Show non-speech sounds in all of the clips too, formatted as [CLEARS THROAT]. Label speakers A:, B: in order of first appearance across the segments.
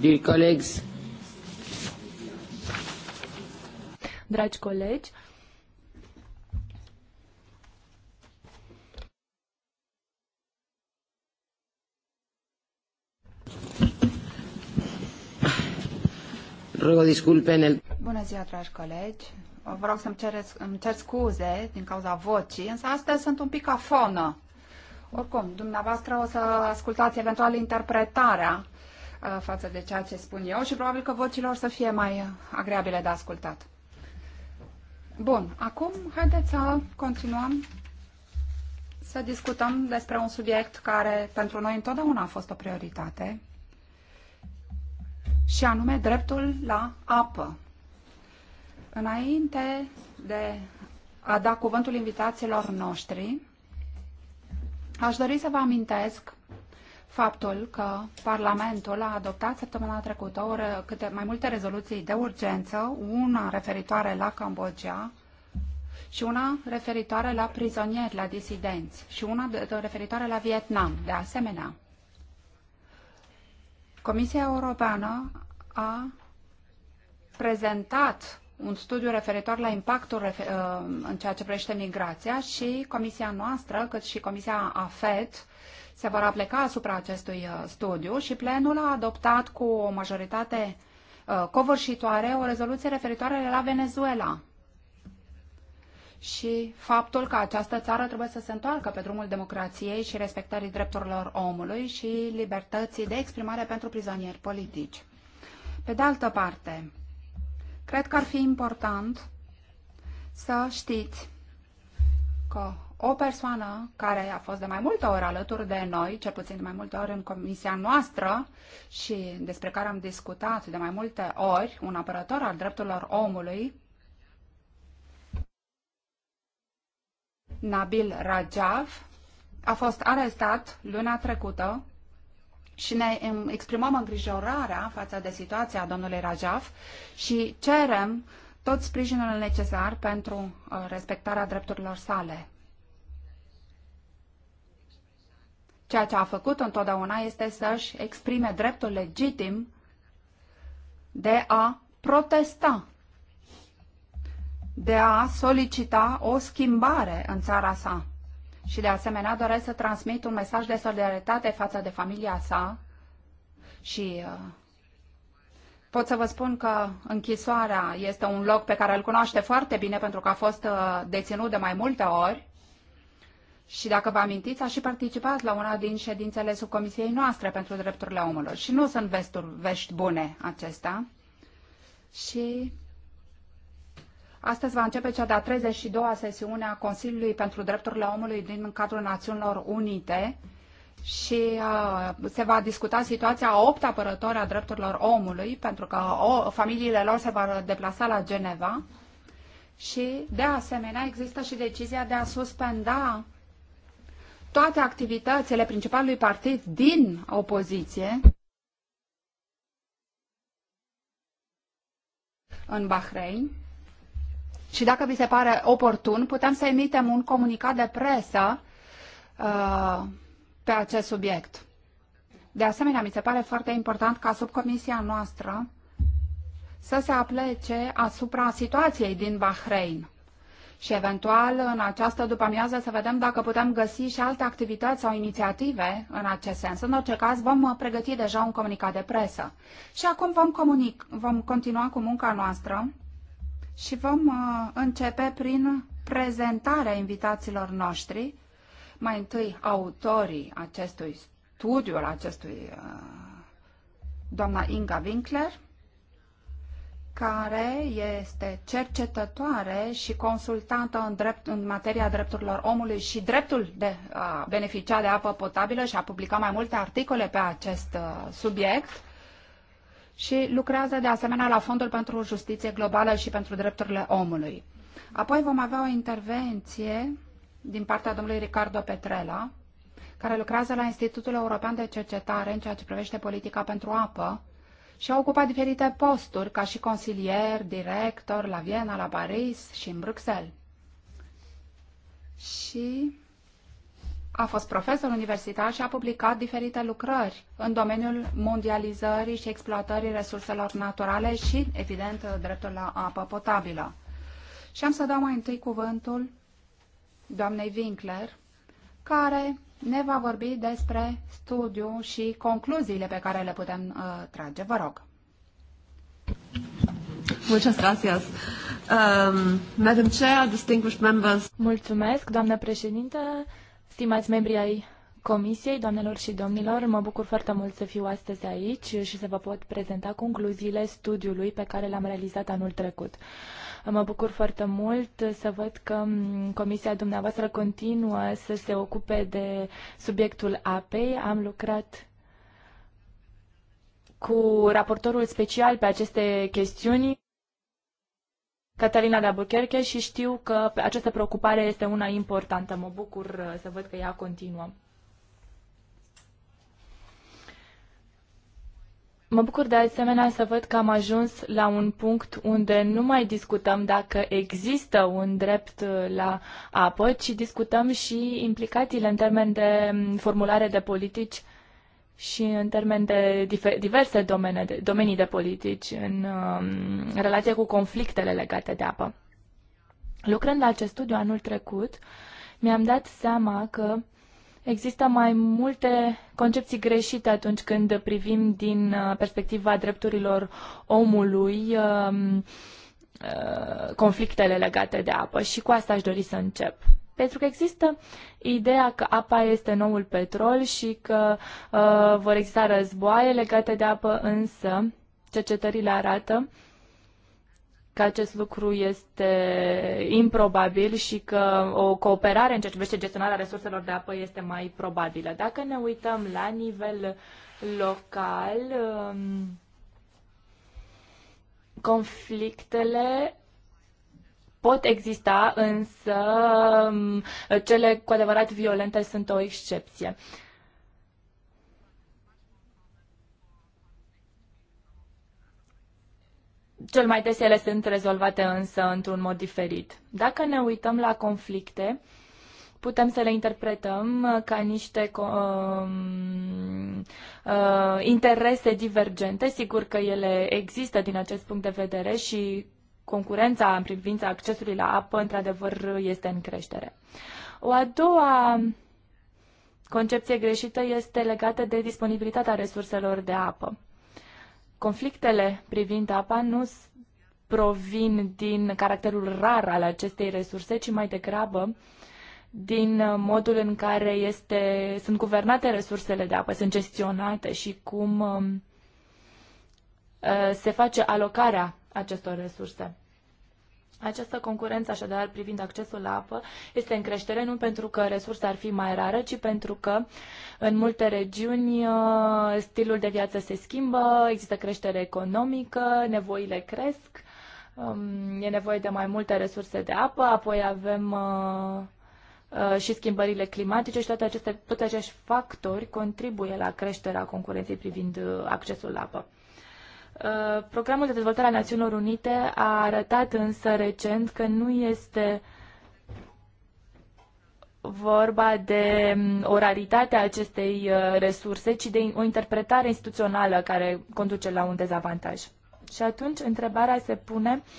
A: Dear
B: colleagues. Dragi colegi,
A: Rugo disculpe nel...
C: Bună ziua, dragi colegi. Vă rog să-mi, cereți, îmi cer scuze din cauza vocii, însă astăzi sunt un pic afonă. Oricum, dumneavoastră o să ascultați eventual interpretarea Uh, față de ceea ce spun eu și probabil că vocilor să fie mai agreabile de ascultat. Bun, acum haideți să continuăm să discutăm despre un subiect care pentru noi întotdeauna a fost o prioritate și anume dreptul la apă. Înainte de a da cuvântul invitațiilor noștri, aș dori să vă amintesc faptul că Parlamentul a adoptat săptămâna trecută o, câte, mai multe rezoluții de urgență, una referitoare la Cambodgia și una referitoare la prizonieri, la disidenți și una referitoare la Vietnam, de asemenea. Comisia Europeană a prezentat un studiu referitor la impactul refer uh, în ceea ce privește migrația și Comisia noastră, cât și Comisia AFET, se vor aplica asupra acestui uh, studiu și plenul a adoptat cu o majoritate uh, covârșitoare o rezoluție referitoare la Venezuela și faptul că această țară trebuie să se întoarcă pe drumul democrației și respectării drepturilor omului și libertății de exprimare pentru prizonieri politici. Pe de altă parte, cred că ar fi important să știți că o persoană care a fost de mai multe ori alături de noi, cel puțin de mai multe ori în comisia noastră și despre care am discutat de mai multe ori, un apărător al drepturilor omului, Nabil Rajav, a fost arestat luna trecută și ne exprimăm îngrijorarea față de situația domnului Rajav și cerem tot sprijinul necesar pentru uh, respectarea drepturilor sale. Ceea ce a făcut întotdeauna este să-și exprime dreptul legitim de a protesta, de a solicita o schimbare în țara sa. Și de asemenea doresc să transmit un mesaj de solidaritate față de familia sa și uh, pot să vă spun că închisoarea este un loc pe care îl cunoaște foarte bine pentru că a fost uh, deținut de mai multe ori și dacă vă amintiți, a și participat la una din ședințele subcomisiei noastre pentru drepturile omului. Și nu sunt vesturi, vești bune acestea. Și astăzi va începe cea de-a 32-a sesiune a Consiliului pentru Drepturile Omului din cadrul Națiunilor Unite și uh, se va discuta situația a opt apărători a drepturilor omului, pentru că o, familiile lor se vor deplasa la Geneva. Și, de asemenea, există și decizia de a suspenda toate activitățile principalului partid din opoziție în Bahrein. Și dacă vi se pare oportun, putem să emitem un comunicat de presă uh, pe acest subiect. De asemenea, mi se pare foarte important ca subcomisia noastră să se aplece asupra situației din Bahrein și eventual în această după-amiază să vedem dacă putem găsi și alte activități sau inițiative în acest sens. În orice caz vom uh, pregăti deja un comunicat de presă. Și acum vom, comunic, vom continua cu munca noastră și vom uh, începe prin prezentarea invitaților noștri, mai întâi autorii acestui studiu, acestui uh, doamna Inga Winkler, care este cercetătoare și consultantă în, drept, în materia drepturilor omului și dreptul de a beneficia de apă potabilă și a publicat mai multe articole pe acest uh, subiect și lucrează de asemenea la Fondul pentru Justiție Globală și pentru Drepturile Omului. Apoi vom avea o intervenție din partea domnului Ricardo Petrela, care lucrează la Institutul European de Cercetare în ceea ce privește politica pentru apă și a ocupat diferite posturi ca și consilier, director la Viena, la Paris și în Bruxelles. Și a fost profesor universitar și a publicat diferite lucrări în domeniul mondializării și exploatării resurselor naturale și, evident, dreptul la apă potabilă. Și am să dau mai întâi cuvântul doamnei Winkler, care ne va vorbi despre studiu și concluziile pe care le putem uh, trage. Vă rog.
B: Muchas gracias. Um, Madam Chair, distinguished members. Mulțumesc, doamnă președinte, stimați membri ai Comisiei, doamnelor și domnilor, mă bucur foarte mult să fiu astăzi aici și să vă pot prezenta concluziile studiului pe care l-am realizat anul trecut. Mă bucur foarte mult să văd că comisia dumneavoastră continuă să se ocupe de subiectul apei. Am lucrat cu raportorul special pe aceste chestiuni. Catalina de Albuquerque și știu că această preocupare este una importantă. Mă bucur să văd că ea continuă. Mă bucur de asemenea să văd că am ajuns la un punct unde nu mai discutăm dacă există un drept uh, la apă, ci discutăm și implicațiile în termen de mm, formulare de politici și în termen de diverse domenii de politici în, în mm, relație cu conflictele legate de apă. Lucrând la acest studiu anul trecut, mi-am dat seama că Există mai multe concepții greșite atunci când privim din uh, perspectiva drepturilor omului um, uh, conflictele legate de apă și cu asta aș dori să încep. Pentru că există ideea că apa este noul petrol și că uh, vor exista războaie legate de apă, însă cercetările arată uh, că acest lucru este improbabil și că o cooperare în ceea ce privește gestionarea resurselor de apă este mai probabilă. Dacă ne uităm la nivel local, um, conflictele pot exista, însă um, cele cu adevărat violente sunt o excepție. Cel mai des ele sunt rezolvate însă într-un mod diferit. Dacă ne uităm la conflicte, putem să le interpretăm uh, ca niște uh, uh, interese divergente. Sigur că ele există din acest punct de vedere și concurența în privința accesului la apă, într-adevăr, este în creștere. O a doua concepție greșită este legată de disponibilitatea resurselor de apă conflictele privind apa nu provin din caracterul rar al acestei resurse, ci mai degrabă din modul în care este, sunt guvernate resursele de apă, sunt gestionate și cum um, uh, se face alocarea acestor resurse. Această concurență, așadar, privind accesul la apă, este în creștere nu pentru că resursa ar fi mai rară, ci pentru că în multe regiuni uh, stilul de viață se schimbă, există creștere economică, nevoile cresc, um, e nevoie de mai multe resurse de apă, apoi avem uh, uh, și schimbările climatice și toate aceste, toți acești factori contribuie la creșterea concurenței privind accesul la apă. Uh, programul de dezvoltare a Națiunilor Unite a arătat însă recent că nu este vorba de um, o raritate a acestei uh, resurse, ci de o interpretare instituțională care conduce la un dezavantaj. Și atunci întrebarea se pune uh,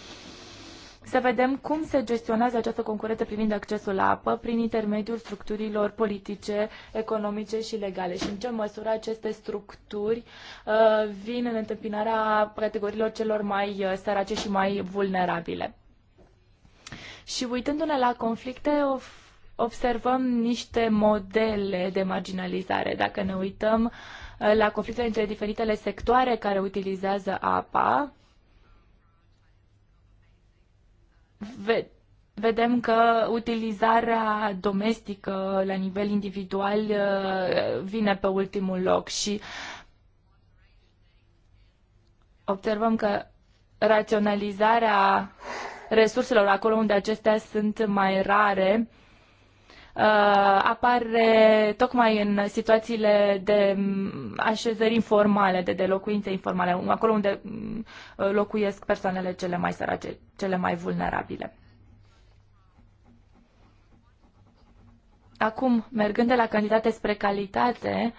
B: să vedem cum se gestionează această concurență privind accesul la apă prin intermediul structurilor politice, economice și legale și în ce măsură aceste structuri uh, vin în întâmpinarea categoriilor celor mai uh, sărace și mai vulnerabile. Și uitându-ne la conflicte, observăm niște modele de marginalizare. Dacă ne uităm uh, la conflictele între diferitele sectoare care utilizează apa, ve- vedem că utilizarea domestică la nivel individual uh, vine pe ultimul loc și observăm că raționalizarea resurselor acolo unde acestea sunt mai rare Uh, apare uh, tocmai în situațiile de mm, așezări informale, de, de locuințe informale, acolo unde mm, locuiesc persoanele cele mai sărace, cele mai vulnerabile. Acum, mergând de la cantitate spre calitate,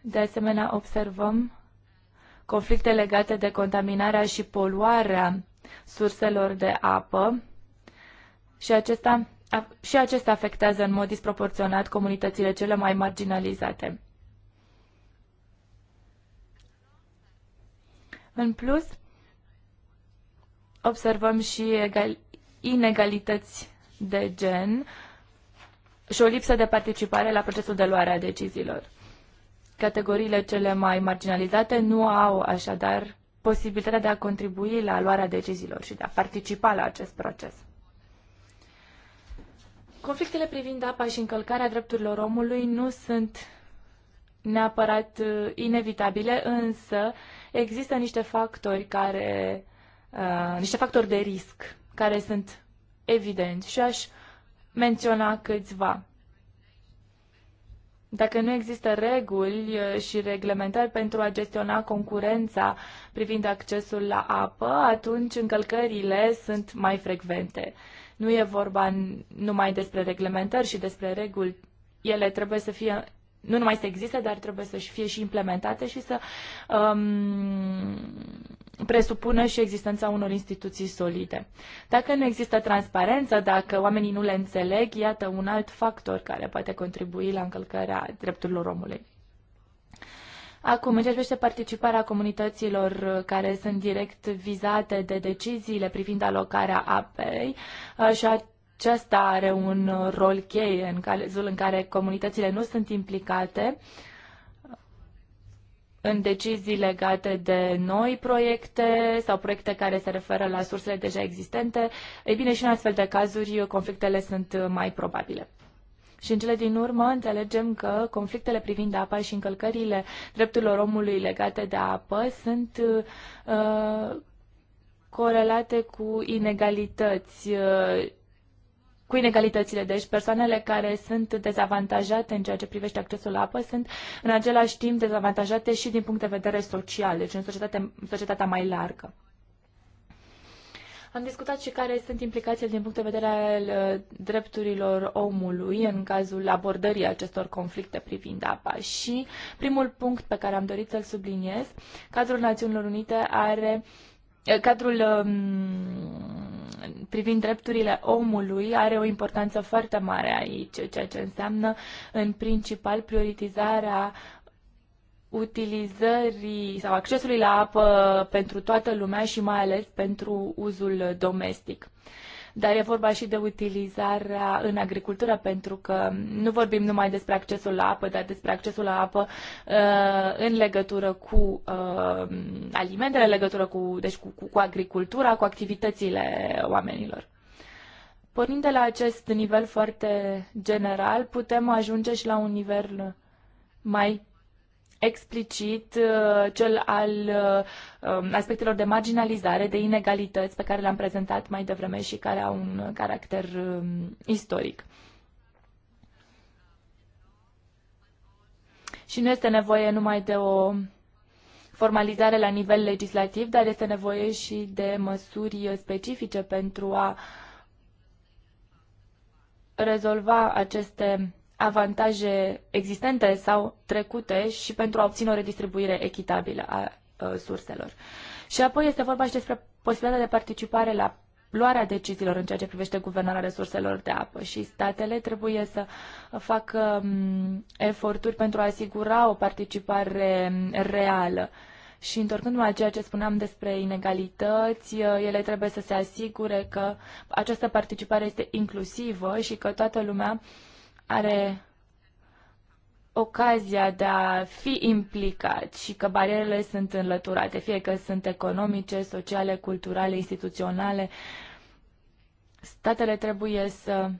B: de asemenea observăm conflicte legate de contaminarea și poluarea surselor de apă și acesta și acestea afectează în mod disproporționat comunitățile cele mai marginalizate. În plus, observăm și egal, inegalități de gen și o lipsă de participare la procesul de luare a deciziilor. Categoriile cele mai marginalizate nu au așadar posibilitatea de a contribui la luarea deciziilor și de a participa la acest proces. Conflictele privind apa și încălcarea drepturilor omului nu sunt neapărat uh, inevitabile, însă există niște factori care, uh, niște factori de risc care sunt evidenți și aș menționa câțiva. Dacă nu există reguli uh, și reglementări pentru a gestiona concurența privind accesul la apă, atunci încălcările sunt mai frecvente. Uh, nu e vorba numai despre reglementări și despre reguli. Ele trebuie să fie, nu numai să existe, dar trebuie să fie și implementate și să um, presupună și existența unor instituții solide. Dacă nu există transparență, dacă oamenii nu le înțeleg, iată un alt factor care poate contribui la încălcarea drepturilor omului. Acum, în ce privește participarea comunităților uh, care sunt direct vizate de deciziile privind alocarea apei uh, și aceasta are un uh, rol cheie în cazul în care comunitățile nu sunt implicate în decizii legate de noi proiecte sau proiecte care se referă la sursele deja existente, ei bine, și în astfel de cazuri conflictele sunt mai probabile. Și în cele din urmă înțelegem că conflictele privind apa și încălcările drepturilor omului legate de apă sunt uh, corelate cu inegalități. Uh, cu inegalitățile. Deci persoanele care sunt dezavantajate în ceea ce privește accesul la apă sunt în același timp dezavantajate și din punct de vedere social, deci în societatea, societatea mai largă. Am discutat și care sunt implicațiile din punct de vedere al uh, drepturilor omului în cazul abordării acestor conflicte privind apa. Și primul punct pe care am dorit să-l subliniez, cadrul Națiunilor Unite are uh, cadrul um, privind drepturile omului are o importanță foarte mare aici, ceea ce înseamnă în principal prioritizarea utilizării sau accesului la apă pentru toată lumea și mai ales pentru uzul domestic. Dar e vorba și de utilizarea în agricultură, pentru că nu vorbim numai despre accesul la apă, dar despre accesul la apă uh, în legătură cu uh, alimentele, în legătură cu, deci cu, cu, cu agricultura, cu activitățile oamenilor. Pornind de la acest nivel foarte general, putem ajunge și la un nivel mai explicit uh, cel al uh, um, aspectelor de marginalizare, de inegalități pe care le-am prezentat mai devreme și care au un caracter um, istoric. Și nu este nevoie numai de o formalizare la nivel legislativ, dar este nevoie și de măsuri specifice pentru a rezolva aceste avantaje existente sau trecute și pentru a obține o redistribuire echitabilă a uh, surselor. Și apoi este vorba și despre posibilitatea de participare la luarea deciziilor în ceea ce privește guvernarea resurselor de apă și statele trebuie să facă um, eforturi pentru a asigura o participare um, reală. Și întorcându-mă la ceea ce spuneam despre inegalități, uh, ele trebuie să se asigure că această participare este inclusivă și că toată lumea uh, are ocazia de a fi implicat și că barierele sunt înlăturate, fie că sunt economice, sociale, culturale, instituționale, statele trebuie să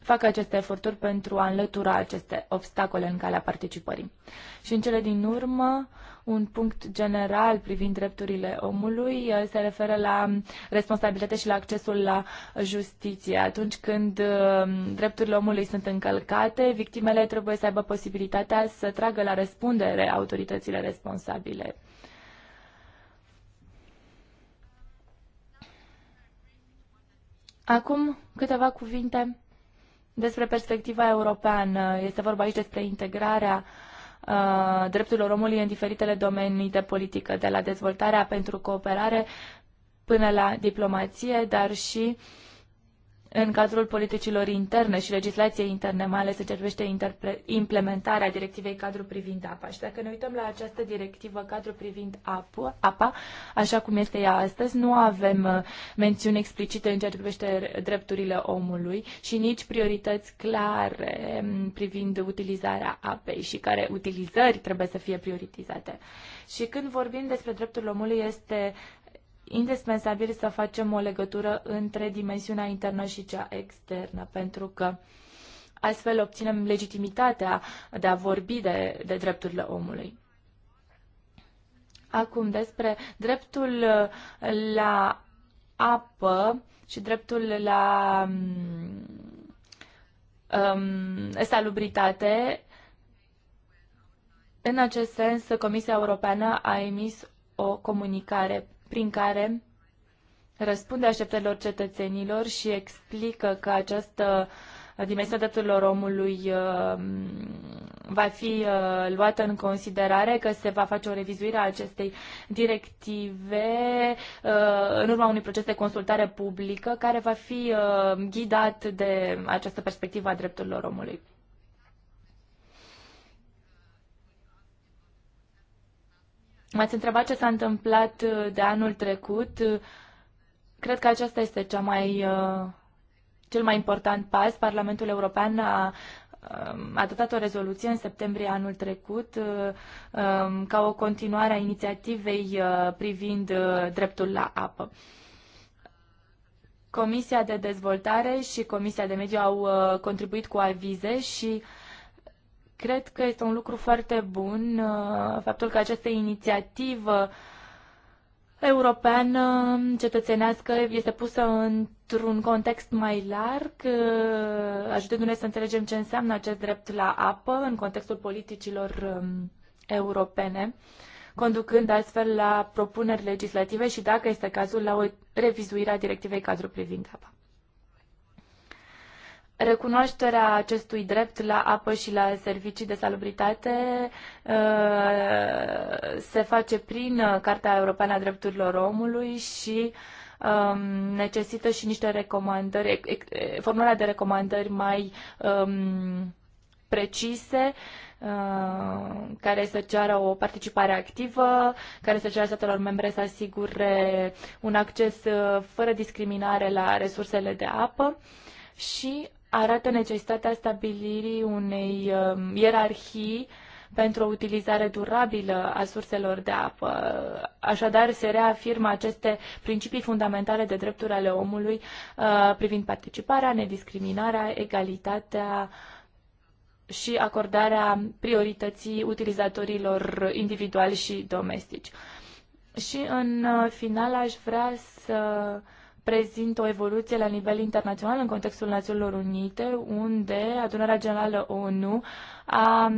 B: facă aceste eforturi pentru a înlătura aceste obstacole în calea participării. Și în cele din urmă, un punct general privind drepturile omului se referă la responsabilitate și la accesul la justiție. Atunci când um, drepturile omului sunt încălcate, victimele trebuie să aibă posibilitatea să tragă la răspundere autoritățile responsabile. Acum câteva cuvinte despre perspectiva europeană. Este vorba aici despre integrarea uh, Uh, drepturilor omului în diferitele domenii de politică, de la dezvoltarea pentru cooperare până la diplomație, dar și uh, în cadrul politicilor interne și legislației interne, mai ales se ce privește implementarea directivei cadru privind apa. Și dacă ne uităm la această directivă cadru privind apă, apa, așa cum este ea astăzi, nu avem uh, mențiuni explicite în ceea ce privește drepturile omului și nici priorități clare um, privind utilizarea apei și care utilizări trebuie să fie prioritizate. Și când vorbim despre drepturile omului, este indispensabil să facem o legătură între dimensiunea internă și cea externă, pentru că astfel obținem legitimitatea de a vorbi de, de drepturile omului. Acum, despre dreptul la apă și dreptul la um, um salubritate. În acest sens, Comisia Europeană a emis o comunicare prin care răspunde așteptărilor cetățenilor și explică că această dimensiunea drepturilor omului uh, va fi uh, luată în considerare, că se va face o revizuire a acestei directive uh, în urma unui proces de consultare publică care va fi ghidat de această perspectivă a drepturilor omului. M-ați întrebat ce s-a întâmplat uh, de anul trecut. Uh, cred că aceasta este cea mai, uh, cel mai important pas. Parlamentul European um, a adoptat o rezoluție în septembrie anul trecut um, ca o continuare a inițiativei privind dreptul la apă. Comisia de Dezvoltare și Comisia de Mediu au contribuit cu avize și uh, Cred că este un lucru foarte bun uh, faptul că această inițiativă europeană cetățenească este pusă într-un context mai larg, uh, ajutându-ne să înțelegem ce înseamnă acest drept la apă în contextul politicilor um, europene, conducând astfel la propuneri legislative și, dacă este cazul, la o revizuire a directivei cadru privind apa. Recunoașterea acestui drept la apă și la servicii de salubritate uh, se face prin uh, Carta Europeană a Drepturilor Omului și um, necesită și niște recomandări, formularea de recomandări mai um, precise uh, care să ceară o participare activă, care să ceară statelor membre să asigure un acces fără discriminare la resursele de apă și arată necesitatea stabilirii unei um, ierarhii pentru o utilizare durabilă a surselor de apă. Așadar, se reafirmă aceste principii fundamentale de drepturi ale omului uh, privind participarea, nediscriminarea, egalitatea și acordarea priorității utilizatorilor individuali și domestici. Și în uh, final aș vrea să prezintă o evoluție la nivel internațional în contextul Națiunilor Unite, unde Adunarea Generală ONU a,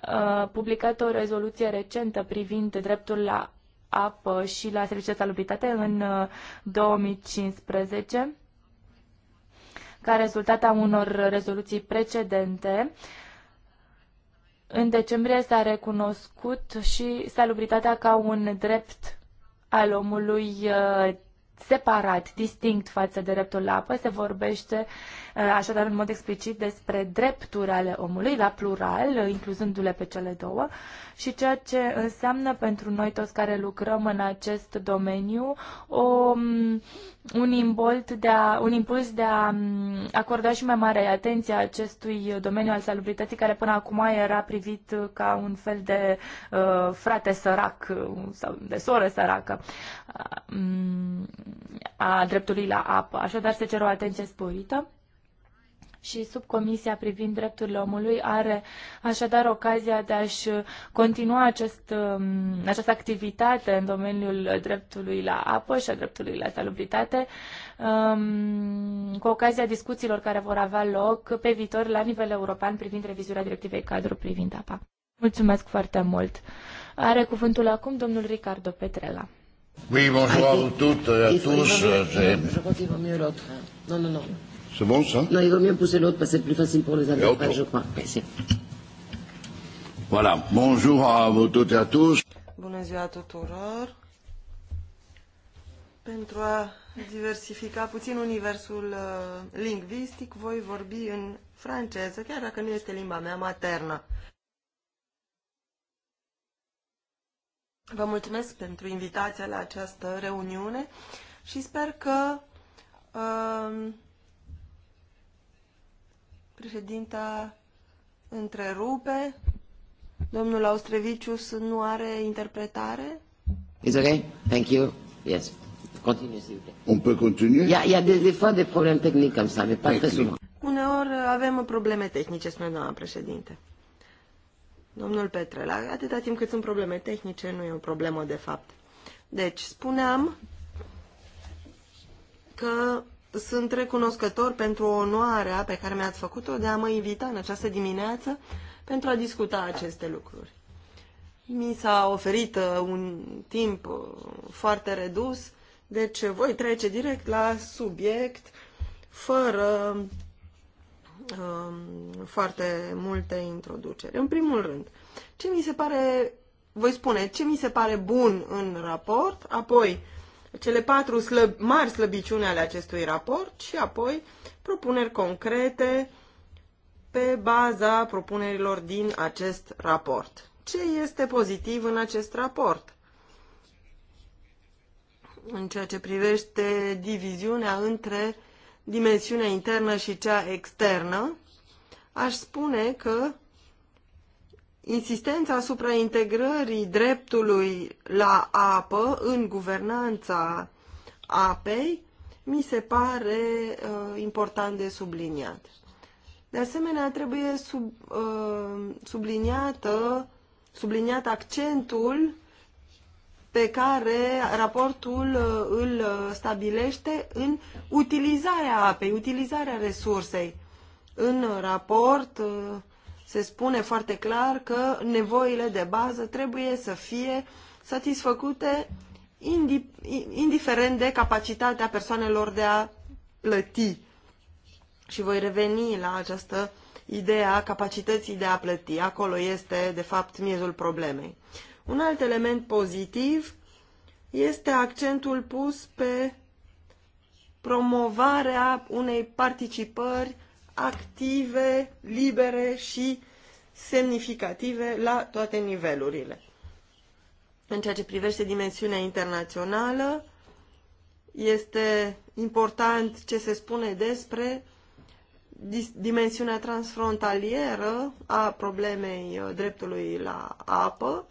B: a publicat o rezoluție recentă privind dreptul la apă și la servicii de salubritate în 2015 uh, ca rezultat a unor rezoluții precedente. În decembrie s-a recunoscut și salubritatea ca un drept al omului uh, separat, distinct față de dreptul la apă. Se vorbește Uh, așadar în mod explicit despre drepturi ale omului, la plural, uh, incluzându-le pe cele două, și ceea ce înseamnă pentru noi toți care lucrăm în acest domeniu o, um, un, de a, un impuls de a um, acorda și mai mare atenție acestui domeniu al salubrității, care până acum era privit ca un fel de uh, frate sărac uh, sau de soră săracă a, a dreptului la apă. Așadar se cer o atenție sporită și subcomisia privind drepturile omului are așadar ocazia de a-și continua acest, um, această activitate în domeniul dreptului la apă și a dreptului la salubritate um, cu ocazia discuțiilor care vor avea loc pe viitor la nivel european privind revizuirea directivei cadru privind apa. Mulțumesc foarte mult. Are cuvântul acum domnul Ricardo Petrela.
A: Oui, bonjour à toutes et à tous. Je
B: continue mieux
A: C'est bon ça Non, il vaut mieux pousser l'autre parce que c'est plus facile pour les adversaires, je crois. Merci. Voilà. Bonjour à vous toutes et à tous.
D: Bonne Bună ziua tuturor. Pentru a diversifica puțin universul uh, lingvistic, voi vorbi în franceză, chiar dacă nu este limba mea maternă. Vă mulțumesc pentru invitația la această reuniune și sper că uh, Președinta întrerupe. Domnul Austrevicius nu are interpretare?
A: It's okay. Thank you. Yes. Continue, s'il vous plaît. On peut continuer? Il y a, y a des, des fois des problèmes techniques comme ça, mais pas très souvent.
D: Uneori avem probleme tehnice, spune doamna președinte. Domnul Petre, la atâta timp cât sunt probleme tehnice, nu e o problemă de fapt. Deci, spuneam că sunt recunoscător pentru onoarea pe care mi-ați făcut-o de a mă invita în această dimineață pentru a discuta aceste lucruri. Mi s-a oferit uh, un timp uh, foarte redus, deci voi trece direct la subiect, fără um, foarte multe introduceri. În primul rând, ce mi se pare, voi spune, ce mi se pare bun în raport, apoi cele patru slăb, mari slăbiciuni ale acestui raport și apoi propuneri concrete pe baza propunerilor din acest raport. Ce este pozitiv în acest raport? În ceea ce privește diviziunea între dimensiunea internă și cea externă, aș spune că insistența asupra integrării dreptului la apă în guvernanța apei mi se pare uh, important de subliniat. De asemenea, trebuie sub, uh, subliniată, subliniat accentul pe care raportul uh, îl stabilește în utilizarea apei, utilizarea resursei. În raport uh, se spune foarte clar că nevoile de bază trebuie să fie satisfăcute indiferent de capacitatea persoanelor de a plăti. Și voi reveni la această idee a capacității de a plăti. Acolo este, de fapt, miezul problemei. Un alt element pozitiv este accentul pus pe promovarea unei participări active, libere și semnificative la toate nivelurile. În ceea ce privește dimensiunea internațională, este important ce se spune despre dimensiunea transfrontalieră a problemei uh, dreptului la apă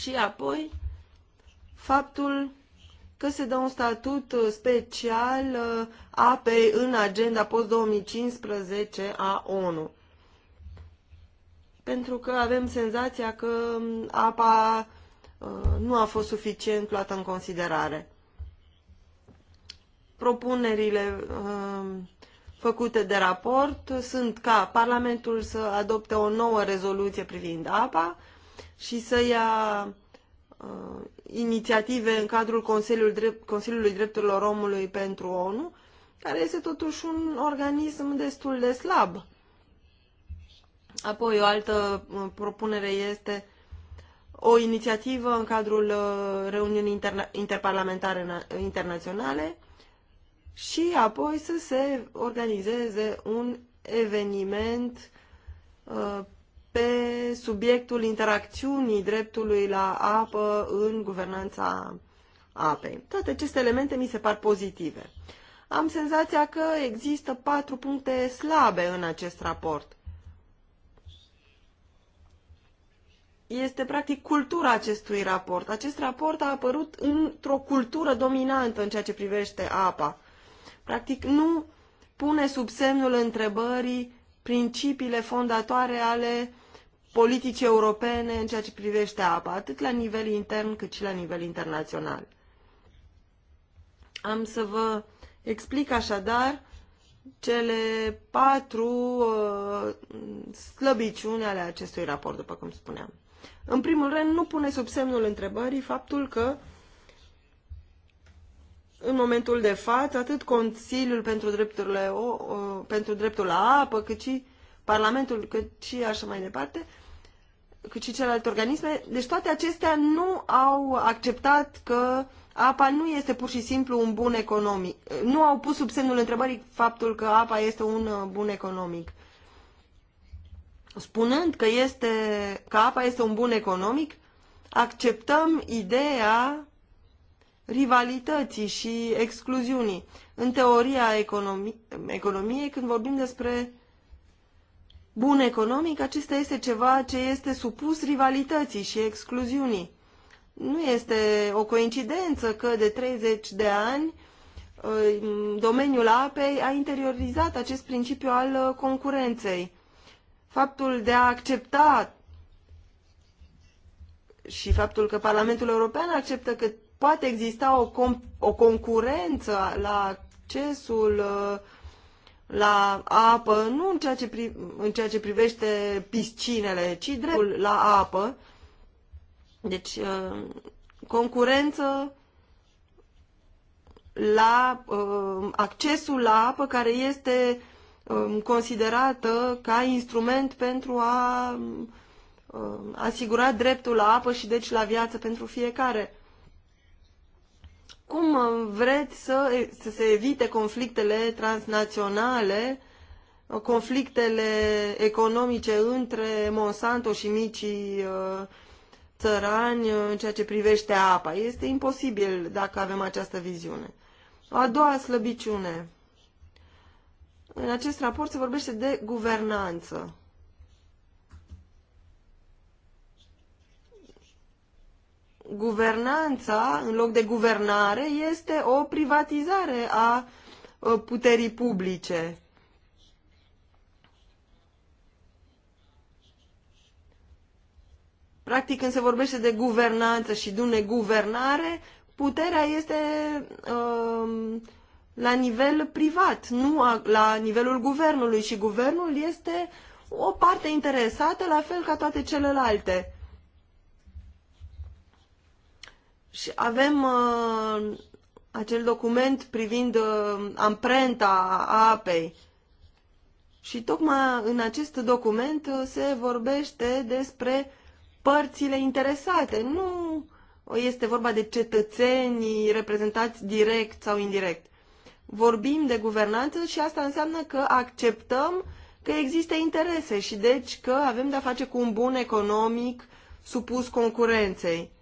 D: și apoi faptul că se dă un statut special uh, apei în agenda post-2015 a ONU. Pentru că avem senzația că um, apa uh, nu a fost suficient luată în considerare. Propunerile um, făcute de raport sunt ca Parlamentul să adopte o nouă rezoluție privind apa și să ia Uh, inițiative în cadrul Consiliului, Drept, Consiliului Drepturilor Omului pentru ONU, care este totuși un organism destul de slab. Apoi o altă uh, propunere este o inițiativă în cadrul uh, reuniunii interna- interparlamentare internaționale și apoi să se organizeze un eveniment uh, pe subiectul interacțiunii dreptului la apă în guvernanța apei. Toate aceste elemente mi se par pozitive. Am senzația că există patru puncte slabe în acest raport. Este practic cultura acestui raport. Acest raport a apărut într-o cultură dominantă în ceea ce privește apa. Practic nu pune sub semnul întrebării principiile fondatoare ale politici europene în ceea ce privește apa, atât la nivel intern cât și la nivel internațional. Am să vă explic așadar cele patru uh, slăbiciuni ale acestui raport, după cum spuneam. În primul rând, nu pune sub semnul întrebării faptul că în momentul de față, atât Consiliul pentru, drepturile, o, o, uh, pentru dreptul la apă, cât și Parlamentul, cât și așa mai departe, cât și celelalte organisme. Deci toate acestea nu au acceptat că apa nu este pur și simplu un bun economic. Nu au pus sub semnul întrebării faptul că apa este un uh, bun economic. Spunând că, este, că apa este un bun economic, acceptăm ideea rivalității și excluziunii. În teoria economi- economiei, când vorbim despre bun economic, acesta este ceva ce este supus rivalității și excluziunii. Nu este o coincidență că de 30 de ani uh, domeniul apei a interiorizat acest principiu al uh, concurenței. Faptul de a accepta și faptul că Parlamentul European acceptă că poate exista o, o concurență la accesul uh, la apă, nu în ceea ce, pri, în ceea ce privește piscinele, ci dreptul la apă. Deci, uh, concurență la uh, accesul la apă care este um, considerată ca instrument pentru a um, asigura dreptul la apă și deci la viață pentru fiecare cum uh, vreți să, să se evite conflictele transnaționale, uh, conflictele economice între Monsanto și micii uh, țărani în ceea ce privește apa. Este imposibil dacă avem această viziune. A doua slăbiciune. În acest raport se vorbește de guvernanță. guvernanța, în loc de guvernare, este o privatizare a ă, puterii publice. Practic, când se vorbește de guvernanță și de neguvernare, puterea este uh, la nivel privat, nu a, la nivelul guvernului și guvernul este o parte interesată, la fel ca toate celelalte. Și avem uh, acel document privind uh, amprenta apei. Și tocmai în acest document uh, se vorbește despre părțile interesate. Nu este vorba de cetățenii reprezentați direct sau indirect. Vorbim de guvernanță și asta înseamnă că acceptăm că există interese și deci că avem de-a face cu un bun economic supus concurenței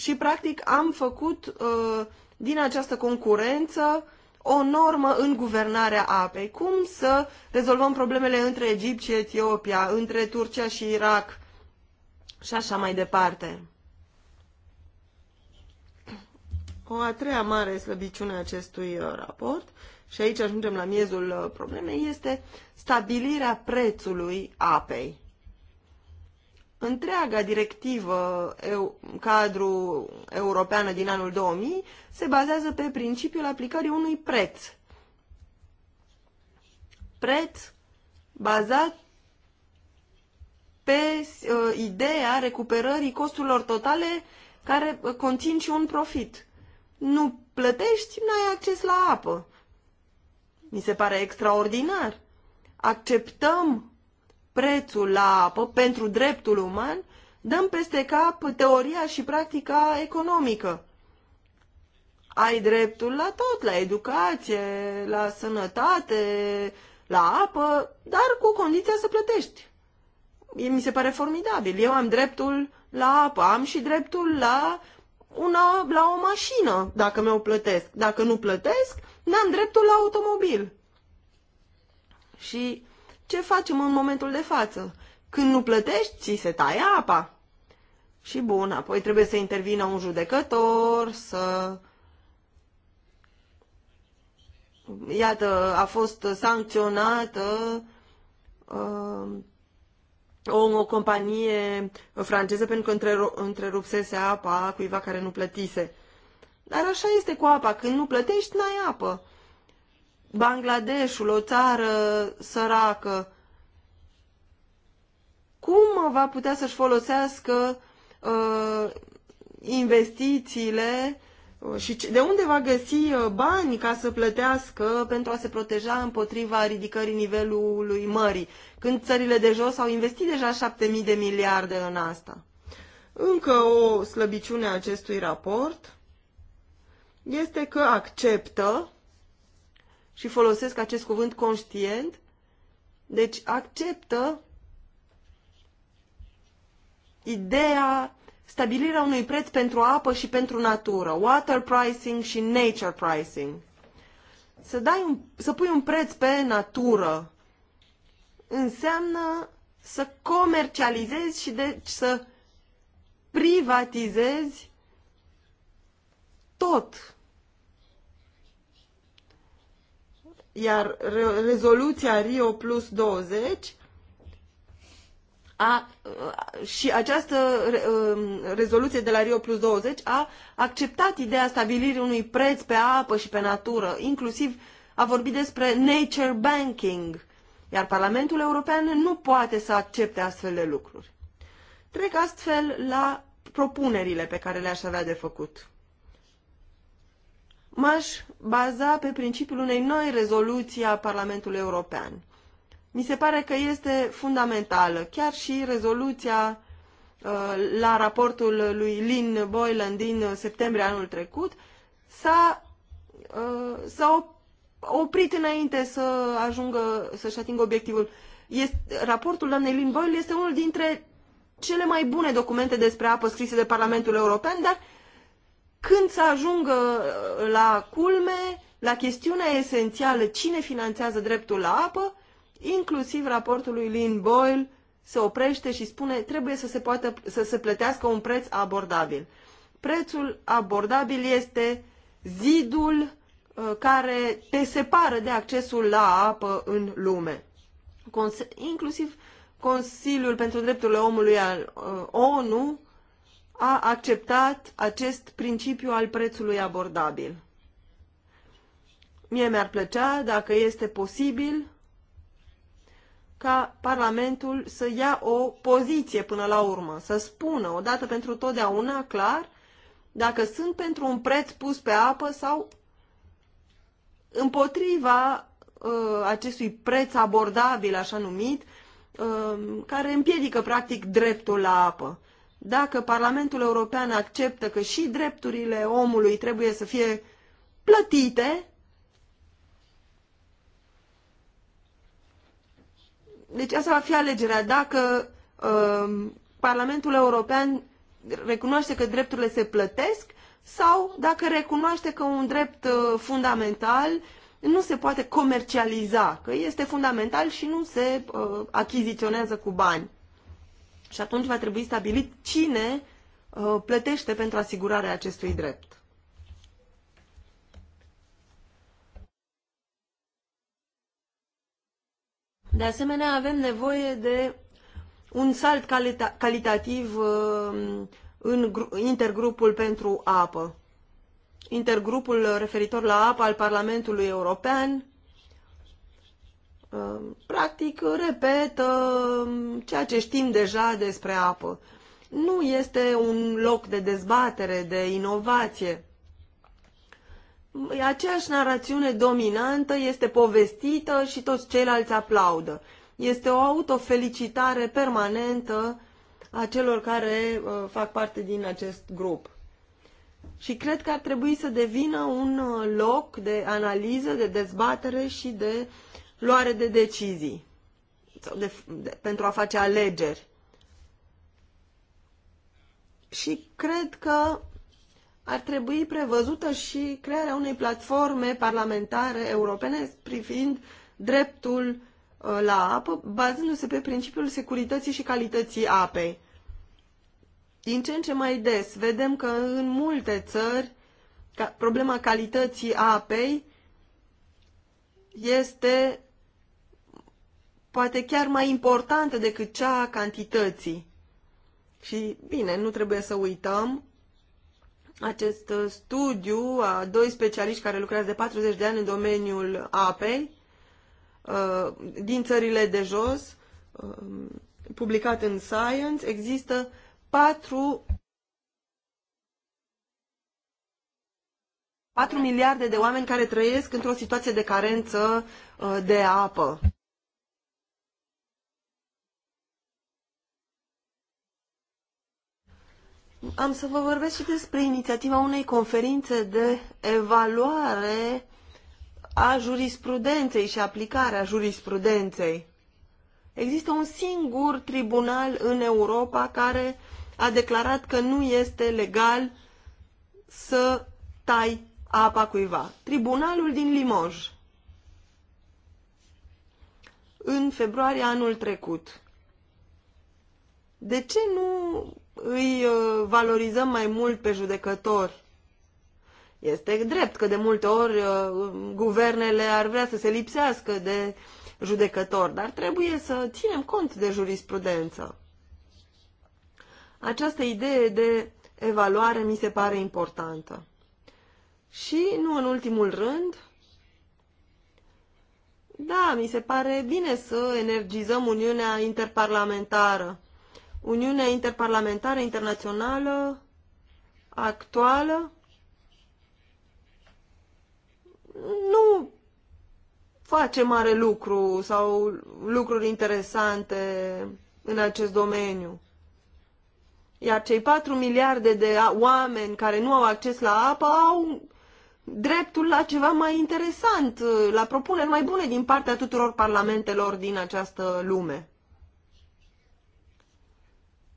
D: și practic am făcut uh, din această concurență o normă în guvernarea apei. Cum să rezolvăm problemele între Egipt și Etiopia, între Turcia și Irak și așa mai departe. O a treia mare slăbiciune a acestui uh, raport, și aici ajungem la miezul uh, problemei, este stabilirea prețului apei întreaga directivă eu, cadru europeană din anul 2000 se bazează pe principiul aplicării unui preț. Preț bazat pe uh, ideea recuperării costurilor totale care uh, conțin și un profit. Nu plătești, n-ai acces la apă. Mi se pare extraordinar. Acceptăm prețul la apă pentru dreptul uman, dăm peste cap teoria și practica economică. Ai dreptul la tot, la educație, la sănătate, la apă, dar cu condiția să plătești. Mi se pare formidabil. Eu am dreptul la apă, am și dreptul la, una, la o mașină, dacă mi-o plătesc. Dacă nu plătesc, n-am dreptul la automobil. Și ce facem în momentul de față? Când nu plătești, ți se taie apa. Și bun, apoi trebuie să intervină un judecător, să... Iată, a fost sancționată uh, o, o companie franceză pentru că întrerupsese apa cuiva care nu plătise. Dar așa este cu apa, când nu plătești, n-ai apă. Bangladeshul, o țară săracă, cum va putea să-și folosească uh, investițiile uh, și de unde va găsi uh, bani ca să plătească pentru a se proteja împotriva ridicării nivelului mării, când țările de jos au investit deja 7.000 de miliarde în asta. Încă o slăbiciune a acestui raport este că acceptă și folosesc acest cuvânt conștient, deci acceptă ideea stabilirea unui preț pentru apă și pentru natură, water pricing și nature pricing. Să, dai un, să pui un preț pe natură înseamnă să comercializezi și deci să privatizezi tot iar rezoluția Rio Plus 20 a, și această um, rezoluție de la Rio Plus 20 a acceptat ideea stabilirii unui preț pe apă și pe natură, inclusiv a vorbit despre nature banking, iar Parlamentul European nu poate să accepte astfel de lucruri. Trec astfel la propunerile pe care le-aș avea de făcut m-aș baza pe principiul unei noi rezoluții a Parlamentului European. Mi se pare că este fundamentală. Chiar și rezoluția uh, la raportul lui Lynn Boylan din septembrie anul trecut s-a, uh, s-a oprit înainte să ajungă, să-și atingă obiectivul. Este, raportul doamnei Lynn Boylan este unul dintre cele mai bune documente despre apă scrise de Parlamentul European, dar când să ajungă uh, la culme, la chestiunea esențială cine finanțează dreptul la apă, inclusiv raportul lui Lynn Boyle se oprește și spune trebuie să se, poată, să se plătească un preț abordabil. Prețul abordabil este zidul uh, care te separă de accesul la apă în lume. Cons- inclusiv Consiliul pentru Drepturile Omului al uh, ONU a acceptat acest principiu al prețului abordabil. Mie mi-ar plăcea, dacă este posibil, ca Parlamentul să ia o poziție până la urmă, să spună odată pentru totdeauna clar dacă sunt pentru un preț pus pe apă sau împotriva uh, acestui preț abordabil, așa numit, uh, care împiedică practic dreptul la apă. Dacă Parlamentul European acceptă că și drepturile omului trebuie să fie plătite, deci asta va fi alegerea. Dacă uh, Parlamentul European recunoaște că drepturile se plătesc sau dacă recunoaște că un drept uh, fundamental nu se poate comercializa, că este fundamental și nu se uh, achiziționează cu bani. Și atunci va trebui stabilit cine uh, plătește pentru asigurarea acestui drept. De asemenea, avem nevoie de un salt calita calitativ uh, în intergrupul pentru apă. Intergrupul referitor la apă al Parlamentului European Ehm, practic repetă ehm, ceea ce știm deja despre apă. Nu este un loc de dezbatere, de inovație. Aceeași narațiune dominantă este povestită și toți ceilalți aplaudă. Este o autofelicitare permanentă a celor care ehm, fac parte din acest grup. Și cred că ar trebui să devină un loc de analiză, de dezbatere și de luare de decizii sau de, de, pentru a face alegeri. Și cred că ar trebui prevăzută și crearea unei platforme parlamentare europene privind dreptul uh, la apă, bazându-se pe principiul securității și calității apei. Din ce în ce mai des vedem că în multe țări problema calității apei este poate chiar mai importantă decât cea a cantității. Și, bine, nu trebuie să uităm, acest uh, studiu a doi specialiști care lucrează de 40 de ani în domeniul apei, uh, din țările de jos, uh, publicat în Science, există patru 4 miliarde de oameni care trăiesc într-o situație de carență de apă. Am să vă vorbesc și despre inițiativa unei conferințe de evaluare a jurisprudenței și aplicarea jurisprudenței. Există un singur tribunal în Europa care a declarat că nu este legal să tai apa cuiva. Tribunalul din Limoges. În februarie anul trecut. De ce nu îi uh, valorizăm mai mult pe judecători. Este drept că de multe ori uh, guvernele ar vrea să se lipsească de judecători, dar trebuie să ținem cont de jurisprudență. Această idee de evaluare mi se pare importantă. Și, nu în ultimul rând, da, mi se pare bine să energizăm Uniunea Interparlamentară. Uniunea Interparlamentară Internațională actuală nu face mare lucru sau lucruri interesante în acest domeniu. Iar cei 4 miliarde de oameni care nu au acces la apă au dreptul la ceva mai interesant, la propuneri mai bune din partea tuturor parlamentelor din această lume.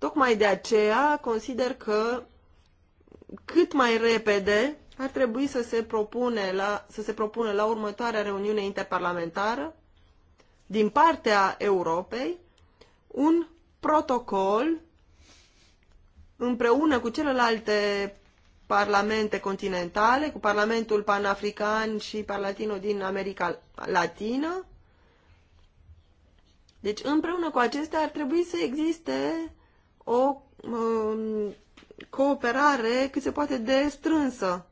D: Tocmai de aceea consider că cât mai repede ar trebui să se, propune la, să se propune la următoarea reuniune interparlamentară din partea Europei un protocol împreună cu celelalte parlamente continentale, cu Parlamentul Panafrican și Parlatino din America Latină. Deci împreună cu acestea ar trebui să existe o um, cooperare cât se poate de strânsă.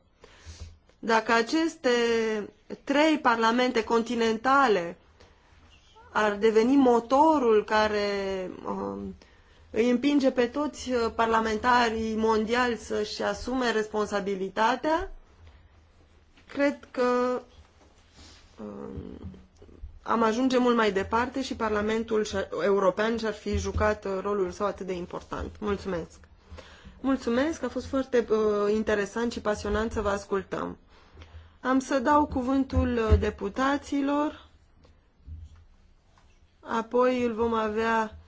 D: Dacă aceste trei parlamente continentale ar deveni motorul care um, îi împinge pe toți uh, parlamentarii mondiali să-și asume responsabilitatea, cred că um, am ajunge mult mai departe și Parlamentul European și-ar fi jucat uh, rolul său atât de important. Mulțumesc! Mulțumesc, a fost foarte uh, interesant și pasionant să vă ascultăm. Am să dau cuvântul uh, deputaților, apoi îl vom avea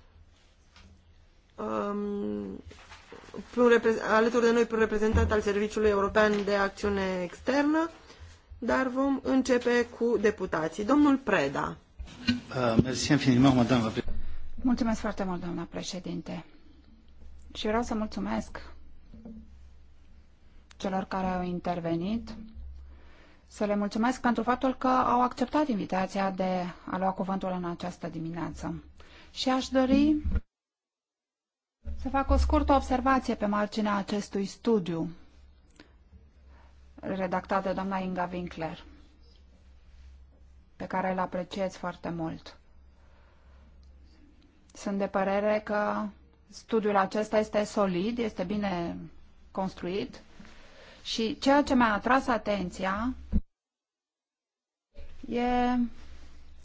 D: um, alături de noi un reprezentant al Serviciului European de Acțiune Externă, dar vom începe cu deputații. Domnul Preda.
C: Uh, mulțumesc foarte mult, doamna președinte. Și vreau să mulțumesc celor care au intervenit, să le mulțumesc pentru faptul că au acceptat invitația de a lua cuvântul în această dimineață. Și aș dori să fac o scurtă observație pe marginea acestui studiu redactat de doamna Inga Winkler, pe care îl apreciez foarte mult. Sunt de părere că studiul acesta este solid, este bine construit și ceea ce mi-a atras atenția e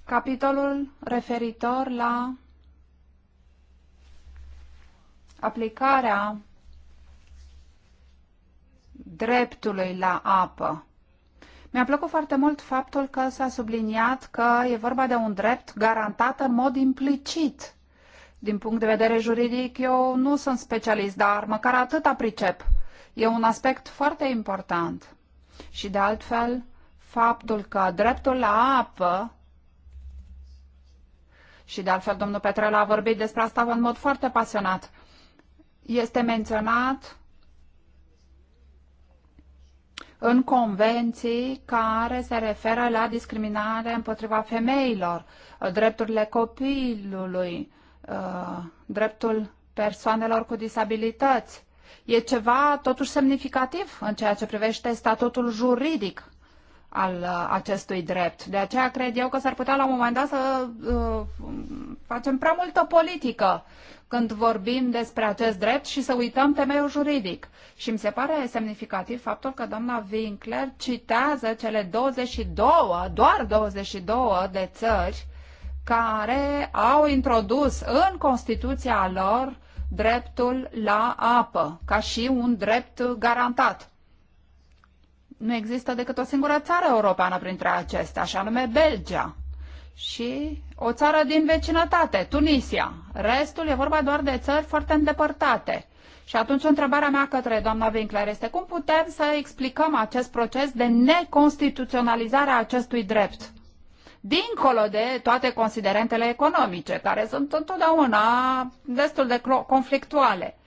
C: capitolul referitor la aplicarea dreptului la apă. Mi-a plăcut foarte mult faptul că s-a subliniat că e vorba de un drept garantat în mod implicit. Din punct de vedere juridic, eu nu sunt specialist, dar măcar atât pricep. E un aspect foarte important. Și de altfel, faptul că dreptul la apă și de altfel domnul Petrel a vorbit despre asta în mod foarte pasionat. Este menționat în convenții care se referă la discriminare împotriva femeilor, uh, drepturile copilului, uh, dreptul persoanelor cu disabilități. E ceva totuși semnificativ în ceea ce privește statutul juridic al uh, acestui drept. De aceea cred eu că s-ar putea la un moment dat să uh, facem prea multă politică când vorbim despre acest drept și să uităm temeiul juridic. Și mi se pare semnificativ faptul că doamna Winkler citează cele 22, doar 22 de țări care au introdus în Constituția lor dreptul la apă, ca și un drept garantat nu există decât o singură țară europeană printre acestea, așa nume Belgia. Și o țară din vecinătate, Tunisia. Restul e vorba doar de țări foarte îndepărtate. Și atunci întrebarea mea către doamna Winkler este cum putem să explicăm acest proces de neconstituționalizare a acestui drept? Dincolo de toate considerentele economice, care sunt întotdeauna destul de conflictuale.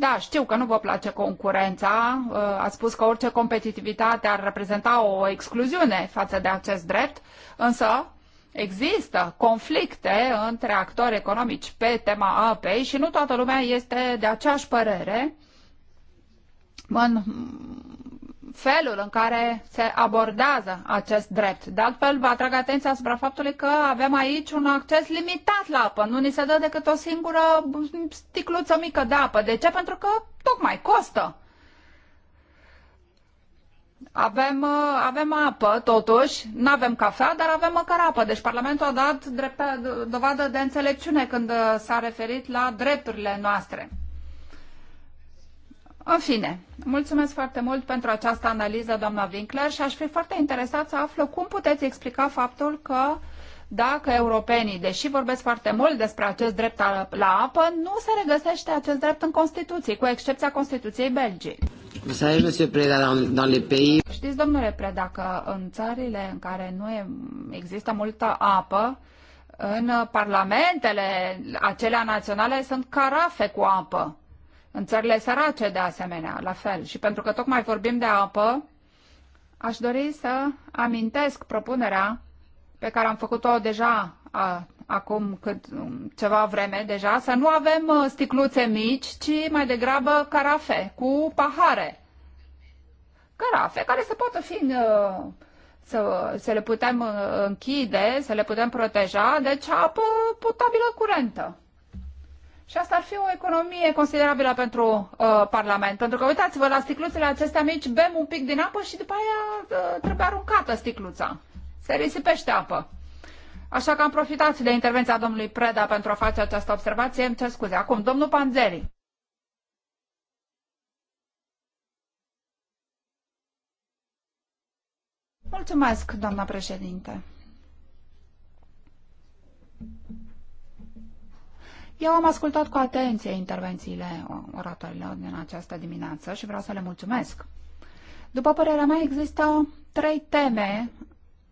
C: Da, știu că nu vă place concurența, uh, A spus că orice competitivitate ar reprezenta o excluziune față de acest drept, însă există conflicte între actori economici pe tema apei și nu toată lumea este de aceeași părere în felul în care se abordează acest drept. De altfel, vă atrag atenția asupra faptului că avem aici un acces limitat la apă. Nu ni se dă decât o singură sticluță mică de apă. De ce? Pentru că tocmai costă. Avem, uh, avem apă, totuși, nu avem cafea, dar avem măcar apă. Deci Parlamentul a dat drept, dovadă de înțelepciune când s-a referit la drepturile noastre. În fine, mulțumesc foarte mult pentru această analiză, doamna Winkler, și aș fi foarte interesat să aflu cum puteți explica faptul că dacă europenii, deși vorbesc foarte mult despre acest drept la apă, nu se regăsește acest drept în Constituție, cu excepția Constituției Belgii. Știți, domnule Preda, că în țările în care nu e, există multă apă, în parlamentele acelea naționale sunt carafe cu apă în țările sărace de asemenea, la fel. Și pentru că tocmai vorbim de apă, aș dori să amintesc propunerea pe care am făcut-o deja a, acum cât, ceva vreme deja, să nu avem uh, sticluțe mici, ci mai degrabă carafe cu pahare. Carafe care se poată fi în, uh, să, să le putem uh, închide, să le putem proteja, deci apă potabilă curentă. Și asta ar fi o economie considerabilă pentru uh, Parlament. Pentru că, uitați-vă, la sticluțele acestea mici bem un pic din apă și după aia uh, trebuie aruncată sticluța. Se risipește apă. Așa că am profitat de intervenția domnului Preda pentru a face această observație. Îmi cer scuze. Acum, domnul Panzeri. Mulțumesc, doamna președinte. Eu am ascultat cu atenție intervențiile oratorilor din această dimineață și vreau să le mulțumesc. După părerea mea, există trei teme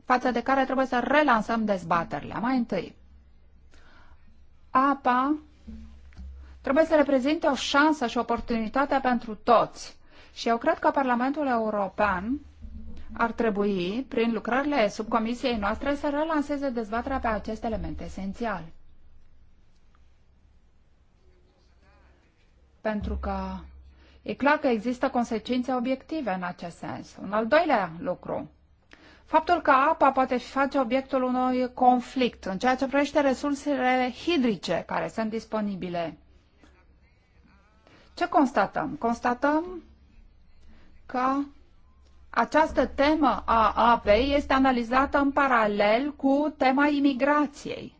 C: față de care trebuie să relansăm dezbaterile. Mai întâi, apa trebuie să reprezinte o șansă și oportunitate pentru toți. Și eu cred că Parlamentul European ar trebui, prin lucrările subcomisiei noastre, să relanseze dezbaterea pe acest element esențial. pentru că e clar că există consecințe obiective în acest sens. Un al doilea lucru, faptul că apa poate face obiectul unui conflict în ceea ce privește resursele hidrice care sunt disponibile. Ce constatăm? Constatăm că această temă a apei este analizată în paralel cu tema imigrației.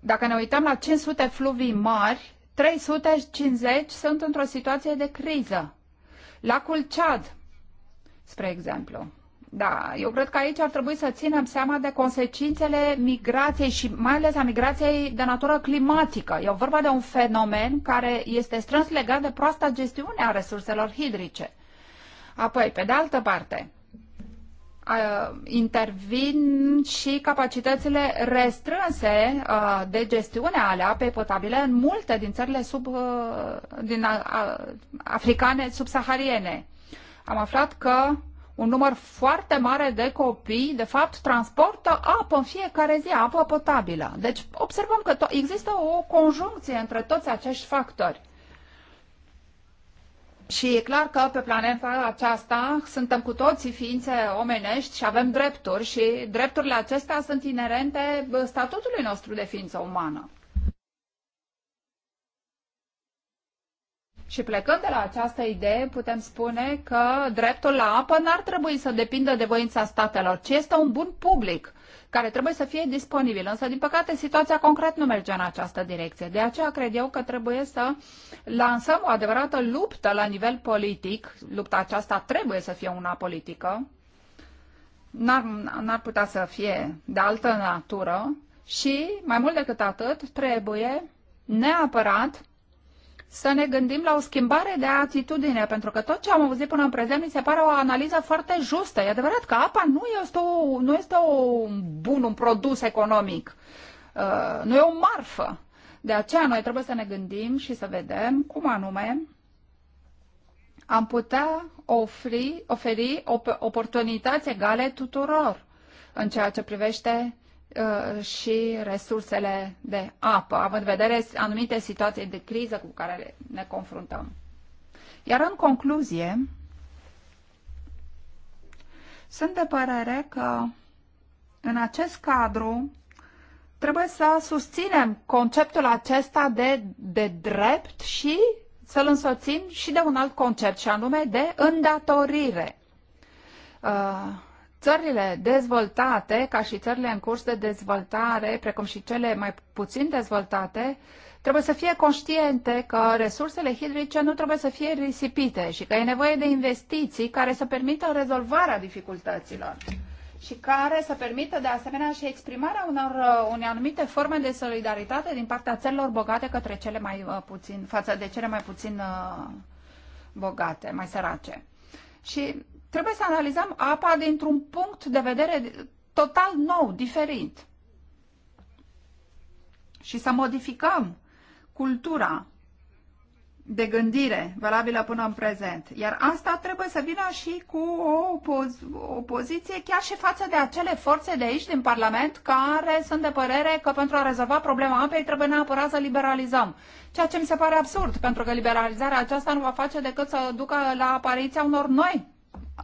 C: Dacă ne uităm la 500 fluvii mari 350 sunt într-o situație de criză. Lacul Chad, spre exemplu. Da, eu cred că aici ar trebui să ținem seama de consecințele migrației și mai ales a migrației de natură climatică. E vorba de un fenomen care este strâns legat de proasta gestiune a resurselor hidrice. Apoi, pe de altă parte, Uh, intervin și capacitățile restrânse uh, de gestiune ale apei potabile în multe din țările sub, uh, din africane subsahariene. Am aflat că un număr foarte mare de copii, de fapt, transportă apă în fiecare zi, apă potabilă. Deci observăm că există o conjuncție între toți acești factori. Și e clar că pe planeta aceasta suntem cu toții ființe omenești și avem drepturi și drepturile acestea sunt inerente statutului nostru de ființă umană. Și plecând de la această idee, putem spune că dreptul la apă n-ar trebui să depindă de voința statelor, ci este un bun public care trebuie să fie disponibil. Însă, din păcate, situația concret nu merge în această direcție. De aceea cred eu că trebuie să lansăm o adevărată luptă la nivel politic. Lupta aceasta trebuie să fie una politică. N-ar, n-ar putea să fie de altă natură și, mai mult decât atât, trebuie neapărat să ne gândim la o schimbare de atitudine, pentru că tot ce am auzit până în prezent mi se pare o analiză foarte justă. E adevărat că apa nu este, o, nu este un bun, un produs economic, uh, nu e o marfă. De aceea noi trebuie să ne gândim și să vedem cum anume am putea oferi, oferi oportunități egale tuturor în ceea ce privește uh, Uh, și resursele de apă, având în vedere anumite situații de criză cu care ne confruntăm. Iar în concluzie, sunt de părere că în acest cadru trebuie să susținem conceptul acesta de, de drept și să-l însoțim și de un alt concept, și anume de îndatorire. Uh, Țările dezvoltate, ca și țările în curs de dezvoltare, precum și cele mai puțin dezvoltate, trebuie să fie conștiente că resursele hidrice nu trebuie să fie risipite și că e nevoie de investiții care să permită rezolvarea dificultăților și care să permită de asemenea și exprimarea unor, uh, unei anumite forme de solidaritate din partea țărilor bogate către cele mai uh, puțin, față de cele mai puțin uh, bogate, mai sărace. Și Trebuie să analizăm apa dintr-un punct de vedere total nou, diferit. Și să modificăm cultura de gândire valabilă până în prezent. Iar asta trebuie să vină și cu o, opoziție o poziție chiar și față de acele forțe de aici, din Parlament, care sunt de părere că pentru a rezolva problema apei trebuie neapărat să liberalizăm. Ceea ce mi se pare absurd, pentru că liberalizarea aceasta nu va face decât să ducă la apariția unor noi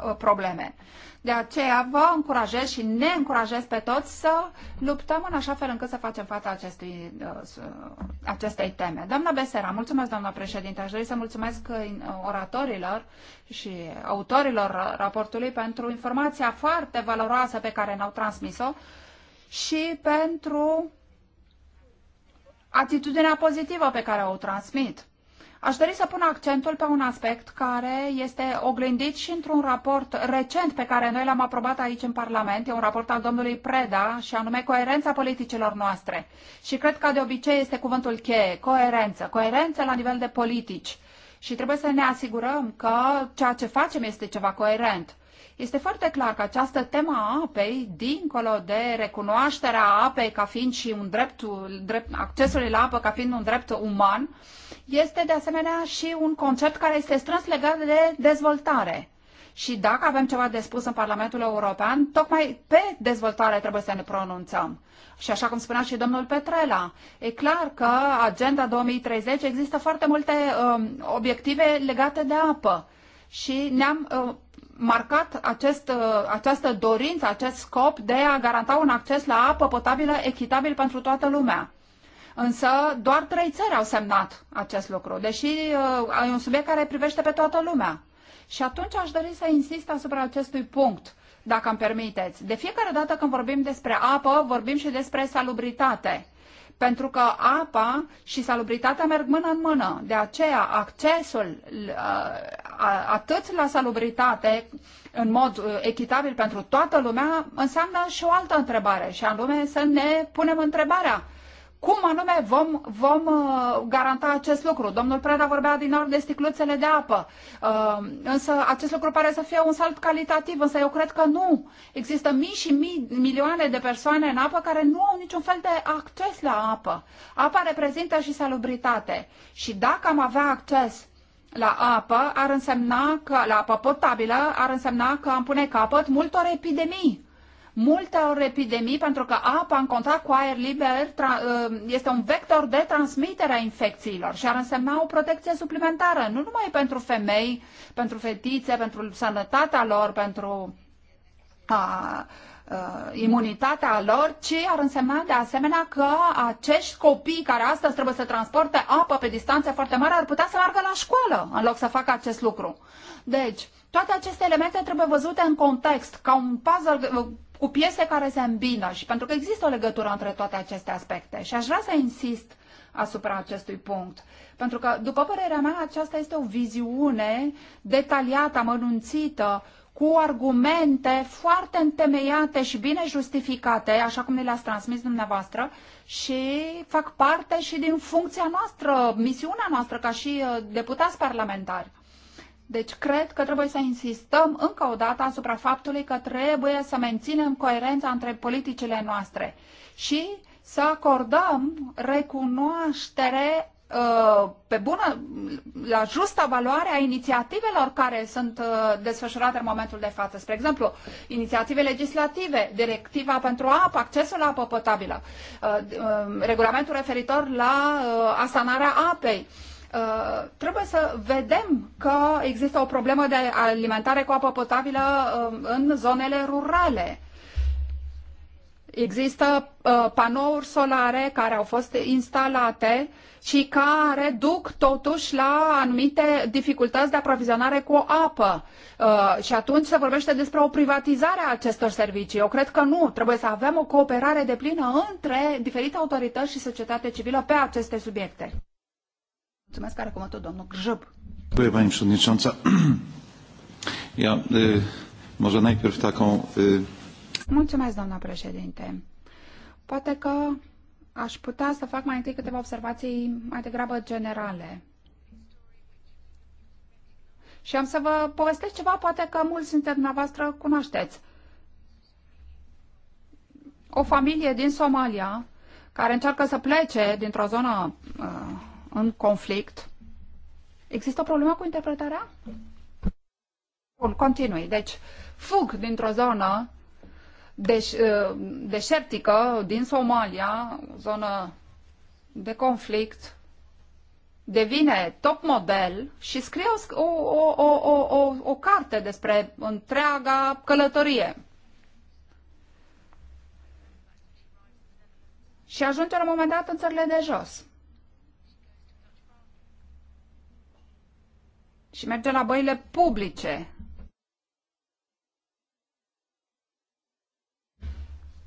C: Uh, probleme. De aceea vă încurajez și ne încurajez pe toți să luptăm în așa fel încât să facem fața acestui, uh, acestei teme. Doamna Besera, mulțumesc, doamna președinte. Aș dori să mulțumesc uh, oratorilor și autorilor raportului pentru informația foarte valoroasă pe care ne-au transmis-o și pentru atitudinea pozitivă pe care o transmit. Aș dori să pun accentul pe un aspect care este oglindit și într-un raport recent pe care noi l-am aprobat aici în Parlament, e un raport al domnului Preda, și anume coerența politicilor noastre. Și cred că de obicei este cuvântul cheie, coerență, coerență la nivel de politici. Și trebuie să ne asigurăm că ceea ce facem este ceva coerent. Este foarte clar că această temă a apei, dincolo de recunoașterea apei ca fiind și un drept, drept accesului la apă ca fiind un drept uman, uh, este de asemenea și un concept care este strâns legat de dezvoltare. Și dacă avem ceva de spus în Parlamentul European, tocmai pe dezvoltare trebuie să ne pronunțăm. Și așa cum spunea și domnul Petrela, e clar că Agenda 2030 există foarte multe um, obiective legate de apă. Și ne-am um, marcat acest, uh, această dorință, acest scop de a garanta un acces la apă potabilă echitabil pentru toată lumea. Însă doar trei țări au semnat acest lucru, deși uh, e un subiect care privește pe toată lumea. Și atunci aș dori să insist asupra acestui punct, dacă îmi permiteți. De fiecare dată când vorbim despre apă, vorbim și despre salubritate pentru că apa și salubritatea merg mână în mână. De aceea, accesul uh, atât la salubritate în mod uh, echitabil pentru toată lumea înseamnă și o altă întrebare și anume să ne punem întrebarea cum anume vom, vom uh, garanta acest lucru? Domnul Preda vorbea din ori de sticluțele de apă, uh, însă acest lucru pare să fie un salt calitativ, însă eu cred că nu. Există mii și mii, milioane de persoane în apă care nu au niciun fel de acces la apă. Apa reprezintă și salubritate și dacă am avea acces la apă ar însemna că, la apă potabilă, ar însemna că am pune capăt multor epidemii ori epidemii, pentru că apa în contact cu aer liber ă, este un vector de transmitere a infecțiilor și ar însemna o protecție suplimentară, nu numai pentru femei, pentru fetițe, pentru sănătatea lor, pentru a, a, ă, imunitatea lor, ci ar însemna de asemenea că acești copii care astăzi trebuie să transporte apă pe distanțe foarte mari ar putea să meargă la școală în loc să facă acest lucru. Deci, toate aceste elemente trebuie văzute în context, ca un puzzle cu piese care se îmbină și pentru că există o legătură între toate aceste aspecte. Și aș vrea să insist asupra acestui punct. Pentru că, după părerea mea, aceasta este o viziune detaliată, amănunțită, cu argumente foarte întemeiate și bine justificate, așa cum ne le-ați transmis dumneavoastră, și fac parte și din funcția noastră, misiunea noastră ca și uh, deputați parlamentari. Deci cred că trebuie să insistăm încă o dată asupra faptului că trebuie să menținem coerența între politicile noastre și să acordăm recunoaștere uh, pe bună, la justa valoare a inițiativelor care sunt uh, desfășurate în momentul de față. Spre exemplu, inițiative legislative, directiva pentru apă, accesul la apă potabilă, uh, regulamentul referitor la asanarea apei, Uh, trebuie să vedem că există o problemă de alimentare cu apă potabilă uh, în zonele rurale. Există uh, panouri solare care au fost instalate și care duc totuși la anumite dificultăți de aprovizionare cu apă. Uh, și atunci se vorbește despre o privatizare a acestor servicii. Eu cred că nu. Trebuie să avem o cooperare deplină între diferite autorități și societate civilă pe aceste subiecte. Mulțumesc, care cuvântul domnul Grzyb.
A: Dziękuję Pani Przewodnicząca. [CLEARS THROAT] Ja y, może najpierw taką... Y...
C: Mulțumesc, președinte. Poate că aș putea să fac mai întâi câteva observații mai degrabă generale. Și am să vă povestesc ceva, poate că mulți dintre dumneavoastră cunoașteți. O familie din Somalia care încearcă să plece dintr-o zonă uh, în conflict. Există o problemă cu interpretarea? Bun, continui. Deci, fug dintr-o zonă deș uh, deșertică din Somalia, o zonă de conflict, devine top model și scrie o, o, o, o, o, o carte despre întreaga călătorie. Și ajunge la un moment dat în țările de jos. și merge la băile publice.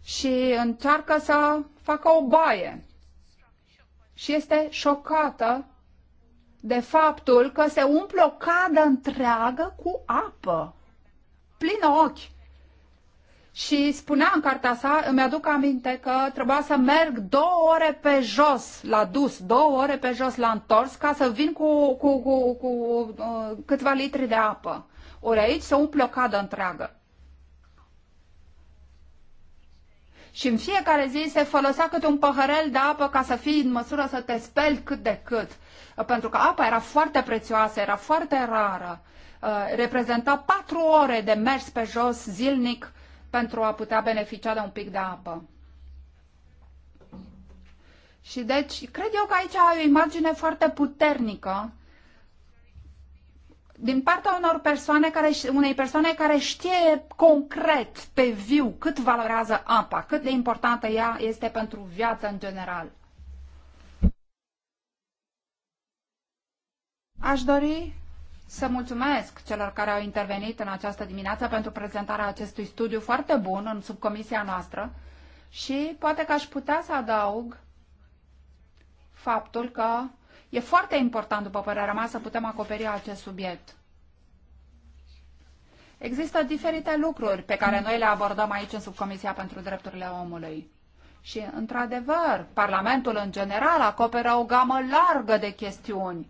C: Și încearcă să facă o baie. Și este șocată de faptul că se umple o cadă întreagă cu apă, plină ochi și spunea în cartea sa, îmi aduc aminte că trebuia să merg două ore pe jos la dus, două ore pe jos la întors ca să vin cu, cu, cu, cu uh, câțiva litri de apă. Ori aici se umple o cadă întreagă. Și în fiecare zi se folosea câte un păhărel de apă ca să fii în măsură să te speli cât de cât. Uh, pentru că apa era foarte prețioasă, era foarte rară. Uh, reprezenta patru ore de mers pe jos zilnic pentru a putea beneficia de un pic de apă. Și deci, cred eu că aici ai o imagine foarte puternică din partea unor persoane care, unei persoane care știe concret, pe viu, cât valorează apa, cât de importantă ea este pentru viața în general. Aș dori să mulțumesc celor care au intervenit în această dimineață pentru prezentarea acestui studiu foarte bun în subcomisia noastră și poate că aș putea să adaug faptul că e foarte important, după părerea mea, să putem acoperi acest subiect. Există diferite lucruri pe care noi le abordăm aici în subcomisia pentru drepturile omului. Și, într-adevăr, Parlamentul în general acoperă o gamă largă de chestiuni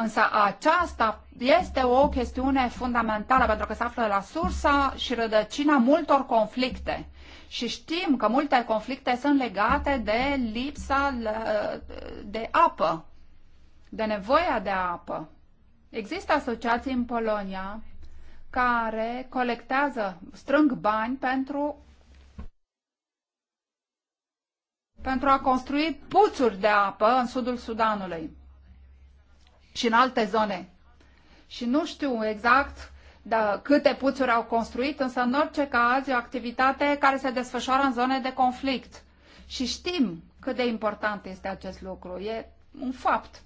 C: Însă aceasta este o chestiune fundamentală pentru că se află la sursa și rădăcina multor conflicte. Și știm că multe conflicte sunt legate de lipsa de apă, de nevoia de apă. Există asociații în Polonia care colectează, strâng bani pentru pentru a construi puțuri de apă în sudul Sudanului și în alte zone. Și nu știu exact da, câte puțuri au construit, însă în orice caz e o activitate care se desfășoară în zone de conflict. Și știm cât de important este acest lucru. E un fapt.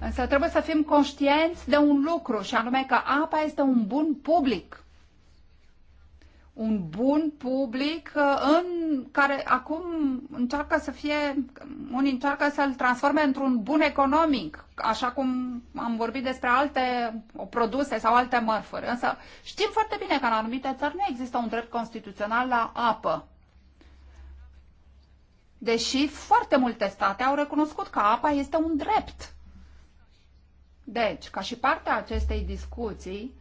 C: Însă trebuie să fim conștienți de un lucru, și anume că apa este un bun public un bun public uh, în care acum încearcă să fie, unii încearcă să-l transforme într-un bun economic, așa cum am vorbit despre alte produse sau alte mărfuri. Însă știm foarte bine că în anumite țări nu există un drept constituțional la apă. Deși foarte multe state au recunoscut că apa este un drept. Deci, ca și parte a acestei discuții,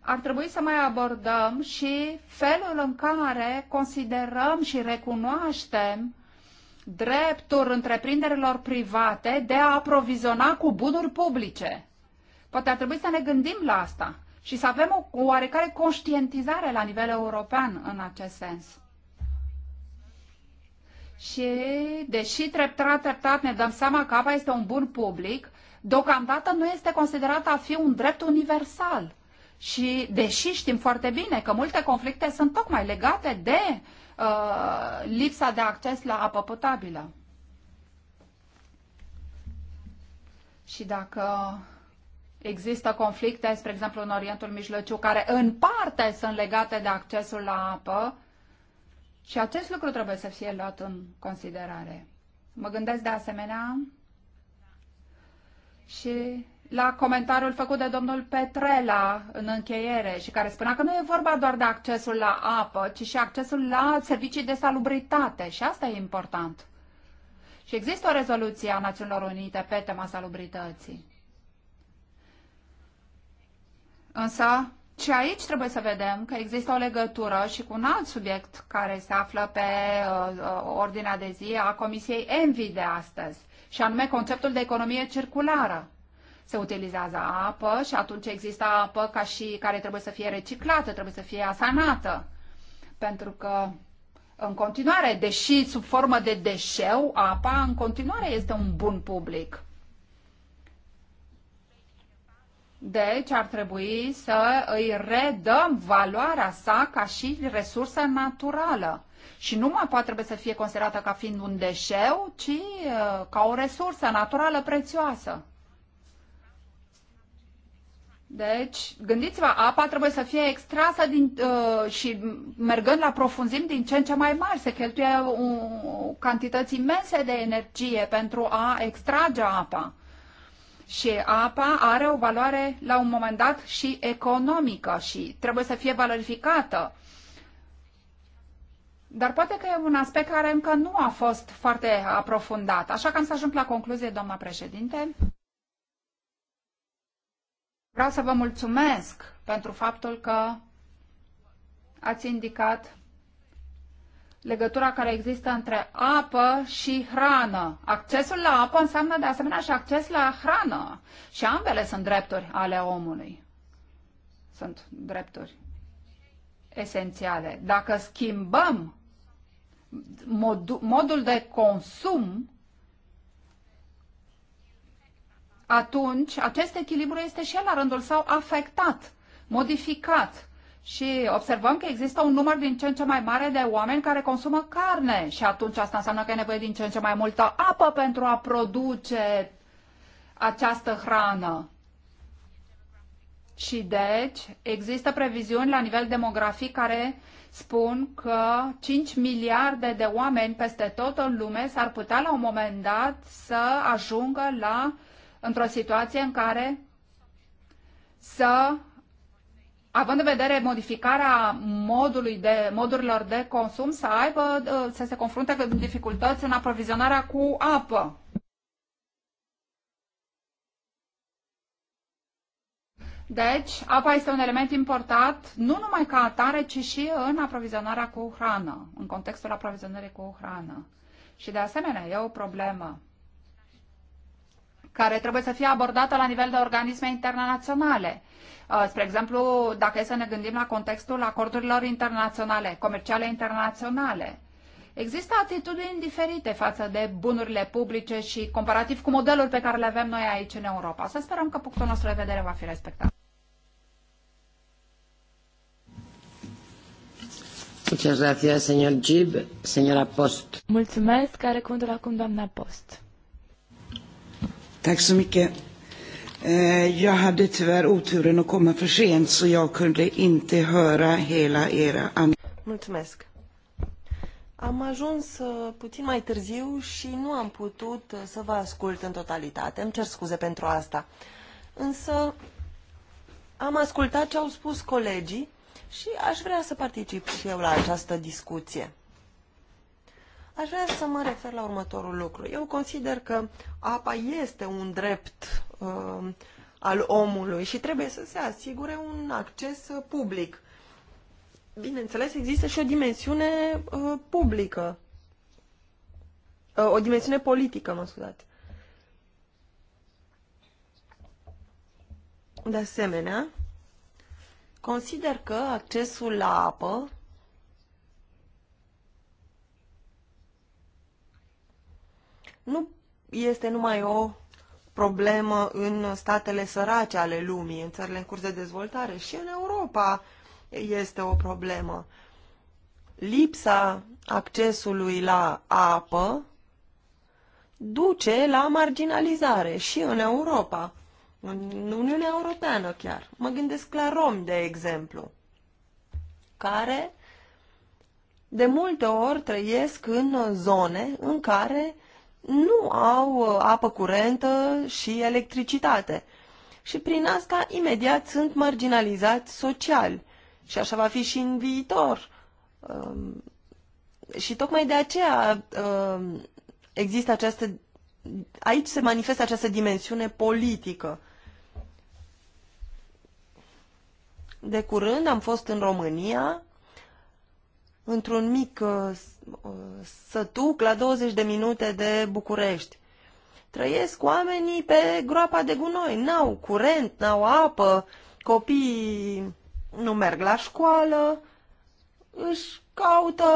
C: ar trebui să mai abordăm și felul în care considerăm și recunoaștem dreptul întreprinderilor private de a aproviziona cu bunuri publice. Poate ar trebui să ne gândim la asta și să avem o oarecare conștientizare la nivel european în acest sens. Și deși treptat, treptat ne dăm seama că apa este un bun public, deocamdată nu este considerat a fi un drept universal. Și deși știm foarte bine că multe conflicte sunt tocmai legate de uh, lipsa de acces la apă potabilă. Și dacă există conflicte, spre exemplu în Orientul Mijlociu, care în parte sunt legate de accesul la apă, și acest lucru trebuie să fie luat în considerare. Mă gândesc de asemenea și la comentariul făcut de domnul Petrela în încheiere și care spunea că nu e vorba doar de accesul la apă, ci și accesul la servicii de salubritate și asta e important. Și există o rezoluție a Națiunilor Unite pe tema salubrității. Însă, și aici trebuie să vedem că există o legătură și cu un alt subiect care se află pe uh, uh ordinea de zi a Comisiei Envi de astăzi, și anume conceptul de economie circulară se utilizează apă și atunci există apă ca și care trebuie să fie reciclată, trebuie să fie asanată. Pentru că în continuare, deși sub formă de deșeu, apa în continuare este un bun public. Deci ar trebui să îi redăm valoarea sa ca și resursă naturală. Și nu mai poate trebuie să fie considerată ca fiind un deșeu, ci uh, ca o resursă naturală prețioasă. Deci, gândiți-vă, apa trebuie să fie extrasă din, uh, și mergând la profunzim din ce în ce mai mari. Se cheltuie o cantități imense de energie pentru a extrage apa. Și apa are o valoare la un moment dat și economică și trebuie să fie valorificată. Dar poate că e un aspect care încă nu a fost foarte aprofundat. Așa că am să ajung la concluzie, doamna președinte. Vreau să vă mulțumesc pentru faptul că ați indicat legătura care există între apă și hrană. Accesul la apă înseamnă de asemenea și acces la hrană. Și ambele sunt drepturi ale omului. Sunt drepturi esențiale. Dacă schimbăm modul de consum, atunci acest echilibru este și el la rândul său afectat, modificat. Și observăm că există un număr din ce în ce mai mare de oameni care consumă carne și atunci asta înseamnă că e nevoie din ce în ce mai multă apă pentru a produce această hrană. Și deci există previziuni la nivel demografic care spun că 5 miliarde de oameni peste tot în lume s-ar putea la un moment dat să ajungă la într-o situație în care să, având în vedere modificarea modului de, modurilor de consum, să aibă, ă, să se confrunte cu dificultăți în aprovizionarea cu apă. Deci, apa este un element important, nu numai ca atare, ci și în aprovizionarea cu hrană, în contextul aprovizionării cu hrană. Și de asemenea, e o problemă care trebuie să fie abordată la nivel de organisme internaționale. Uh, spre exemplu, dacă e să ne gândim la contextul acordurilor internaționale, comerciale internaționale, Există atitudini diferite față de bunurile publice și comparativ cu modelul pe care le avem noi aici în Europa. Să sperăm că punctul nostru
B: de vedere va fi respectat. Mulțumesc. Are cuvântul acum doamna Post.
A: Tack så mycket. Eh,
C: jag hade tyvärr oturen att komma för sent så jag kunde inte höra hela era...
D: Mulțumesc. Am ajuns eh, puțin mai târziu și nu am putut eh, să vă ascult în totalitate. Îmi cer scuze pentru asta. Însă am ascultat ce au spus colegii și aș vrea să particip și eu la această discuție. Aș vrea să mă refer la următorul lucru. Eu consider că apa este un drept uh, al omului și trebuie să se asigure un acces uh, public. Bineînțeles, există și o dimensiune uh, publică, uh, o dimensiune politică, mă scuzați. De asemenea, consider că accesul la apă nu este numai o problemă în statele sărace ale lumii, în țările în curs de dezvoltare, și în Europa este o problemă. Lipsa accesului la apă duce la marginalizare și în Europa, în Uniunea Europeană chiar. Mă gândesc la romi, de exemplu, care de multe ori trăiesc în zone în care nu au uh, apă curentă și electricitate. Și prin asta, imediat, sunt marginalizați social. Și așa va fi și în viitor. Um, și tocmai de aceea um, există această... Aici se manifestă această dimensiune politică. De curând am fost în România într-un mic uh, să duc la 20 de minute de București. Trăiesc oamenii pe groapa de gunoi. N-au curent, n-au apă, copiii nu merg la școală, își caută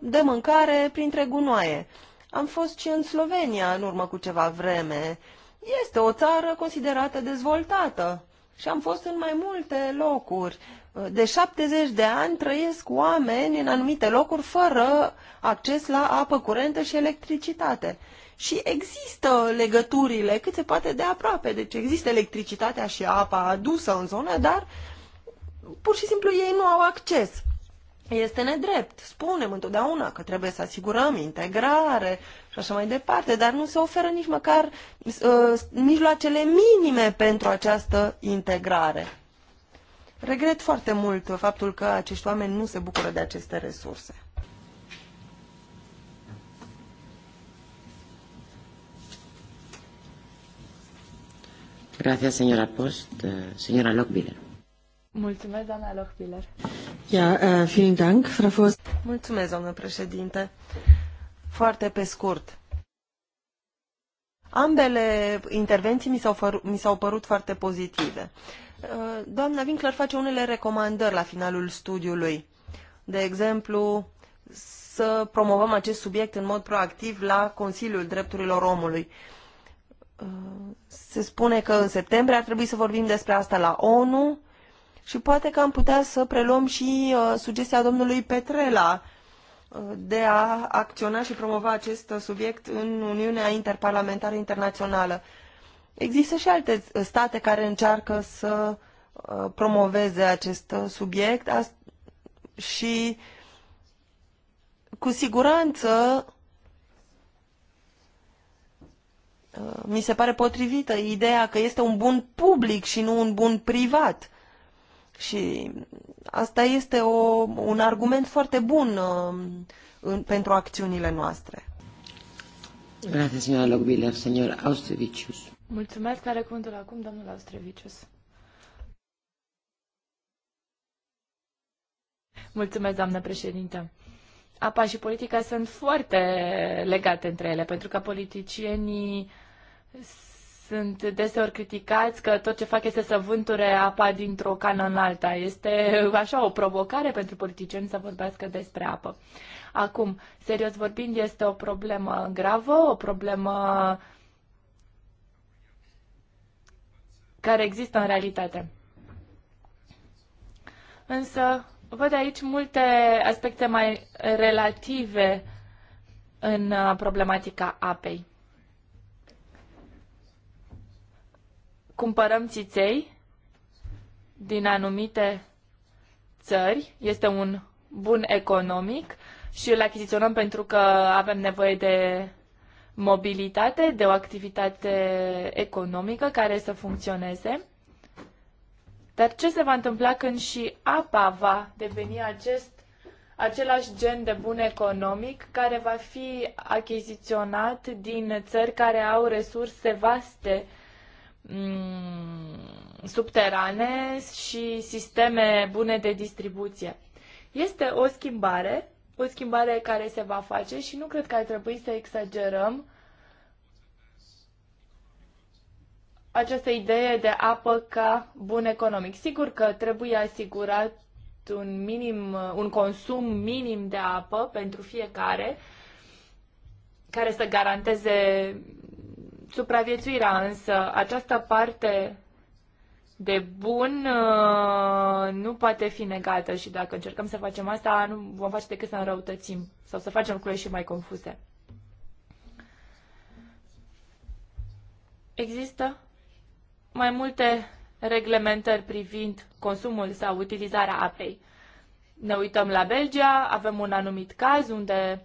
D: de mâncare printre gunoaie. Am fost și în Slovenia în urmă cu ceva vreme. Este o țară considerată dezvoltată și am fost în mai multe locuri de 70 de ani trăiesc oameni în anumite locuri fără acces la apă curentă și electricitate. Și există legăturile cât se poate de aproape, deci există electricitatea și apa adusă în zonă, dar pur și simplu ei nu au acces. Este nedrept. Spunem întotdeauna că trebuie să asigurăm integrare și așa mai departe, dar nu se oferă nici măcar uh, mijloacele minime pentru această integrare Regret foarte mult faptul că acești oameni nu se bucură de aceste resurse.
A: Grazie, signora Post. Eh, signora Lockbiller.
B: Mulțumesc, doamna Lockbiller.
A: Ja, uh, vielen Dank,
D: Frau Voss. Mulțumesc, doamnă președinte. Foarte pe scurt. Ambele intervenții mi s-au, mi s-au părut foarte pozitive. Uh, Uh, doamna Winkler face unele recomandări la finalul studiului. De exemplu, să promovăm acest subiect în mod proactiv la Consiliul Drepturilor Omului. Uh, se spune că în septembrie ar trebui să vorbim despre asta la ONU și poate că am putea să preluăm și uh, sugestia domnului Petrela de a acționa și promova acest subiect în Uniunea Interparlamentară Internațională. Există și alte uh, state care încearcă să uh, promoveze acest uh, subiect și cu siguranță mi se pare potrivită ideea că este un bun public și nu un bun privat. Și asta este o, un argument foarte bun în, pentru acțiunile noastre.
A: Grazie, signora Logbiller. Signor Austrevicius.
B: Mulțumesc. Are cuvântul acum domnul Austrevicius. Mulțumesc, doamnă președinte. Apa și politica sunt foarte legate între ele, pentru că politicienii sunt deseori criticați că tot ce fac este să vânture apa dintr-o cană în alta. Este așa o provocare pentru politicieni să vorbească despre apă. Acum, serios vorbind, este o problemă gravă, o problemă uh, care există în realitate. Însă, văd aici multe aspecte mai relative în uh, problematica apei. Cumpărăm țiței din anumite țări, este un bun economic și îl achiziționăm pentru că avem nevoie de mobilitate, de o activitate economică care să funcționeze. Dar ce se va întâmpla când și apa va deveni acest același gen de bun economic care va fi achiziționat din țări care au resurse vaste mm, subterane și sisteme bune de distribuție. Este o schimbare o schimbare care se va face și nu cred că ar trebui să exagerăm această idee de apă ca bun economic. Sigur că trebuie asigurat un, minim, un consum minim de apă pentru fiecare, care să garanteze supraviețuirea, însă această parte de bun uh, nu poate fi negată și dacă încercăm să facem asta, nu vom face decât să înrăutățim sau să facem lucrurile și mai confuse. Există mai multe reglementări privind consumul sau utilizarea apei. Ne uităm la Belgia, avem un anumit caz unde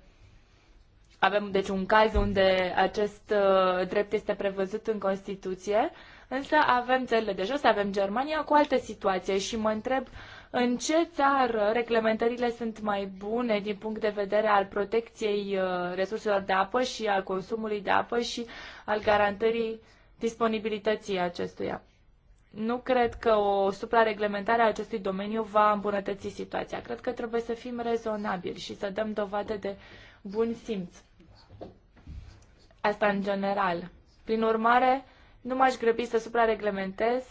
B: avem deci un caz unde acest uh, drept este prevăzut în Constituție. Uh, Însă avem țările de jos, avem Germania cu alte situații și mă întreb în ce țară reglementările sunt mai bune din punct de vedere al protecției uh, resurselor de apă și al consumului de apă și al garantării disponibilității acestuia? Nu cred că o suprareglementare a acestui domeniu va îmbunătăți situația. Cred că trebuie să fim rezonabili și să dăm dovadă de bun simț. Asta în general. Prin urmare, nu m-aș grăbi să suprareglementez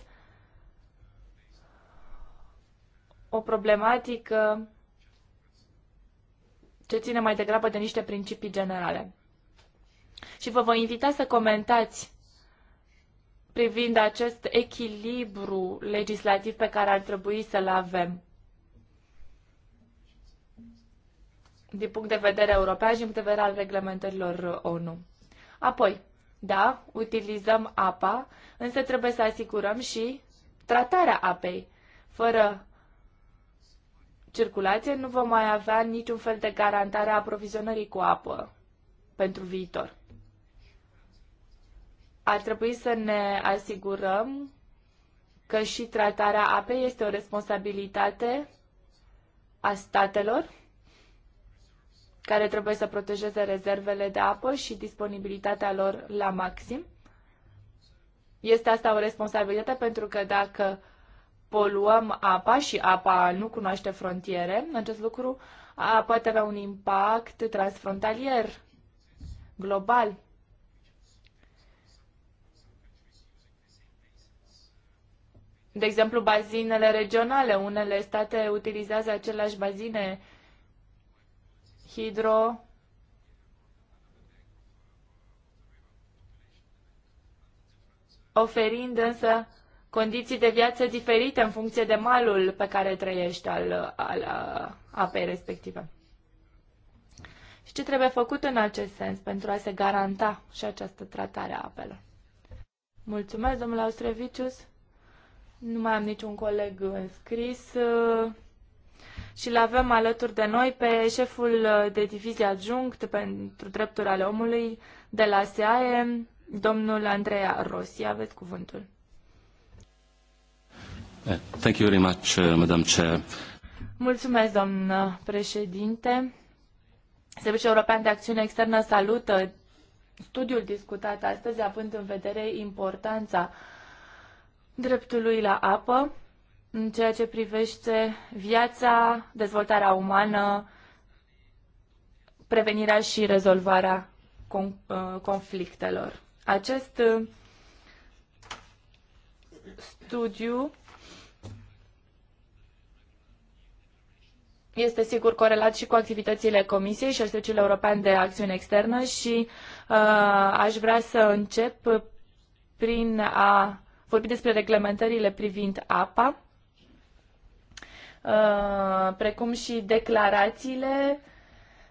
B: o problematică ce ține mai degrabă de niște principii generale. Și vă voi invita să comentați privind acest echilibru legislativ pe care ar trebui să-l avem. din punct de vedere european și din punct de vedere al reglementărilor ONU. Apoi, da, utilizăm apa, însă trebuie să asigurăm și tratarea apei. Fără circulație nu vom mai avea niciun fel de garantare a aprovizionării cu apă pentru viitor. Ar trebui să ne asigurăm că și tratarea apei este o responsabilitate a statelor care trebuie să protejeze rezervele de apă și disponibilitatea lor la maxim. Este asta o responsabilitate pentru că dacă poluăm apa și apa nu cunoaște frontiere, acest lucru poate avea un impact transfrontalier, global. De exemplu, bazinele regionale. Unele state utilizează aceleași bazine uh, hidro, oferind însă condiții de viață diferite în funcție de malul pe care trăiești al, al apei respective. Și ce trebuie făcut în acest sens pentru a se garanta și această tratare a apelor? Mulțumesc, domnule Austrevicius. Nu mai am niciun coleg înscris. Uh, și îl avem alături de noi pe șeful uh, de divizie adjunct pentru drepturi ale omului de la SEAE, domnul Andreea Rossi. Aveți cuvântul.
A: Uh, thank you very much, uh, Madam Chair.
B: Mulțumesc, domn președinte. Serviciul European de Acțiune Externă salută studiul discutat astăzi, având în vedere importanța dreptului la apă în ceea ce privește viața, dezvoltarea umană, prevenirea și rezolvarea uh, conflictelor. Acest uh, studiu este sigur corelat și cu activitățile Comisiei și ale Serviciului European de Acțiune Externă și uh, aș vrea să încep prin a vorbi despre reglementările privind apa Uh, precum și declarațiile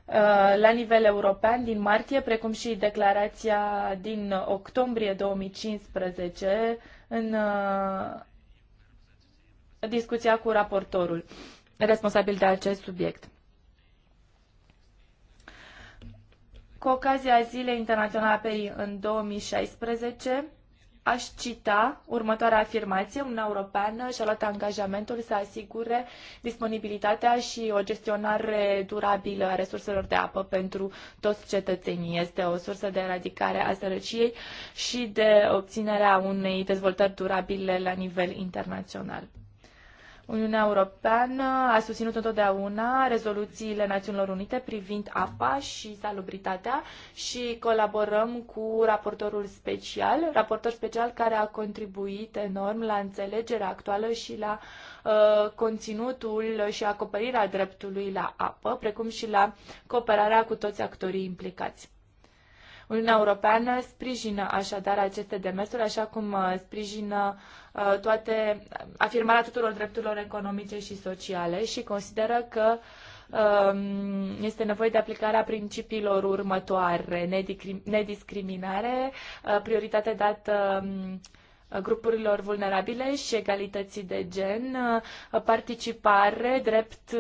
B: uh, la nivel european din martie, precum și declarația din octombrie 2015 în uh, discuția cu raportorul responsabil de acest subiect. Cu ocazia Zilei Internaționale a Apei în 2016, aș cita următoarea afirmație. Uniunea Europeană și-a luat angajamentul să asigure disponibilitatea și o gestionare durabilă a resurselor de apă pentru toți cetățenii. Este o sursă de eradicare a sărăciei și de obținerea unei dezvoltări durabile la nivel internațional. Uniunea Europeană a susținut întotdeauna rezoluțiile Națiunilor Unite privind apa și salubritatea și colaborăm cu raportorul special, raportor special care a contribuit enorm la înțelegerea actuală și la uh, conținutul și acoperirea dreptului la apă, precum și la cooperarea cu toți actorii implicați. Uniunea Europeană sprijină așadar aceste demersuri, așa cum uh, sprijină uh, toate afirmarea tuturor drepturilor economice și sociale și consideră că um, este nevoie de aplicarea principiilor următoare, nediscriminare, uh, prioritate dată um, grupurilor vulnerabile și egalității de gen, participare, drept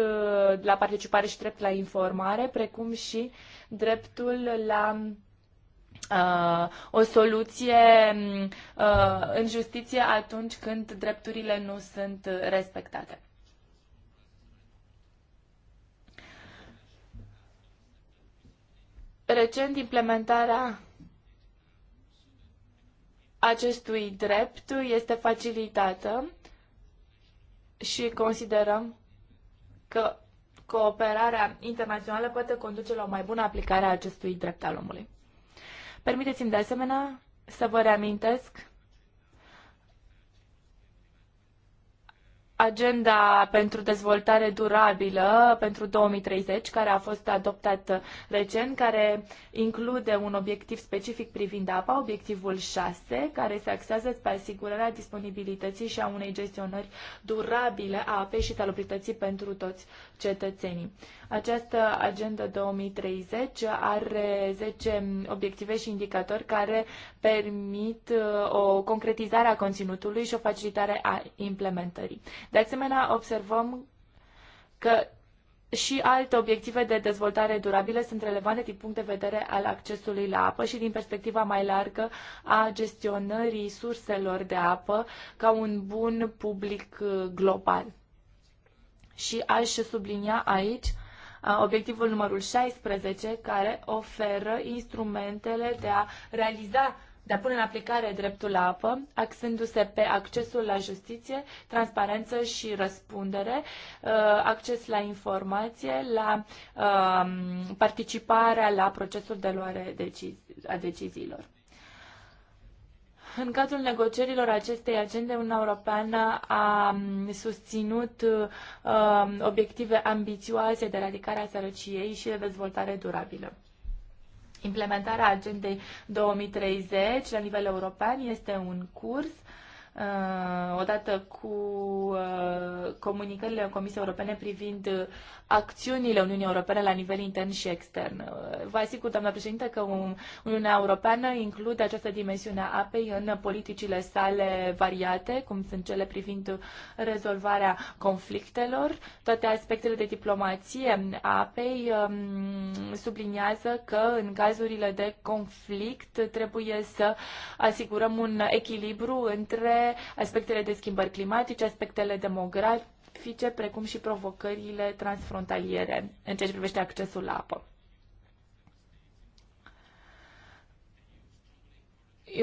B: la participare și drept la informare, precum și dreptul la Uh, o soluție uh, în justiție atunci când drepturile nu sunt respectate. Recent, implementarea acestui drept este facilitată și considerăm că cooperarea internațională poate conduce la o mai bună aplicare a acestui drept al omului. Permiteți-mi de asemenea să vă reamintesc agenda pentru dezvoltare durabilă pentru 2030, care a fost adoptată recent, care include un obiectiv specific privind apa, obiectivul 6, care se axează pe asigurarea disponibilității și a unei gestionări durabile a apei și salubrității pentru toți cetățenii. Această agenda 2030 are 10 obiective și indicatori care permit uh, o concretizare a conținutului și o facilitare a implementării. De asemenea, observăm că și alte obiective de dezvoltare durabilă sunt relevante din punct de vedere al accesului la apă și din perspectiva mai largă a gestionării surselor de apă ca un bun public uh, global. Și aș sublinia aici obiectivul numărul 16, care oferă instrumentele de a realiza de a pune în aplicare dreptul la apă, axându-se pe accesul la justiție, transparență și răspundere, acces la informație, la participarea la procesul de luare deci, a deciziilor. În cadrul negocierilor acestei agende, Uniunea Europeană a mm, susținut uh, obiective ambițioase de eradicare a sărăciei și de dezvoltare durabilă. Implementarea agendei 2030 la nivel european este un curs Uh, odată cu uh, comunicările Comisiei Europene privind acțiunile Uniunii Europene la nivel intern și extern. Uh, vă asigur, doamna președinte, că Uniunea Europeană include această dimensiune a apei în politicile sale variate, cum sunt cele privind rezolvarea conflictelor. Toate aspectele de diplomație a apei um, subliniază că în cazurile de conflict trebuie să asigurăm un echilibru între aspectele de schimbări climatice, aspectele demografice, precum și provocările transfrontaliere în ceea ce privește accesul la apă.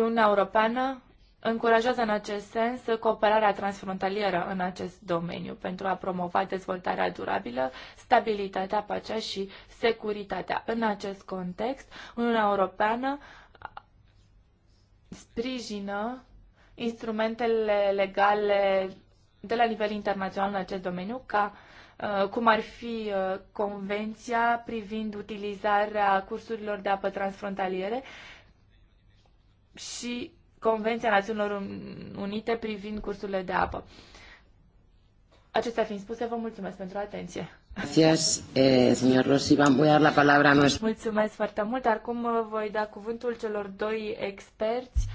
B: Uniunea Europeană încurajează în acest sens cooperarea transfrontalieră în acest domeniu pentru a promova dezvoltarea durabilă, stabilitatea, pacea și securitatea. În acest context, Uniunea Europeană sprijină instrumentele legale de la nivel internațional în acest domeniu, ca uh, cum ar fi uh, convenția privind utilizarea cursurilor de apă transfrontaliere și Convenția Națiunilor Unite privind cursurile de apă. Acestea fiind spuse, vă mulțumesc pentru atenție.
A: Gracias, eh, señor Rossi. Voy a dar la palabra a
B: Mulțumesc foarte mult. Acum uh, voi da cuvântul celor doi experți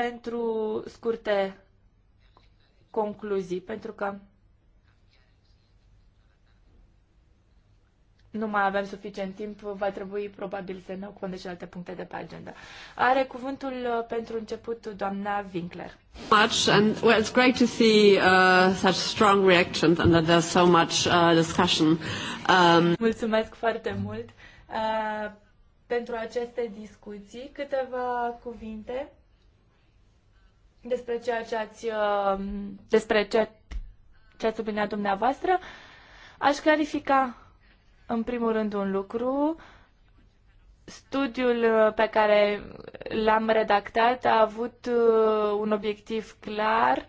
B: pentru scurte concluzii, pentru că nu mai avem suficient timp, va trebui probabil să ne ocupăm de celelalte puncte de pe agenda. Are cuvântul uh, pentru început doamna Winkler.
D: Much and well, it's great to see uh, such strong reactions and that there's so much uh, discussion. Um...
B: Mulțumesc foarte mult uh, pentru aceste discuții. Câteva cuvinte despre ceea ce ați, uh, despre ceea ce ați subliniat dumneavoastră. Aș clarifica în primul rând un lucru. Studiul uh, pe care l-am redactat a avut uh, un obiectiv clar.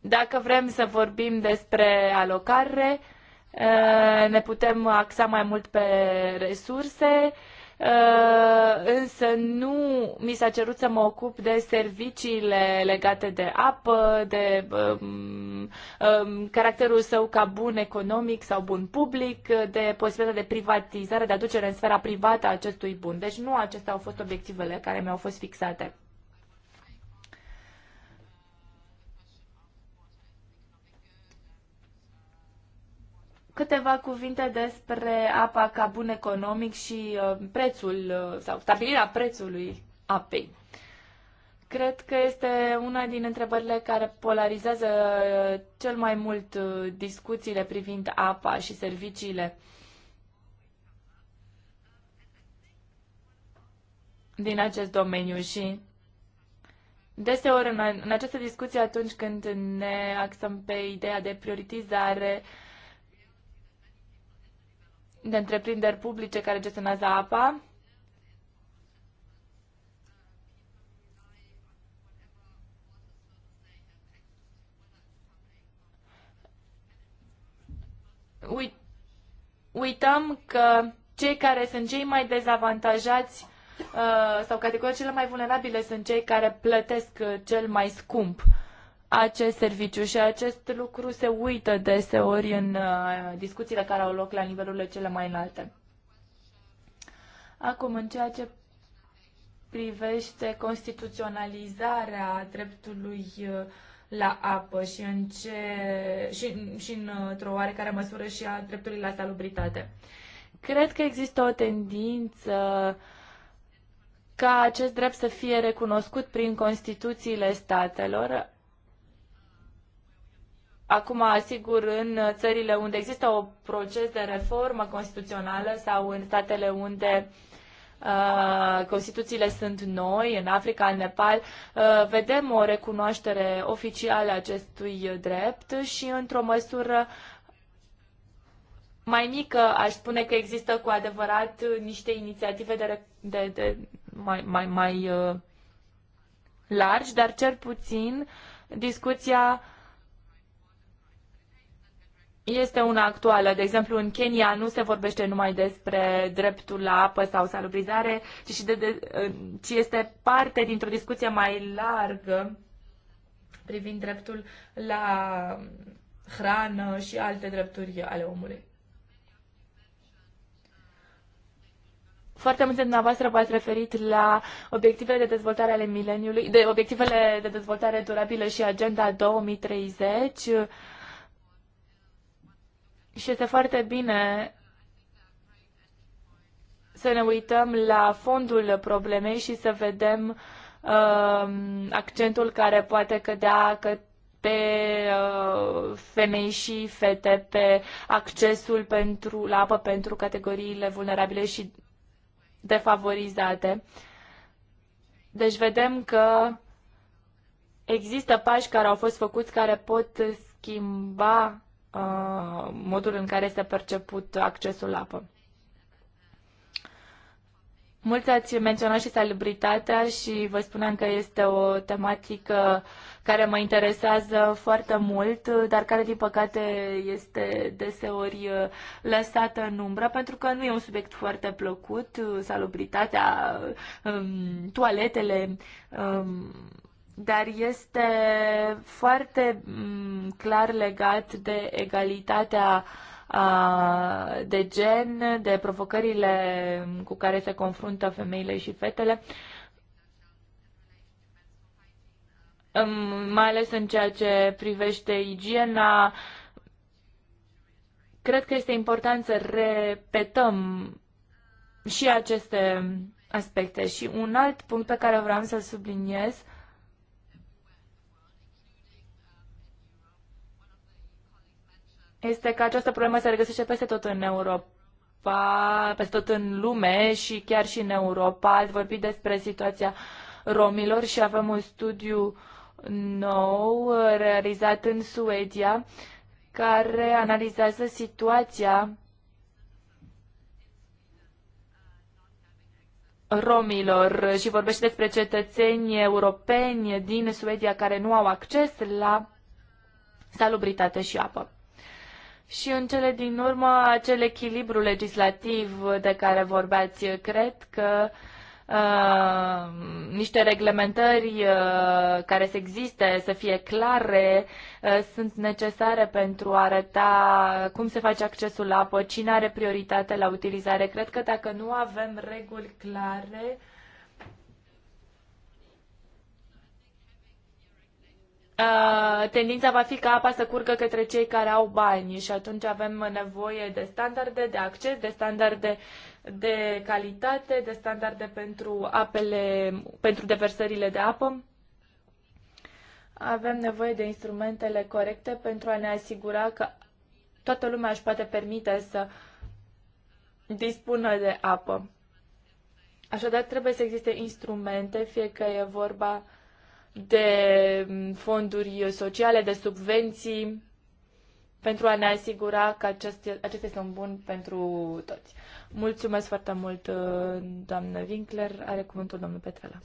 B: Dacă vrem să vorbim despre alocare, ne putem axa mai mult pe resurse, Uh, însă nu mi s-a cerut să mă ocup de serviciile legate de apă, de um, um, caracterul său ca bun economic sau bun public, de posibilitatea de privatizare, de aducere în sfera privată a acestui bun. Deci nu acestea au fost obiectivele care mi-au fost fixate. Câteva cuvinte despre apa ca bun economic și uh, prețul uh, sau stabilirea prețului apei. Cred că este una din întrebările care polarizează uh, cel mai mult discuțiile privind apa și serviciile din acest domeniu și deseori în, această discuție atunci când ne axăm pe ideea de prioritizare, de întreprinderi publice care gestionează apa. Uit, uităm că cei care sunt cei mai dezavantajați uh, sau categoriile cele mai vulnerabile sunt cei care plătesc uh, cel mai scump acest serviciu și acest lucru se uită deseori în uh, discuțiile care au loc la nivelurile cele mai înalte. Acum, în ceea ce privește constituționalizarea dreptului uh, la apă și, în ce, și, și într-o oarecare măsură și a dreptului la salubritate. Cred că există o tendință ca acest drept să fie recunoscut prin Constituțiile statelor, Acum, asigur, în țările unde există un proces de reformă constituțională sau în statele unde uh, Constituțiile sunt noi, în Africa, în Nepal, uh, vedem o recunoaștere oficială a acestui drept și într-o măsură mai mică aș spune că există cu adevărat niște inițiative de, de, de mai, mai, mai uh, largi, dar cel puțin discuția este una actuală. De exemplu, în Kenya nu se vorbește numai despre dreptul la apă sau salubrizare, ci, și de, de, ci este parte dintr-o discuție mai largă privind dreptul la hrană și alte drepturi ale omului. Foarte multe dumneavoastră v-ați referit la obiectivele de dezvoltare ale mileniului, de obiectivele de dezvoltare durabilă și agenda 2030 și este foarte bine să ne uităm la fondul problemei și să vedem uh, accentul care poate cădea că pe uh, femei și fete, pe accesul pentru, la apă pentru categoriile vulnerabile și defavorizate. Deci vedem că există pași care au fost făcuți care pot schimba Uh, modul în care este perceput accesul la apă. Mulți ați menționat și salubritatea și vă spuneam că este o tematică care mă interesează foarte mult, dar care, din păcate, este deseori uh, lăsată în umbră, pentru că nu e un subiect foarte plăcut, uh, salubritatea, um, toaletele, um, dar este foarte mm, clar legat de egalitatea de gen, de provocările cu care se confruntă femeile și fetele, mai ales în ceea ce privește igiena. Cred că este important să repetăm și aceste aspecte. Și un alt punct pe care vreau să-l subliniez este că această problemă se regăsește peste tot în Europa peste tot în lume și chiar și în Europa. Ați vorbit despre situația romilor și avem un studiu nou realizat în Suedia care analizează situația romilor și vorbește despre cetățeni europeni din Suedia care nu au acces la salubritate și apă. Și în cele din urmă, acel echilibru legislativ de care vorbeați, cred că uh, niște reglementări uh, care să existe, să fie clare, uh, sunt necesare pentru a arăta cum se face accesul la apă, cine are prioritate la utilizare. Cred că dacă nu avem reguli clare, uh, Uh, tendința va fi ca apa să curgă către cei care au bani și atunci avem nevoie de standarde de acces, de standarde de calitate, de standarde pentru apele, pentru deversările de apă. Avem nevoie de instrumentele corecte pentru a ne asigura că toată lumea își poate permite să dispună de apă. Așadar, trebuie să existe instrumente, fie că e vorba de fonduri sociale, de subvenții, pentru a ne asigura că acest, acesta este un bun pentru toți. Mulțumesc foarte mult, doamnă Winkler. Are cuvântul domnul Petrela.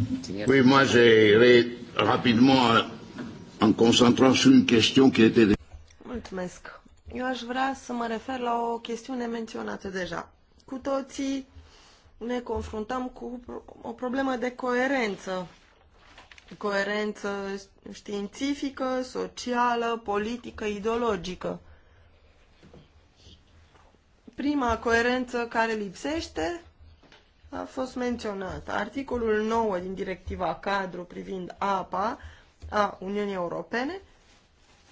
A: Oui, rapid, mă, rapidement en concentrant sur une question qui était...
D: Mulțumesc. Eu aș vrea să mă refer la o chestiune menționată deja. Cu toții ne confruntăm cu o problemă de coerență coerență științifică, socială, politică, ideologică. Prima coerență care lipsește a fost menționată. Articolul 9 din directiva cadru privind apa a Uniunii Europene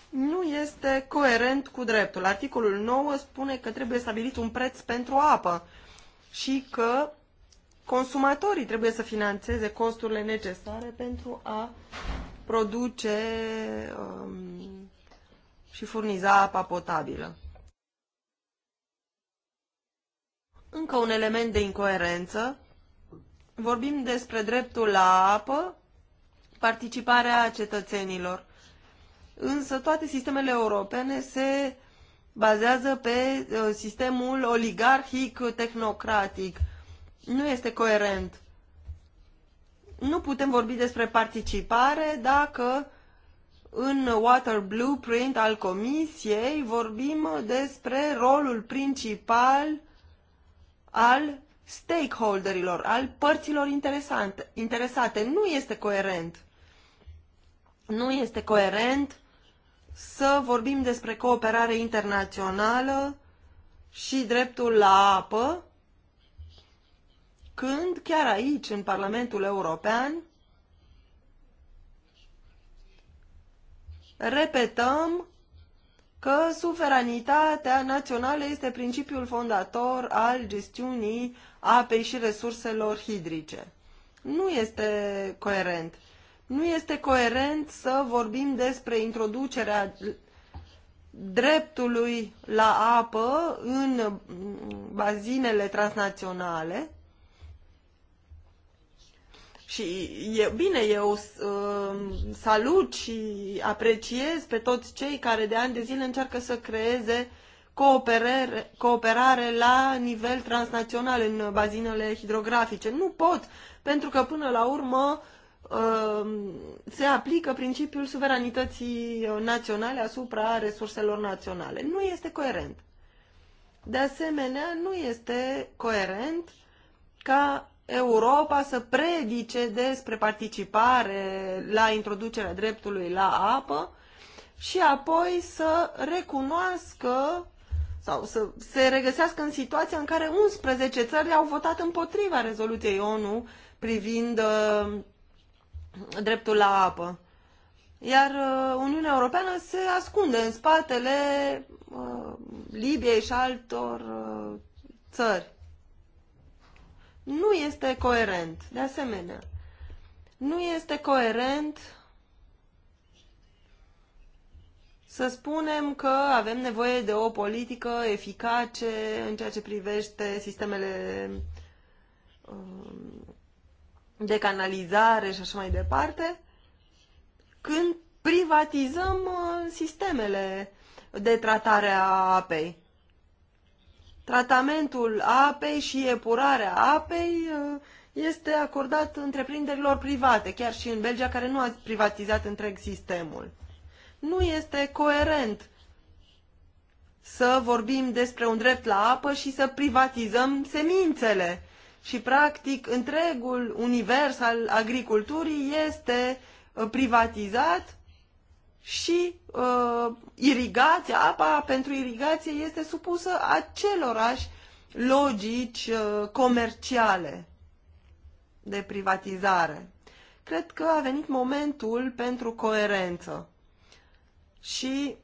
D: nu este coerent cu dreptul. Articolul 9 spune că trebuie stabilit un preț pentru apă și că consumatorii trebuie să financeze costurile necesare pentru a produce um, și furniza apa potabilă. Încă un element de incoerență. Vorbim despre dreptul la apă, participarea cetățenilor. Însă toate sistemele europene se bazează pe uh, sistemul oligarhic tehnocratic nu este coerent. Nu putem vorbi despre participare dacă în Water Blueprint al Comisiei vorbim despre rolul principal al stakeholderilor, al părților interesante, interesate. Nu este coerent. Nu este coerent să vorbim despre cooperare internațională și dreptul la apă, când chiar aici, în Parlamentul European, repetăm că suveranitatea națională este principiul fondator al gestiunii apei și resurselor hidrice. Nu este coerent. Nu este coerent să vorbim despre introducerea dreptului la apă în bazinele transnaționale, și e, bine, eu um, salut și apreciez pe toți cei care de ani de zile încearcă să creeze cooperare, cooperare la nivel transnațional în bazinele hidrografice. Nu pot, pentru că până la urmă um, se aplică principiul suveranității naționale asupra resurselor naționale. Nu este coerent. De asemenea, nu este coerent ca Europa să predice despre participare la introducerea dreptului la apă și apoi să recunoască sau să se regăsească în situația în care 11 țări au votat împotriva rezoluției ONU privind uh, dreptul la apă. Iar uh, Uniunea Europeană se ascunde în spatele uh, Libiei și altor uh, țări nu este coerent, de asemenea. Nu este coerent să spunem că avem nevoie de o politică eficace în ceea ce privește sistemele um, de canalizare și așa mai departe, când privatizăm uh, sistemele de tratare a apei tratamentul apei și epurarea apei uh, este acordat întreprinderilor private, chiar și în Belgia, care nu a privatizat întreg sistemul. Nu este coerent să vorbim despre un drept la apă și să privatizăm semințele. Și, practic, întregul univers al agriculturii este uh, privatizat și uh, irigația, apa pentru irigație este supusă acelorași logici uh, comerciale de privatizare. Cred că a venit momentul pentru coerență. Și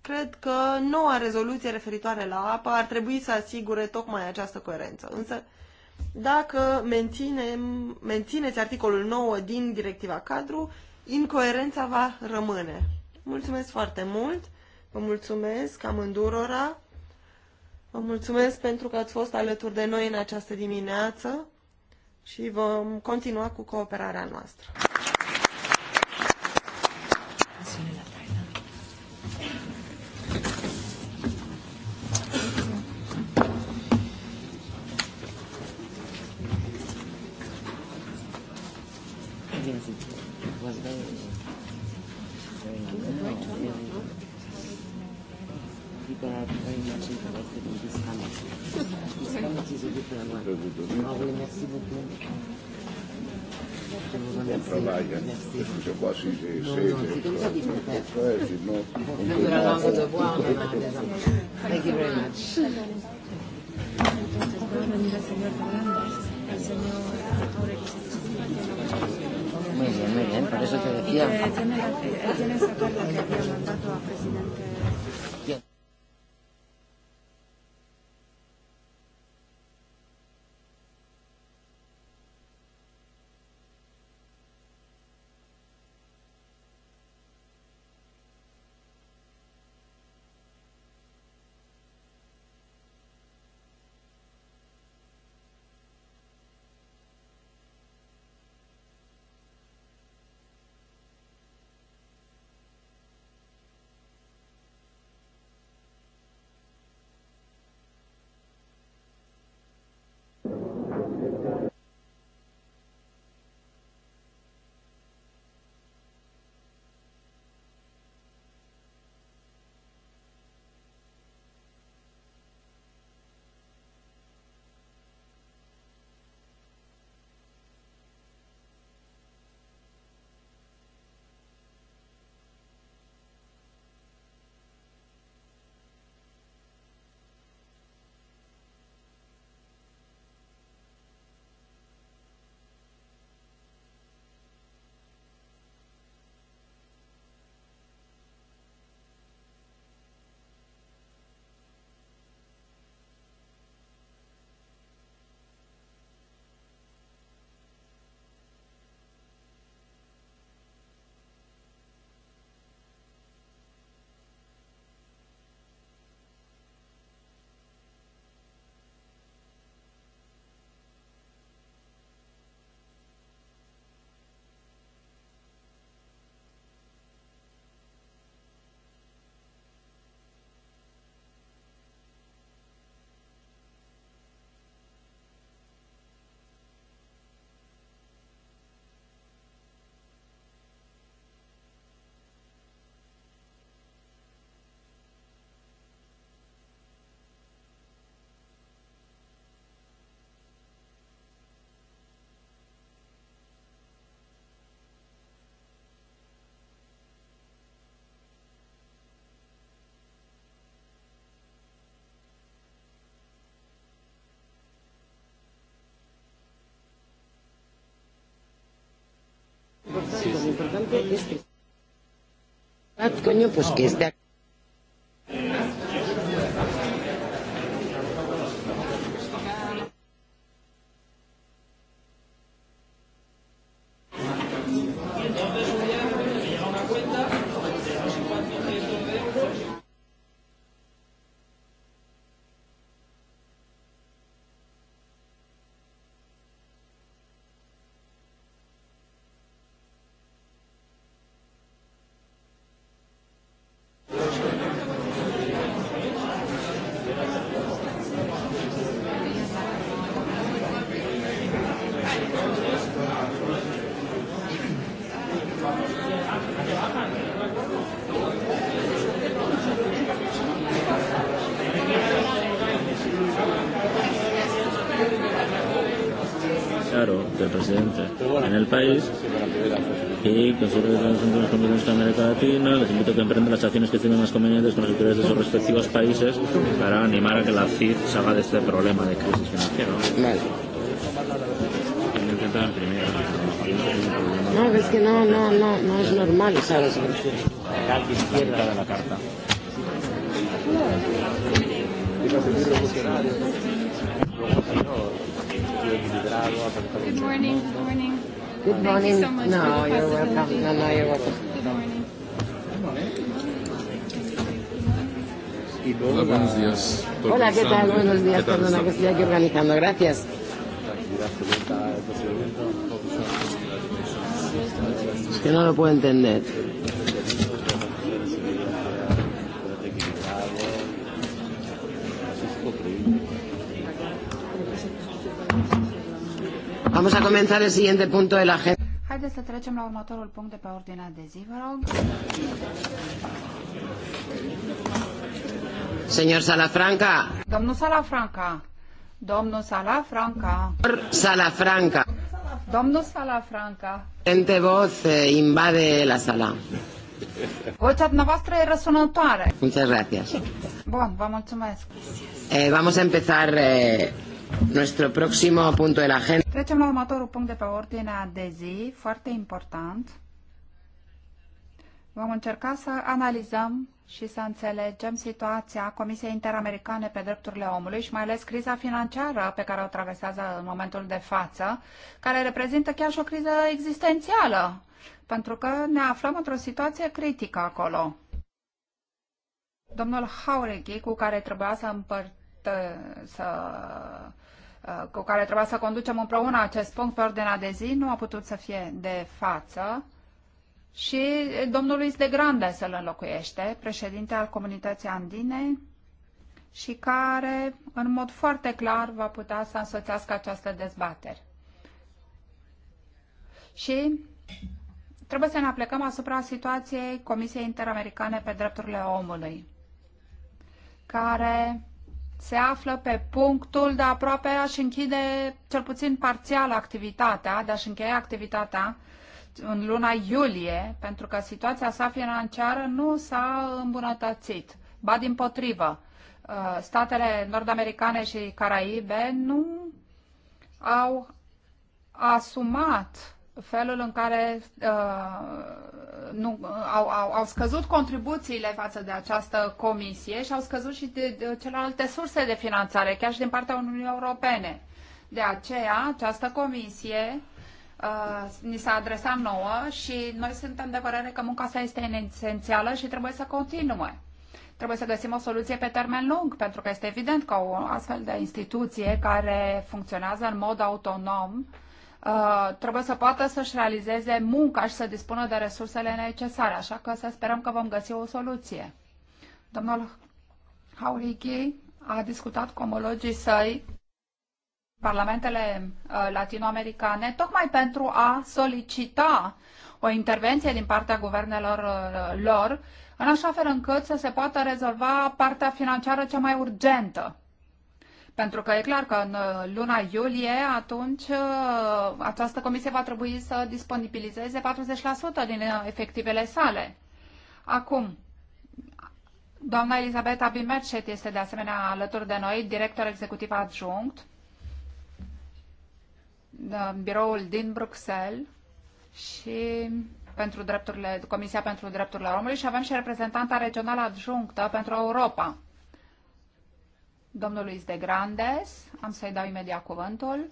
D: cred că noua rezoluție referitoare la apă ar trebui să asigure tocmai această coerență. Însă, dacă menținem, mențineți articolul 9 din directiva cadru, incoerența va rămâne. Mulțumesc foarte mult, vă mulțumesc amândurora, vă mulțumesc pentru că ați fost alături de noi în această dimineață și vom continua cu cooperarea noastră.
A: importante es que... Ah, coño, pues que es de aquí. país y considero que tenemos un compromisos de América Latina. Les invito a que emprendan las acciones que estimen más convenientes con las autoridades de sus respectivos países para animar a que la CID salga de este problema de crisis financiera. No, es que no, no, no, no es normal, ¿sabes? izquierda de la carta.
B: Good morning, good morning.
A: Good
C: Thank morning. You so
B: much no, you're welcome. No, no, you're welcome. Good morning. morning. buenos uh, días.
A: Hola, ¿qué tal? Buenos días. Perdona que estoy aquí organizando. Gracias. Es que no lo puedo entender. Vamos a comenzar el siguiente punto de la agenda.
C: Haideți să trecem la următorul punct de pe ordinea de zi, vă rog.
A: Señor Salafranca. Domnul
C: Salafranca. Domnul Salafranca. Domnul
A: Salafranca.
C: Domnul Salafranca.
A: Salafranca.Ente voz eh, invade la sala.
C: Vocea dumneavoastră e răsunătoare.
A: Muchas gracias.
C: Bun, vă mulțumesc.
A: Eh, vamos a empezar eh, Nuestro próximo punto de la agenda.
C: Trecem la următorul punct de pe ordinea de zi, foarte important. Vom încerca să analizăm și să înțelegem situația Comisiei Interamericane pe Drepturile Omului și mai ales criza financiară pe care o traversează în momentul de față, care reprezintă chiar și o criză existențială, pentru că ne aflăm într-o situație critică acolo. Domnul Haureghi, cu care trebuia să împărtă, să Uh, cu care trebuia să conducem împreună acest punct pe ordinea de zi, nu a putut să fie de față și domnul Luis de Grande să-l înlocuiește, președinte al comunității andine și care, în mod foarte clar, va putea să însoțească această dezbatere. Și trebuie să ne aplicăm asupra situației Comisiei Interamericane pe Drepturile Omului, care se află pe punctul de aproape a-și închide cel puțin parțial activitatea, de a-și încheia activitatea în luna iulie, pentru că situația sa financiară nu s-a îmbunătățit. Ba din potrivă, uh, statele nord-americane și caraibe nu au asumat felul în care uh, nu, au, au, au scăzut contribuțiile față de această comisie și au scăzut și de, de celelalte surse de finanțare, chiar și din partea Uniunii Europene. De aceea, această comisie uh, ni s-a adresat nouă și noi suntem de părere că munca asta este esențială și trebuie să continue. Trebuie să găsim o soluție pe termen lung, pentru că este evident că o astfel de instituție care funcționează în mod autonom uh, Uh, trebuie să poată să-și realizeze munca și să dispună de resursele necesare, așa că să sperăm că vom găsi o soluție. Domnul Haurighi a discutat cu omologii săi parlamentele uh, latinoamericane tocmai pentru a solicita o intervenție din partea guvernelor uh, lor, în așa fel încât să se poată rezolva partea financiară cea mai urgentă. Pentru că e clar că în uh, luna iulie, atunci, uh, această comisie va trebui să disponibilizeze 40% din uh, efectivele sale. Acum, doamna Elisabeta Bimercet este de asemenea alături de noi, director executiv adjunct, biroul din Bruxelles și pentru drepturile, Comisia pentru Drepturile Omului și avem și reprezentanta regională adjunctă pentru Europa domnului de Grandes, am să-i dau imediat cuvântul.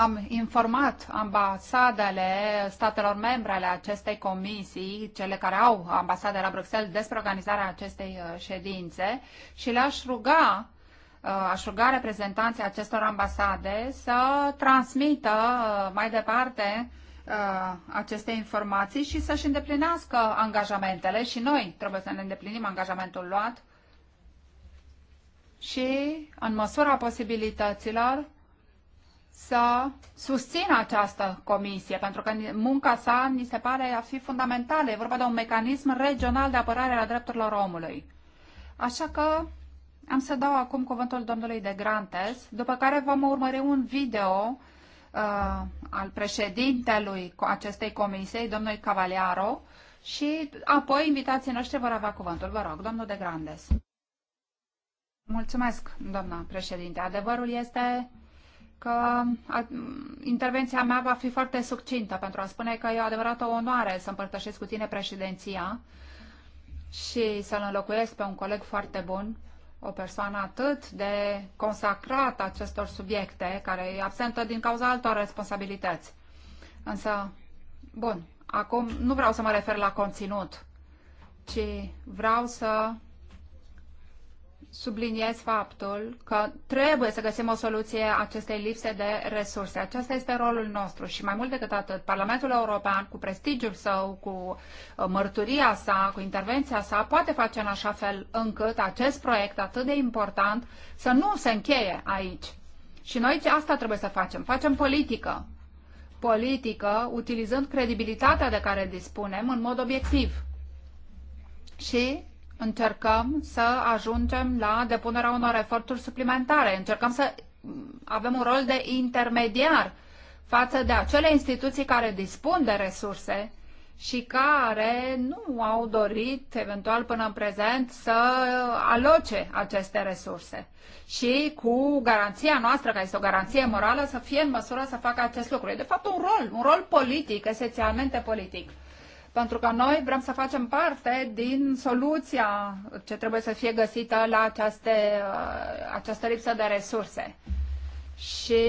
C: Am informat ambasadele statelor membre ale acestei comisii, cele care au ambasade la Bruxelles, despre organizarea acestei uh, ședințe și le-aș ruga uh, aș ruga reprezentanții acestor ambasade să transmită uh, mai departe aceste informații și să-și îndeplinească angajamentele și noi trebuie să ne îndeplinim angajamentul luat și, în măsura posibilităților, să susțină această comisie, pentru că munca sa ni se pare a fi fundamentală. E vorba de un mecanism regional de apărare a drepturilor omului. Așa că am să dau acum cuvântul domnului de Grantes, după care vom urmări un video uh, al președintelui acestei comisiei, domnului Cavaliaro, și apoi invitații noștri vor avea cuvântul. Vă rog, domnul de Grandes. Mulțumesc, doamna președinte. Adevărul este că intervenția mea va fi foarte succintă pentru a spune că e o adevărată onoare să împărtășesc cu tine președinția și să-l înlocuiesc pe un coleg foarte bun, o persoană atât de consacrată acestor subiecte, care e absentă din cauza altor responsabilități. Însă, bun, acum nu vreau să mă refer la conținut, ci vreau să subliniez faptul că trebuie să găsim o soluție acestei lipse de resurse. Acesta este rolul nostru și mai mult decât atât, Parlamentul European, cu prestigiul său, cu uh, mărturia sa, cu intervenția sa, poate face în așa fel încât acest proiect atât de important să nu se încheie aici. Și noi asta trebuie să facem. Facem politică. Politică utilizând credibilitatea de care dispunem în mod obiectiv. Și încercăm să ajungem la depunerea unor eforturi suplimentare. Încercăm să mm, avem un rol de intermediar față de acele instituții care dispun de resurse și care nu au dorit, eventual până în prezent, să aloce aceste resurse. Și cu garanția noastră, care este o garanție morală, să fie în măsură să facă acest lucru. E de fapt un rol, un rol politic, esențialmente politic pentru că noi vrem să facem parte din soluția ce trebuie să fie găsită la aceste, uh, această lipsă de resurse. Și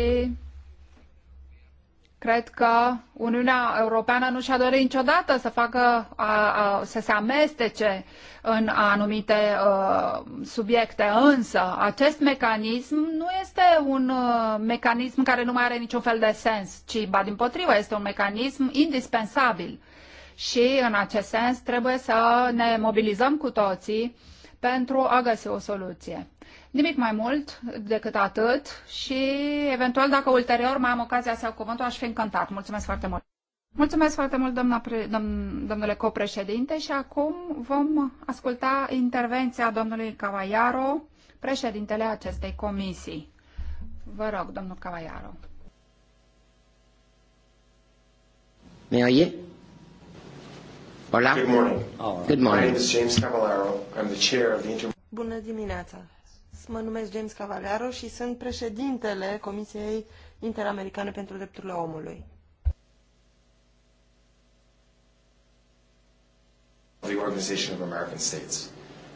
C: cred că Uniunea Europeană nu și-a dorit niciodată să facă, a, a, să se amestece în anumite a, uh, subiecte, însă acest mecanism nu este un a, uh, mecanism care nu mai are niciun fel de sens, ci, ba din potrivă, este un mecanism indispensabil și în acest sens trebuie să ne mobilizăm cu toții pentru a găsi o soluție. Nimic mai mult decât atât și eventual dacă ulterior mai am ocazia să iau cuvântul, aș fi încântat. Mulțumesc foarte mult! Mulțumesc foarte mult, doamna pre, dom, domnule copreședinte, și acum vom asculta intervenția domnului Cavaiaro, președintele acestei comisii. Vă rog, domnul Cavaiaro.
A: mi oie? Hola. Good morning. Good morning. My name is James Cavallaro. I'm the chair of the Inter
D: Bună dimineața. Mă numesc James Cavallaro și sunt președintele Comisiei Interamericane pentru Drepturile Omului.
A: The Organization of American States.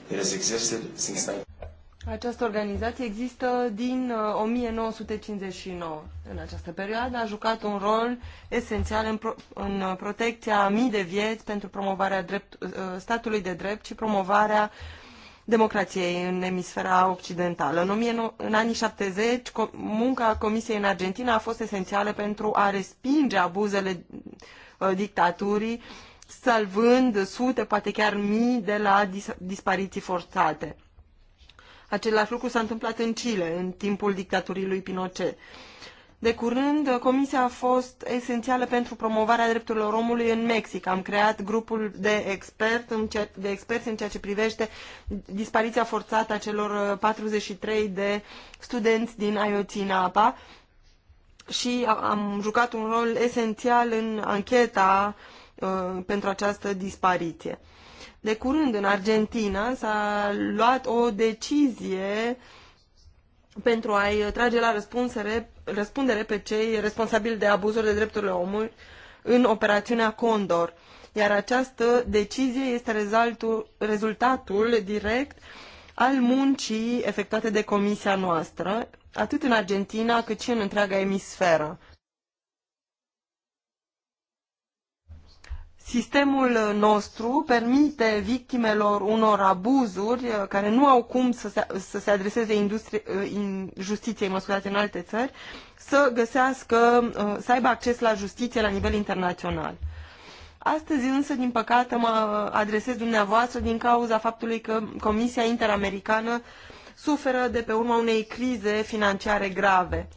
A: It has existed since
D: această organizație există din 1959. Uh, în această perioadă a jucat un rol esențial în, pro- în uh, protecția a mii de vieți pentru promovarea drept, uh, statului de drept și promovarea democrației în emisfera occidentală. În, în anii 70, munca Comisiei în Argentina a fost esențială pentru a respinge abuzele dictaturii, salvând sute, poate chiar mii de la dis- dispariții forțate Același lucru s-a întâmplat în Chile, în timpul dictaturii lui Pinochet. De curând, comisia a fost esențială pentru promovarea drepturilor omului în Mexic. Am creat grupul de, expert în ceea, de experți în ceea ce privește dispariția forțată a celor 43 uh, de studenți din Ayotzinapa și am jucat un rol esențial în ancheta uh, pentru această dispariție. De curând, în Argentina, s-a luat o decizie pentru a-i trage la răspundere, răspundere pe cei responsabili de abuzuri de drepturile omului în operațiunea Condor. Iar această decizie este rezultatul, rezultatul direct al muncii efectuate de comisia noastră, atât în Argentina cât și în întreaga emisferă. Sistemul nostru permite victimelor unor abuzuri uh, care nu au cum să se, să se adreseze industrie, uh, in justiției, mă scuzați, în alte țări, să găsească, uh, să aibă acces la justiție la nivel internațional. Astăzi însă, din păcate, mă adresez dumneavoastră din cauza faptului că Comisia Interamericană suferă de pe urma unei crize financiare grave.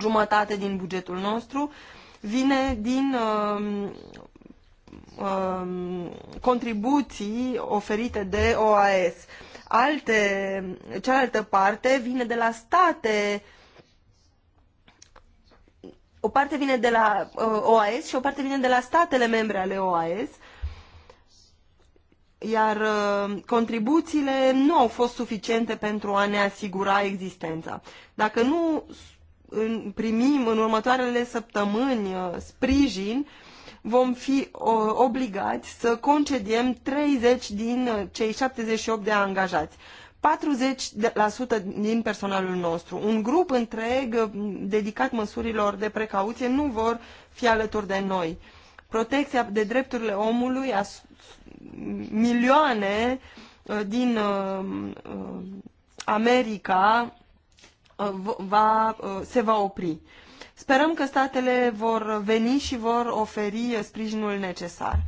D: Jumătate din bugetul nostru vine din uh, um, contribuții oferite de OAS. Alte, cealaltă parte vine de la state o parte vine de la uh, OAS și o parte vine de la statele membre ale OAS, iar uh, contribuțiile nu au fost suficiente pentru a ne asigura existența. Dacă nu primim în următoarele săptămâni uh, sprijin, uh, vom fi obligați să concediem 30 din uh, cei 78 de angajați. 40% din personalul nostru. Un grup întreg uh, dedicat măsurilor de precauție nu vor fi alături de noi. Protecția de drepturile omului a milioane uh, din America va, se va opri. Sperăm că statele vor veni și vor oferi sprijinul necesar.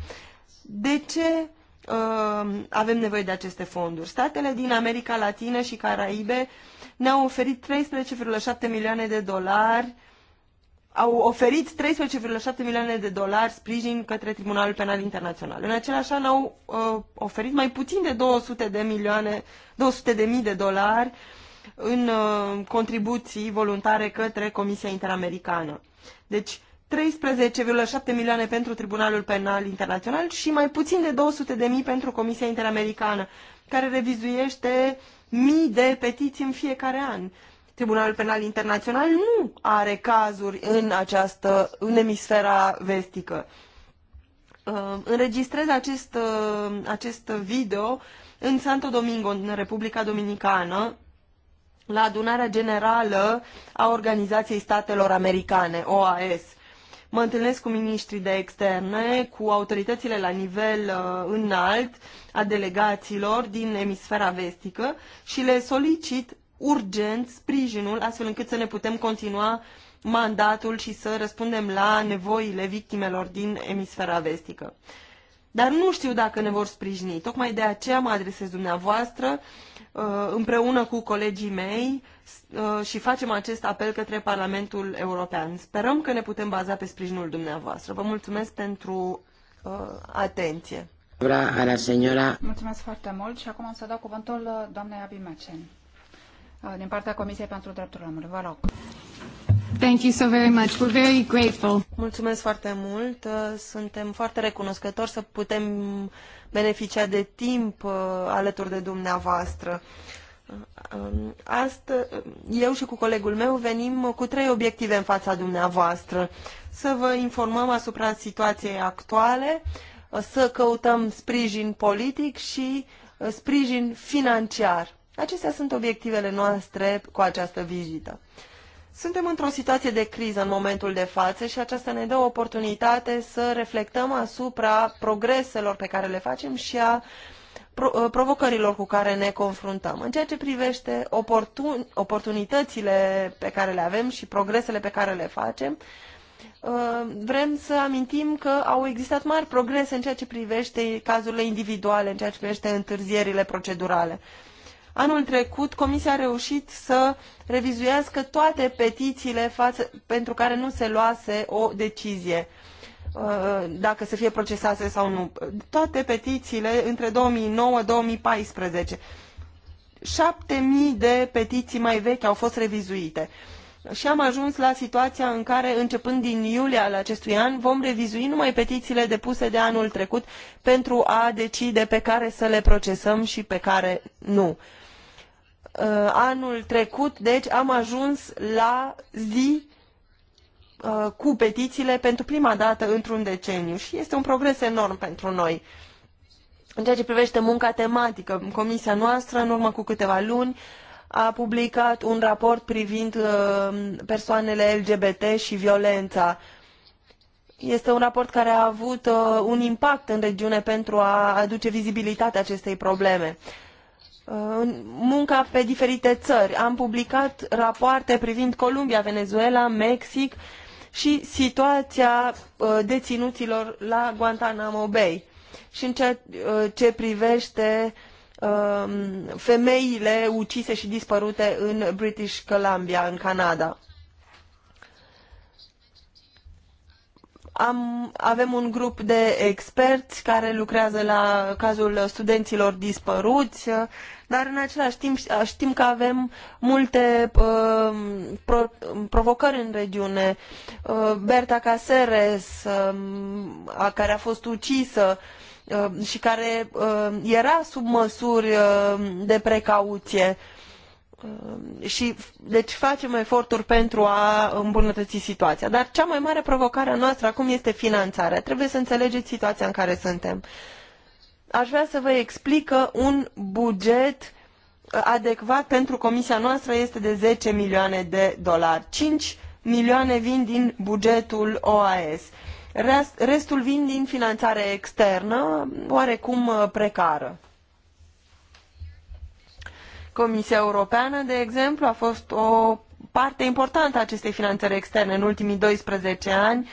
D: De ce uh, avem nevoie de aceste fonduri? Statele din America Latină și Caraibe ne-au oferit 13,7 milioane de dolari au oferit 13,7 milioane de dolari sprijin către Tribunalul Penal Internațional. În același an au uh, oferit mai puțin de 200 de milioane, 200 de mii de dolari uh, în uh, contribuții voluntare către Comisia Interamericană. Deci 13,7 milioane pentru Tribunalul Penal Internațional și mai puțin de 200 de mii pentru Comisia Interamericană, care revizuiește mii de petiții în fiecare an. Tribunalul Penal Internațional nu are cazuri în această, în emisfera vestică. Uh, înregistrez acest, uh, acest video în Santo Domingo, în Republica Dominicană, la adunarea generală a Organizației Statelor Americane, OAS. Mă întâlnesc cu miniștrii de externe, cu autoritățile la nivel uh, înalt a delegațiilor din emisfera vestică și le solicit urgent sprijinul astfel încât să ne putem continua mandatul și să răspundem la nevoile victimelor din emisfera vestică dar nu știu dacă ne vor sprijini. Tocmai de aceea mă adresez dumneavoastră uh, împreună cu colegii mei uh, și facem acest apel către Parlamentul European. Sperăm că ne putem baza pe sprijinul dumneavoastră. Vă mulțumesc pentru uh, atenție.
C: Mulțumesc foarte mult și acum am să dau cuvântul doamnei Abimacen din
D: partea Comisiei pentru Drepturile Omului. Vă rog.
A: Thank you so very much. We're very grateful.
D: Mulțumesc foarte mult. Uh, suntem foarte recunoscători să putem beneficia de timp uh, alături de dumneavoastră. Uh, um, Astăzi, eu și cu colegul meu venim cu trei obiective în fața dumneavoastră. Să vă informăm asupra situației actuale, să căutăm sprijin politic și sprijin financiar. Acestea sunt obiectivele noastre cu această vizită. Suntem într-o situație de criză în momentul de față și aceasta ne dă o oportunitate să reflectăm asupra progreselor pe care le facem și a uh, provocărilor cu care ne confruntăm. În ceea ce privește oportun, oportunitățile pe care le avem și progresele pe care le facem, uh, vrem să amintim că au existat mari progrese în ceea ce privește cazurile individuale, în ceea ce privește întârzierile procedurale. Anul trecut, Comisia a reușit să revizuiască toate petițiile față, pentru care nu se luase o decizie uh, dacă să fie procesate sau nu. Toate petițiile între 2009-2014. 7000 de petiții mai vechi au fost revizuite. Și am ajuns la situația în care, începând din iulie al acestui an, vom revizui numai petițiile depuse de anul trecut pentru a decide pe care să le procesăm și pe care nu. Uh, anul trecut, deci, am ajuns la zi uh, cu petițiile pentru prima dată într-un deceniu și este un progres enorm pentru noi. În ceea ce privește munca tematică, comisia noastră, în urmă cu câteva luni, a publicat un raport privind uh, persoanele LGBT și violența. Este un raport care a avut un impact în regiune pentru a aduce vizibilitate acestei probleme. Uh, în munca pe diferite țări. Am publicat rapoarte privind Columbia, Venezuela, Mexic și situația uh, deținuților la Guantanamo Bay. Și în ceea uh, ce privește um, femeile ucise și dispărute în British Columbia, în Canada. Am, avem un grup de experți care lucrează la cazul studenților dispăruți, dar în același timp știm că avem multe uh, pro, provocări în regiune. Uh, Berta Caseres, uh, um, a care a fost ucisă uh, și care uh, era sub măsuri uh, de precauție. Uh, Ehm, și deci facem eforturi pentru a îmbunătăți situația. Dar cea mai mare provocare a noastră acum este finanțarea. Trebuie să înțelegeți situația în care suntem. Aș vrea să vă explic că un buget uh, adecvat pentru comisia noastră este de 10 milioane de dolari. 5 milioane vin din bugetul OAS. Restul vin din finanțare externă, oarecum uh, precară. Comisia Europeană, de exemplu, a fost o parte importantă a acestei finanțări externe în ultimii 12 ani.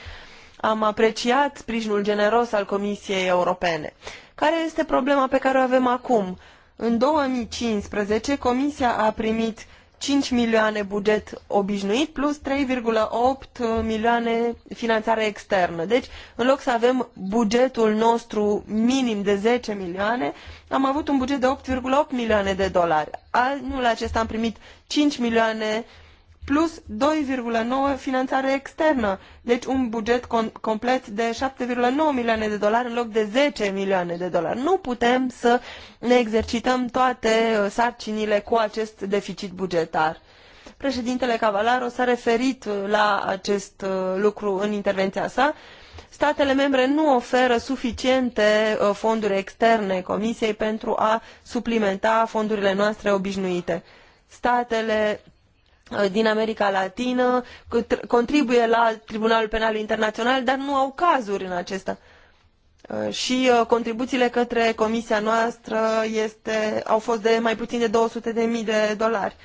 D: Am apreciat sprijinul generos al Comisiei Europene. Care este problema pe care o avem acum? În 2015, Comisia a primit 5 milioane buget obișnuit plus 3,8 milioane finanțare externă. Deci, în loc să avem bugetul nostru minim de 10 milioane, am avut un buget de 8,8 milioane de dolari. Anul acesta am primit 5 milioane uh, plus 2,9 finanțare externă, deci un buget com complet de 7,9 milioane de dolari în loc de 10 milioane de dolari. Nu putem să ne exercităm toate uh, sarcinile cu acest deficit bugetar. Președintele Cavalaro s-a referit uh, la acest uh, lucru în intervenția sa. Statele membre nu oferă suficiente fonduri externe Comisiei pentru a suplimenta fondurile noastre obișnuite. Statele Uh, din America Latină contribuie la Tribunalul Penal Internațional, dar nu au cazuri în acesta. Uh, și uh, contribuțiile către comisia noastră este, au fost de mai puțin de 200.000 de dolari.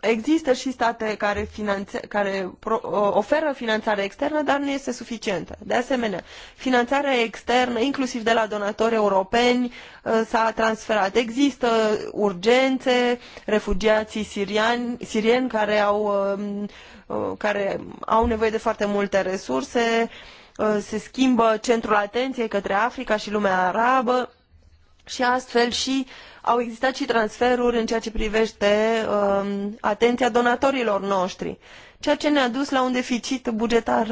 D: Există și state care, finanțe, care pro, oferă finanțare externă, dar nu este suficientă. De asemenea, finanțarea externă, inclusiv de la donatori europeni, uh, s-a transferat. Există urgențe, refugiații siriani, sirieni care au, um, uh, care au nevoie de foarte multe resurse, uh, se schimbă centrul atenției către Africa și lumea arabă și astfel și au existat și transferuri în ceea ce privește uh, atenția donatorilor noștri, ceea ce ne-a dus la un deficit bugetar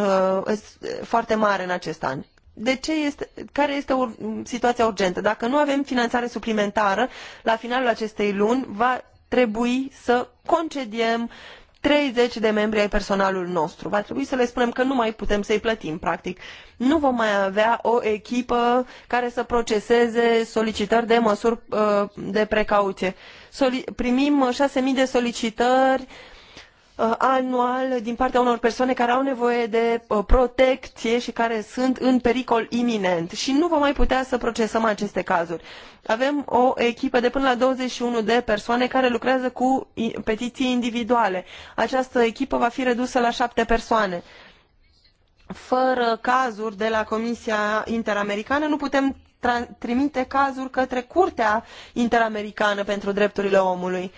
D: uh, foarte mare în acest an. De ce este, care este ur, situația urgentă? Dacă nu avem finanțare suplimentară, la finalul acestei luni va trebui să concediem 30 de membri ai personalului nostru. Va trebui să le spunem că nu mai putem să-i plătim, practic. Nu vom mai avea o echipă care să proceseze solicitări de măsuri uh, de precauție. Soli- primim 6.000 de solicitări uh, Uh, anual din partea unor persoane care au nevoie de uh, protecție și care sunt în pericol iminent și nu vom mai putea să procesăm aceste cazuri. Avem o echipă de până la 21 de persoane care lucrează cu petiții individuale. Această echipă va fi redusă la șapte persoane. Fără cazuri de la Comisia Interamericană nu putem trimite cazuri către Curtea Interamericană pentru Drepturile Omului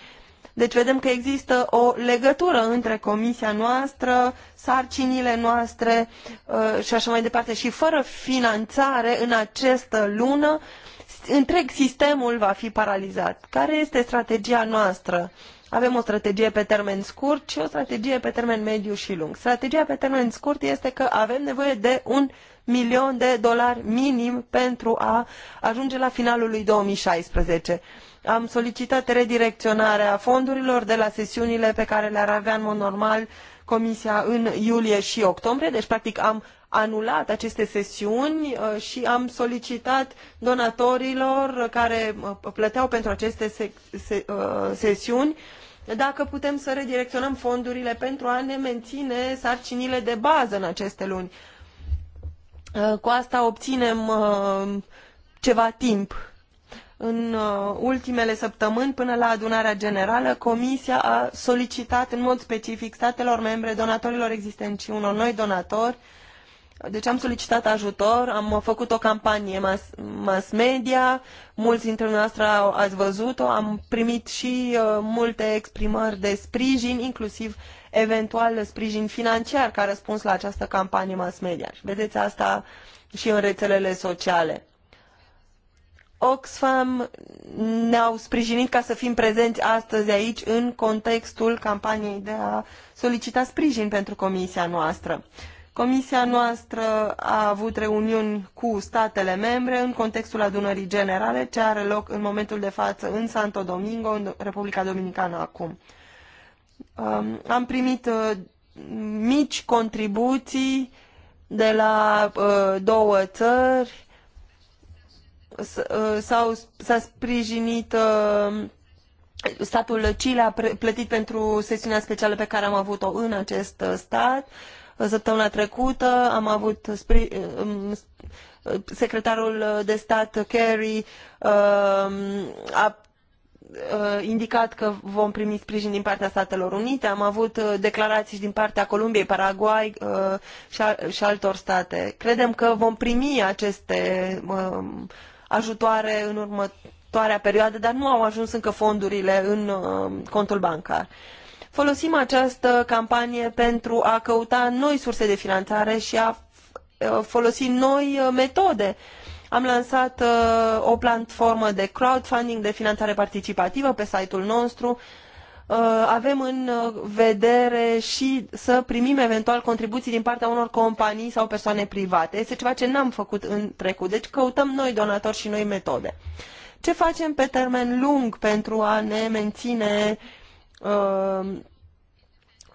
D: deci vedem că există o legătură între comisia noastră, sarcinile noastre uh, și așa mai departe. Și fără finanțare în această lună, întreg sistemul va fi paralizat. Care este strategia noastră? Avem o strategie pe termen scurt și o strategie pe termen mediu și lung. Strategia pe termen scurt este că avem nevoie de un milion de dolari minim pentru a ajunge la finalul lui 2016 am solicitat redirecționarea fondurilor de la sesiunile pe care le-ar avea în mod normal Comisia în iulie și octombrie, deci practic am anulat aceste sesiuni uh, și am solicitat donatorilor care uh, plăteau pentru aceste uh, sesiuni dacă putem să redirecționăm fondurile pentru a ne menține sarcinile de bază în aceste luni. Cu asta obținem ceva timp în uh, ultimele săptămâni, până la adunarea generală, Comisia a solicitat în mod specific statelor membre, donatorilor existenți și unor noi donatori, deci am solicitat ajutor, am făcut o campanie mass, mass media, mulți dintre noastre ați văzut-o, am primit și uh, multe exprimări de sprijin, inclusiv eventual sprijin financiar ca răspuns la această campanie mass media. Și vedeți asta și în rețelele sociale. Oxfam ne-au sprijinit ca să fim prezenți astăzi aici în contextul campaniei de a solicita sprijin pentru comisia noastră. Comisia noastră a avut reuniuni cu statele membre în contextul adunării generale, ce are loc în momentul de față în Santo Domingo, în Republica Dominicană acum. Um, am primit uh, mici contribuții de la uh, două țări, Uh, s-a sprijinit uh, statul Chile a plătit pentru sesiunea specială pe care am avut-o în acest uh, stat. Săptămâna trecută am avut um, secretarul de stat Kerry a indicat că vom primi sprijin din partea Statelor Unite. Am avut declarații și din partea Columbiei, Paraguay și altor state. Credem că vom primi aceste um, ajutoare în următoarea perioadă, dar nu au ajuns încă fondurile în uh, contul bancar. Folosim această campanie pentru a căuta noi surse de finanțare și a uh, folosi noi uh, metode. Am lansat o platformă de crowdfunding, de finanțare participativă pe site-ul nostru, Uh, avem în uh, vedere și să primim eventual contribuții din partea unor companii sau persoane private. Este ceva ce n-am făcut în trecut, deci căutăm noi donatori și noi metode. Ce facem pe termen lung pentru a ne menține uh,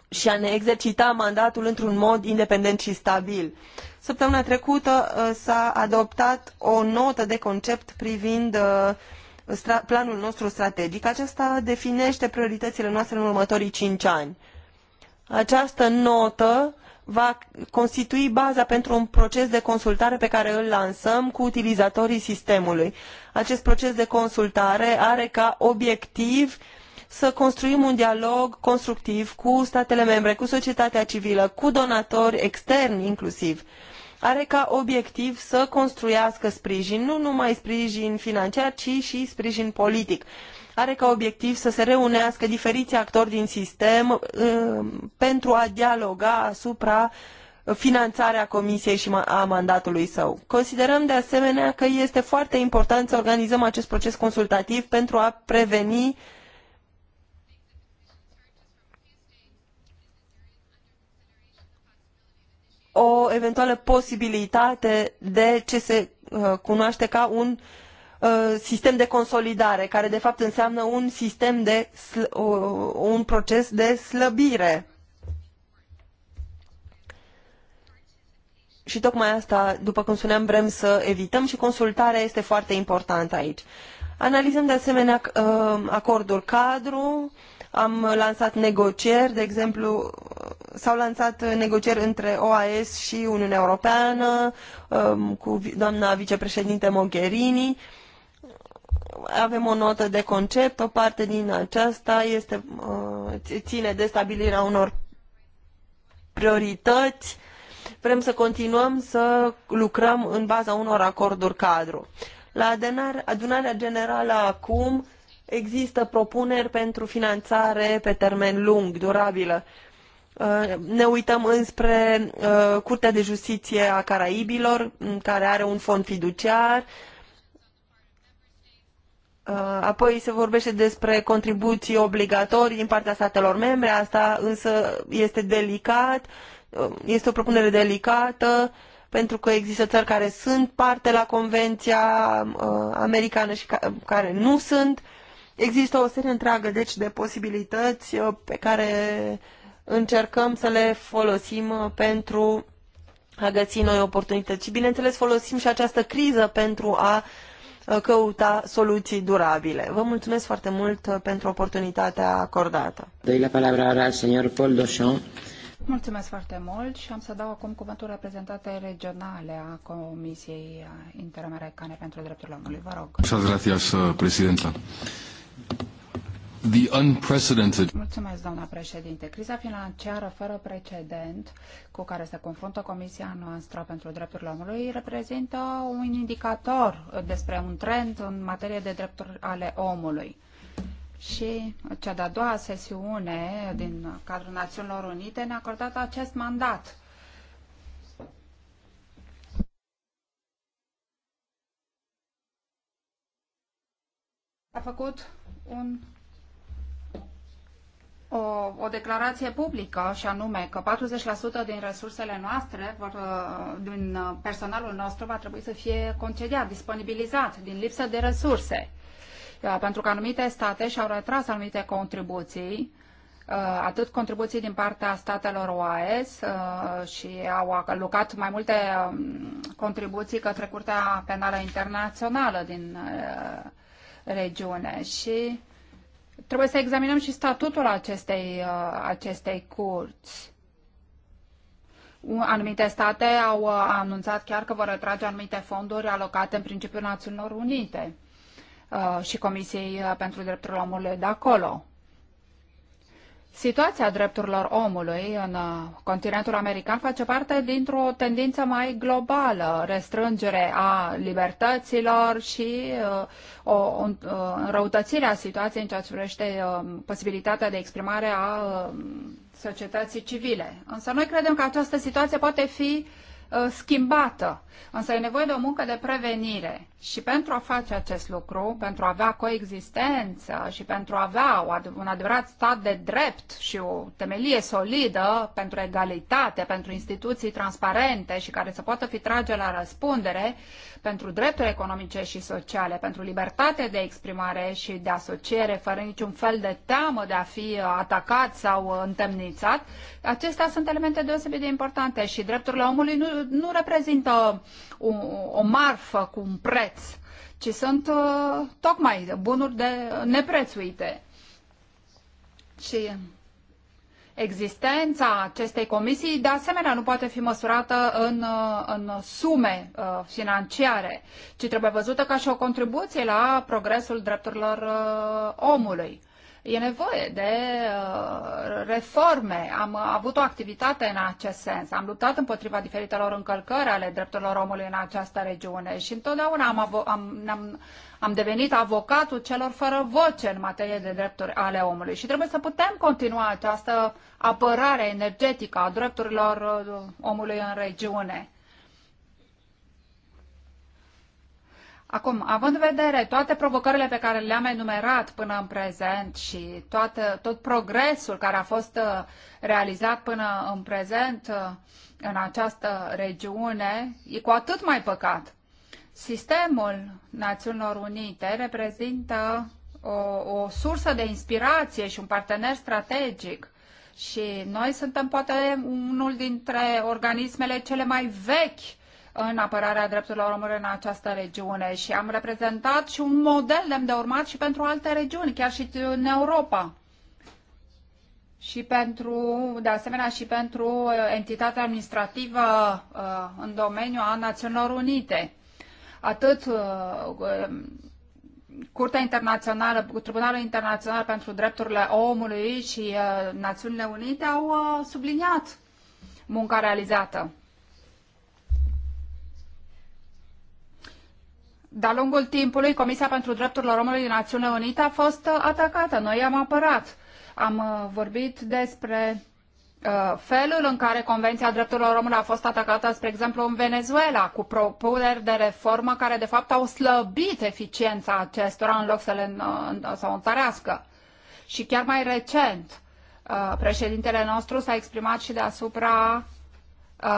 D: și a ne exercita mandatul într-un mod independent și stabil? Săptămâna trecută uh, s-a adoptat o notă de concept privind uh, planul nostru strategic, acesta definește prioritățile noastre în următorii cinci ani. Această notă va constitui baza pentru un proces de consultare pe care îl lansăm cu utilizatorii sistemului. Acest proces de consultare are ca obiectiv să construim un dialog constructiv cu statele membre, cu societatea civilă, cu donatori externi inclusiv. Uh, are ca obiectiv să construiască sprijin, nu numai sprijin financiar, ci și sprijin politic. Are ca obiectiv să se reunească diferiți actori din sistem uh, pentru a dialoga asupra finanțarea comisiei și a mandatului său. Considerăm de asemenea că este foarte important să organizăm acest proces consultativ pentru a preveni o eventuală posibilitate de ce se uh, cunoaște ca un uh, sistem de consolidare, care de fapt înseamnă un sistem de un proces de slăbire. Și tocmai asta, după cum spuneam, vrem să evităm și consultarea este foarte importantă aici. Analizăm de asemenea uh, acordul cadru, am lansat negocieri, de exemplu, s-au lansat negocieri între OAS și Uniunea Europeană um, cu doamna vicepreședinte Mogherini. Avem o notă de concept, o parte din aceasta este, uh, ține de stabilirea unor priorități. Vrem să continuăm să lucrăm în baza unor acorduri cadru. La adunarea generală acum există propuneri pentru finanțare pe termen lung, durabilă. Uh, ne uităm înspre uh, Curtea de Justiție a Caraibilor, care are un fond fiduciar. Uh, apoi se vorbește despre contribuții obligatorii din partea statelor membre, asta însă este delicat, este o propunere delicată, pentru că există țări care sunt parte la Convenția Americană și care nu sunt. Există o serie întreagă, deci, de posibilități uh, pe care încercăm să le folosim uh, pentru a găsi noi oportunități. Și, bineînțeles, folosim și această criză pentru a uh, căuta soluții durabile. Vă mulțumesc foarte mult pentru oportunitatea acordată.
A: Doi la palabra al señor Paul Dochon.
C: Mulțumesc foarte mult și am să dau acum cuvântul reprezentantei regionale a Comisiei Interamericane pentru Drepturile Omului. Vă rog.
B: Muchas gracias, presidenta. The unprecedented...
C: Mulțumesc, doamna președinte. Criza financiară fără precedent cu care se confruntă Comisia noastră pentru drepturile omului reprezintă un indicator despre un trend în materie de drepturi ale omului. Și cea de-a doua sesiune din cadrul Națiunilor Unite ne-a acordat acest mandat. A făcut un, o, o declarație publică și anume că 40% din resursele noastre, vor, uh, din uh, personalul nostru va trebui să fie concediat, disponibilizat din lipsă de resurse. Uh, pentru că anumite state și-au retras anumite contribuții atât contribuții din partea statelor OAS și au alocat mai multe um, contribuții către Curtea Penală Internațională din regiune și trebuie să examinăm și statutul acestei, uh, acestei curți. Anumite state au uh, anunțat chiar că vor retrage anumite fonduri alocate în principiul Națiunilor Unite uh, și Comisiei pentru Drepturile Omului de acolo. Situația drepturilor omului în uh, continentul american face parte dintr-o tendință mai globală, restrângere a libertăților și uh, o uh, înrăutățire a situației în ceea ce privește uh, posibilitatea de exprimare a uh, societății civile. Însă noi credem că această situație poate fi uh, schimbată, însă e nevoie de o muncă de prevenire. Și pentru a face acest lucru, pentru a avea coexistență și pentru a avea un adevărat stat de drept și o temelie solidă pentru egalitate, pentru instituții transparente și care să poată fi trage la răspundere pentru drepturi economice și sociale, pentru libertate de exprimare și de asociere, fără niciun fel de teamă de a fi atacat sau întemnițat, acestea sunt elemente deosebit de importante și drepturile omului nu, nu reprezintă o, o marfă cu un preț preț, ci sunt uh, tocmai bunuri de neprețuite. Și existența acestei comisii, de asemenea, nu poate fi măsurată în, uh, în sume uh, financiare, ci trebuie văzută ca și o contribuție la progresul drepturilor uh, omului. E nevoie de uh, reforme. Am uh, avut o activitate în acest sens. Am luptat împotriva diferitelor încălcări ale drepturilor omului în această regiune și întotdeauna am, am, am, am devenit avocatul celor fără voce în materie de drepturi ale omului. Și trebuie să putem continua această apărare energetică a drepturilor uh, omului în regiune. Acum, având în vedere toate provocările pe care le-am enumerat până în prezent și toată, tot progresul care a fost uh, realizat până în prezent uh, în această regiune, e cu atât mai păcat. Sistemul Națiunilor Unite reprezintă o, o sursă de inspirație și un partener strategic și noi suntem poate unul dintre organismele cele mai vechi în apărarea drepturilor omului în această regiune și am reprezentat și un model de urmat și pentru alte regiuni, chiar și în Europa. Și pentru, de asemenea, și pentru uh, entitatea administrativă uh, în domeniul a Națiunilor Unite. Atât uh, Curtea Internațională, Tribunalul Internațional pentru Drepturile Omului și Națiunile Unite au subliniat munca realizată. de-a lungul timpului, Comisia pentru Drepturile Omului din Națiunea Unite a fost uh, atacată. Noi am apărat. Am uh, vorbit despre uh, felul în care Convenția Drepturilor Omului a fost atacată, spre exemplu, în Venezuela, cu propuneri de reformă care, de fapt, au slăbit eficiența acestora în loc să le să o întărească. Și chiar mai recent, președintele nostru s-a exprimat și deasupra Uh,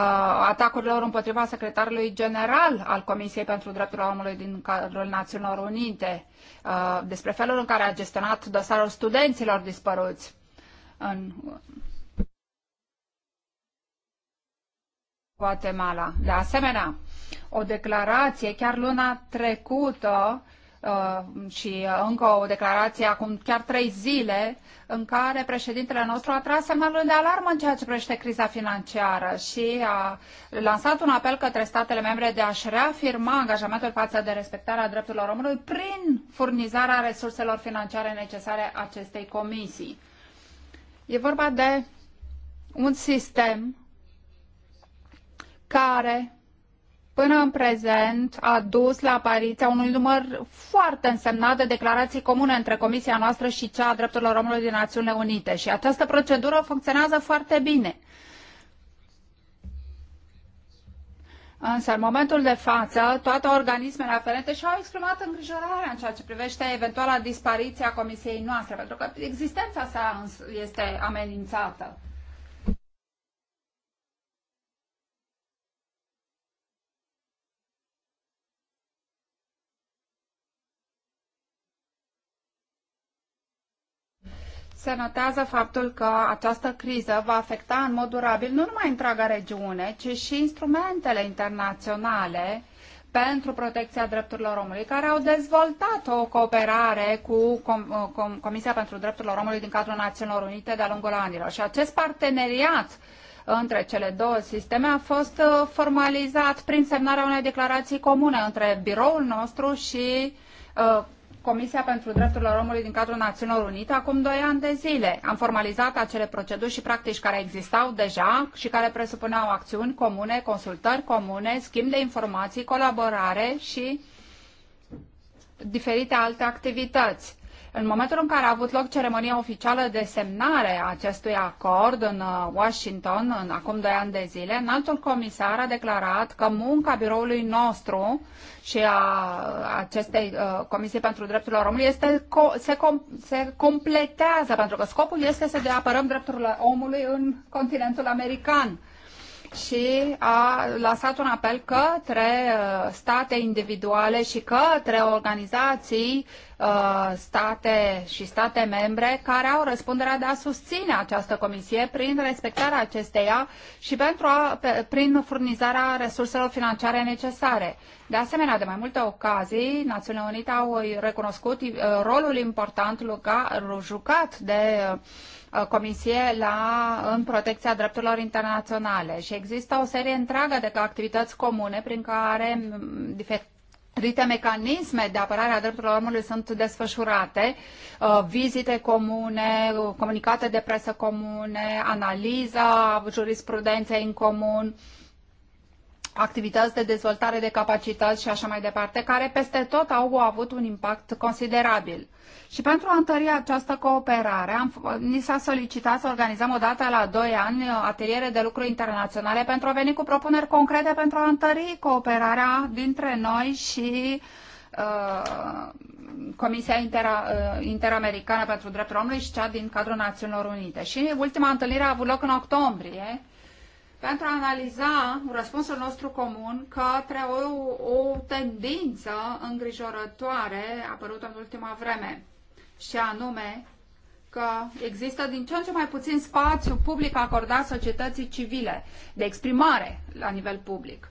C: atacurilor împotriva secretarului general al Comisiei pentru Drepturile Omului din cadrul Națiunilor Unite, uh, despre felul în care a gestionat dosarul studenților dispăruți. În, Guatemala. De asemenea, o declarație chiar luna trecută uh, și încă o declarație acum chiar trei zile în care președintele nostru a tras semnalul de alarmă în ceea ce privește criza financiară și a lansat un apel către statele membre de a-și reafirma angajamentul față de respectarea drepturilor omului prin furnizarea resurselor financiare necesare acestei comisii. E vorba de un sistem care până în prezent a dus la apariția unui număr foarte însemnat de declarații comune între Comisia noastră și cea a drepturilor omului din Națiunile Unite și această procedură funcționează foarte bine. Însă, în momentul de față, toate organismele aferente și-au exprimat îngrijorarea în ceea ce privește eventuala dispariție a comisiei noastre, pentru că existența sa este amenințată. se notează faptul că această criză va afecta în mod durabil nu numai întreaga regiune, ci și instrumentele internaționale pentru protecția drepturilor omului, care au dezvoltat o cooperare cu Com Com Comisia pentru Drepturile Omului din cadrul Națiunilor Unite de-a lungul anilor. Și acest parteneriat între cele două sisteme a fost uh, formalizat prin semnarea unei declarații comune între biroul nostru și uh, Comisia pentru Drepturile Omului din cadrul Națiunilor Unite acum 2 ani de zile. Am formalizat acele proceduri și practici care existau deja și care presupuneau acțiuni comune, consultări comune, schimb de informații, colaborare și diferite alte activități. În momentul în care a avut loc ceremonia oficială de semnare a acestui acord în uh, Washington, în acum doi ani de zile, înaltul comisar a declarat că munca biroului nostru și a uh, acestei uh, Comisii pentru Drepturile Omului este, co- se, com- se completează, pentru că scopul este să de apărăm drepturile omului în continentul american și a lăsat un apel către uh, state individuale și către organizații Uh, state și state membre care au răspunderea de a susține această comisie prin respectarea acesteia și pentru a, pe, prin furnizarea resurselor financiare necesare. De asemenea, de mai multe ocazii, Națiunile Unite au recunoscut uh, rolul important jucat de uh, Comisie la, în protecția drepturilor internaționale și există o serie întreagă de activități comune prin care Diferite mecanisme de apărare a drepturilor omului sunt desfășurate, uh, vizite comune, comunicate de presă comune, analiza jurisprudenței în comun, activități de dezvoltare de capacități și așa mai departe, care peste tot au avut un impact considerabil. Și pentru a întări această cooperare, am, ni s-a solicitat să organizăm o dată la 2 ani ateliere de lucru internaționale pentru a veni cu propuneri concrete pentru a întări cooperarea dintre noi și uh, Comisia Intera, uh, Interamericană pentru Drepturile Omului și cea din cadrul Națiunilor Unite. Și ultima întâlnire a avut loc în octombrie pentru a analiza răspunsul nostru comun către o, o tendință îngrijorătoare apărută în ultima vreme, și anume că există din ce în ce mai puțin spațiu public acordat societății civile de exprimare la nivel public.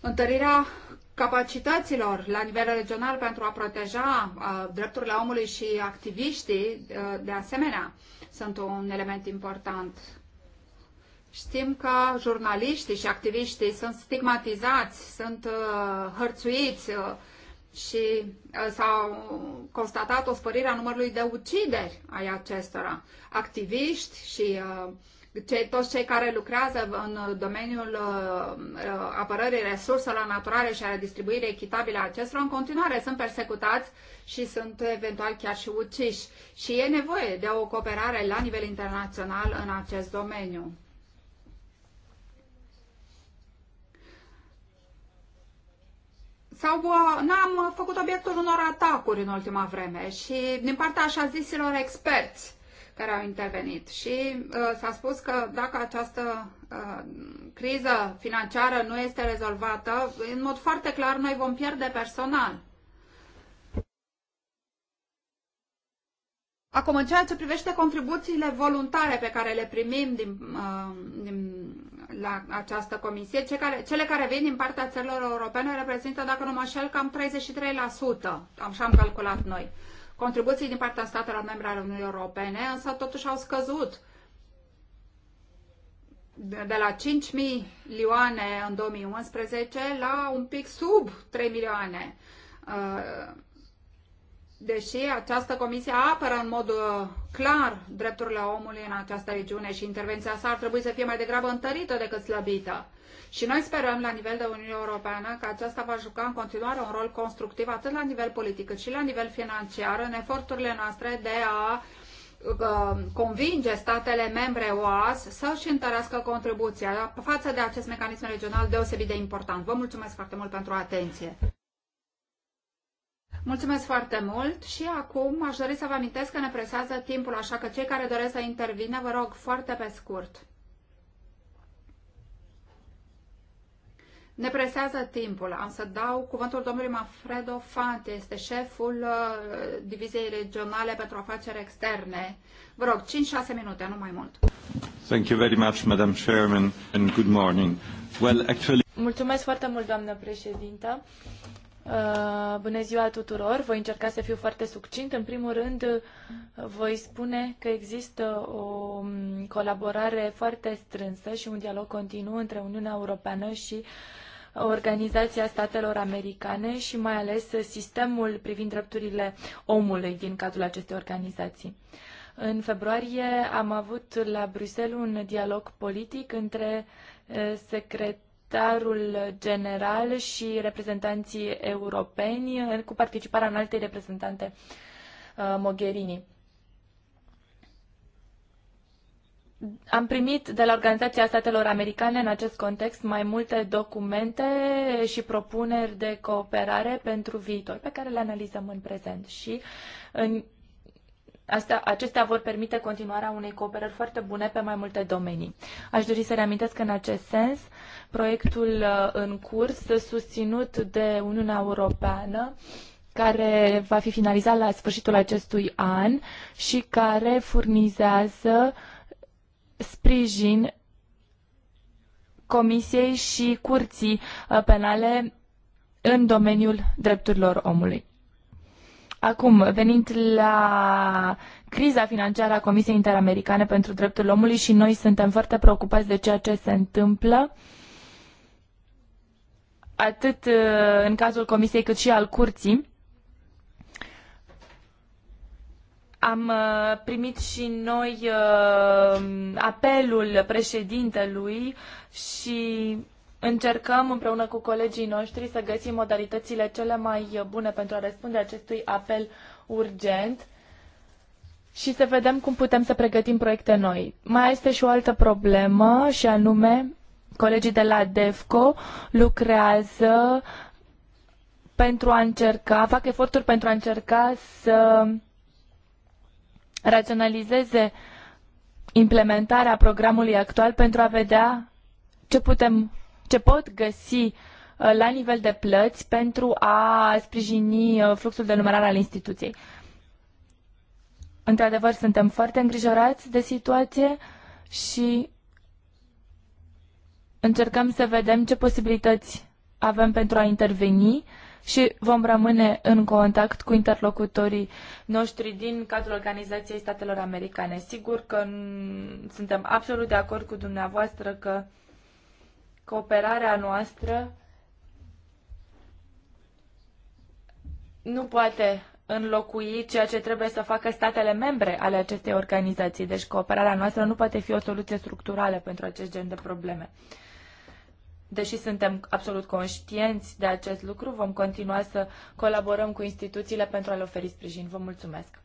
C: Întărirea capacităților la nivel regional pentru a proteja uh, drepturile omului și activiștii, uh, de asemenea, sunt un element important Știm că jurnaliștii și activiștii sunt stigmatizați, sunt uh, hărțuiți uh, și uh, s-au constatat o spărire a numărului de ucideri ai acestora. Activiști și uh, cei, toți cei care lucrează în domeniul uh, uh apărării resurselor naturale și a distribuirii echitabile a acestora, în continuare sunt persecutați și sunt eventual chiar și uciși. Și e nevoie de o cooperare la nivel internațional în acest domeniu. sau n-am făcut obiectul unor atacuri în ultima vreme și din partea așa zisilor experți care au intervenit și uh, s-a spus că dacă această uh, criză financiară nu este rezolvată, în mod foarte clar noi vom pierde personal. Acum, în ceea ce privește contribuțiile voluntare pe care le primim din, uh, din la această comisie, cele care, cele care vin din partea țărilor europene reprezintă, dacă nu mă așel, cam 33%, așa am calculat noi. Contribuții din partea statelor membre ale Uniunii Europene, însă totuși au scăzut de la 5 milioane în 2011 la un pic sub 3 milioane. Uh, Deși această comisie apără în mod uh, clar drepturile omului în această regiune și intervenția sa ar trebui să fie mai degrabă întărită decât slăbită. Și noi sperăm la nivel de Uniunea Europeană că aceasta va juca în continuare un rol constructiv atât la nivel politic cât și la nivel financiar în eforturile noastre de a uh, convinge statele membre OAS să-și întărească contribuția față de acest mecanism regional deosebit de important. Vă mulțumesc foarte mult pentru atenție. Mulțumesc foarte mult și acum aș dori să vă amintesc că ne presează timpul, așa că cei care doresc să intervină, vă rog foarte pe scurt. Ne presează timpul. Am să dau cuvântul domnului Manfredo Fante, este șeful uh, Diviziei Regionale pentru Afaceri Externe. Vă rog,
B: 5-6 minute, nu mai mult.
A: Thank you very much, Madam Chairman, and good morning.
D: Well, actually...
B: Mulțumesc foarte mult, doamnă președintă. Uh, bună ziua tuturor! Voi încerca să fiu foarte succint. În primul rând, uh, voi spune că există o um, colaborare foarte strânsă și un dialog continuu între Uniunea Europeană și Organizația Statelor Americane și mai ales sistemul privind drepturile omului din cadrul acestei organizații. În februarie am avut la Bruxelles un dialog politic între uh, secret secretarul general și reprezentanții europeni cu participarea în alte reprezentante uh, Mogherini. Am primit de la Organizația Statelor Americane în acest context mai multe documente și propuneri de cooperare pentru viitor, pe care le analizăm în prezent. Și în Asta, acestea vor permite continuarea unei cooperări foarte bune pe mai multe domenii. Aș dori să reamintesc că în acest sens proiectul uh, în curs susținut de Uniunea Europeană care va fi finalizat la sfârșitul acestui an și care furnizează sprijin Comisiei și Curții uh, Penale în domeniul drepturilor omului. Acum, venind la criza financiară a Comisiei Interamericane pentru Dreptul Omului și noi suntem foarte preocupați de ceea ce se întâmplă atât uh, în cazul Comisiei cât și al Curții. Am uh, primit și noi uh, apelul președintelui și Încercăm împreună cu colegii noștri să găsim modalitățile cele mai bune pentru a răspunde acestui apel urgent și să vedem cum putem să pregătim proiecte noi. Mai este și o altă problemă și anume colegii de la DEFCO lucrează pentru a încerca, fac eforturi pentru a încerca să raționalizeze implementarea programului actual pentru a vedea ce putem ce pot găsi uh, la nivel de plăți pentru a sprijini uh, fluxul de numărare al instituției. Într-adevăr, suntem foarte îngrijorați de situație și încercăm să vedem ce posibilități avem pentru a interveni și vom rămâne în contact cu interlocutorii noștri din cadrul Organizației Statelor Americane. Sigur că suntem absolut de acord cu dumneavoastră că Cooperarea noastră nu poate înlocui ceea ce trebuie să facă statele membre ale acestei organizații. Deci cooperarea noastră nu poate fi o soluție structurală pentru acest gen de probleme. Deși suntem absolut conștienți de acest lucru, vom continua să colaborăm cu instituțiile pentru a le oferi sprijin. Vă mulțumesc!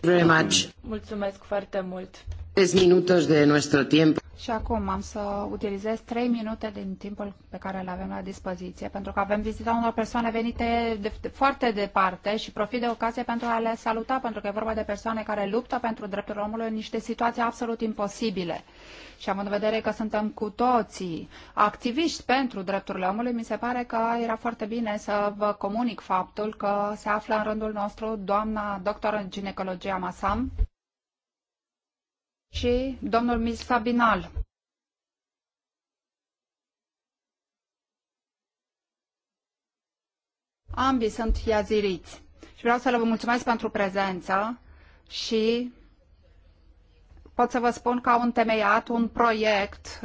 A: Very much.
B: Mulțumesc foarte mult! Tres
A: de
B: Și acum am să utilizez 3 minute din
C: timpul pe care îl avem la dispoziție, pentru că avem vizita unor persoane venite de, de, foarte departe și profit de ocazie pentru a le saluta, pentru că e vorba de persoane care luptă pentru drepturile omului în niște situații absolut imposibile. Și am în vedere că suntem cu toții activiști pentru drepturile omului, mi se pare că era foarte bine să vă comunic faptul că se află în rândul nostru doamna doctoră în ginecologia Masam, și domnul Mista Binal. Ambii sunt iaziriți și vreau să le vă mulțumesc pentru prezență și pot să vă spun că au întemeiat un proiect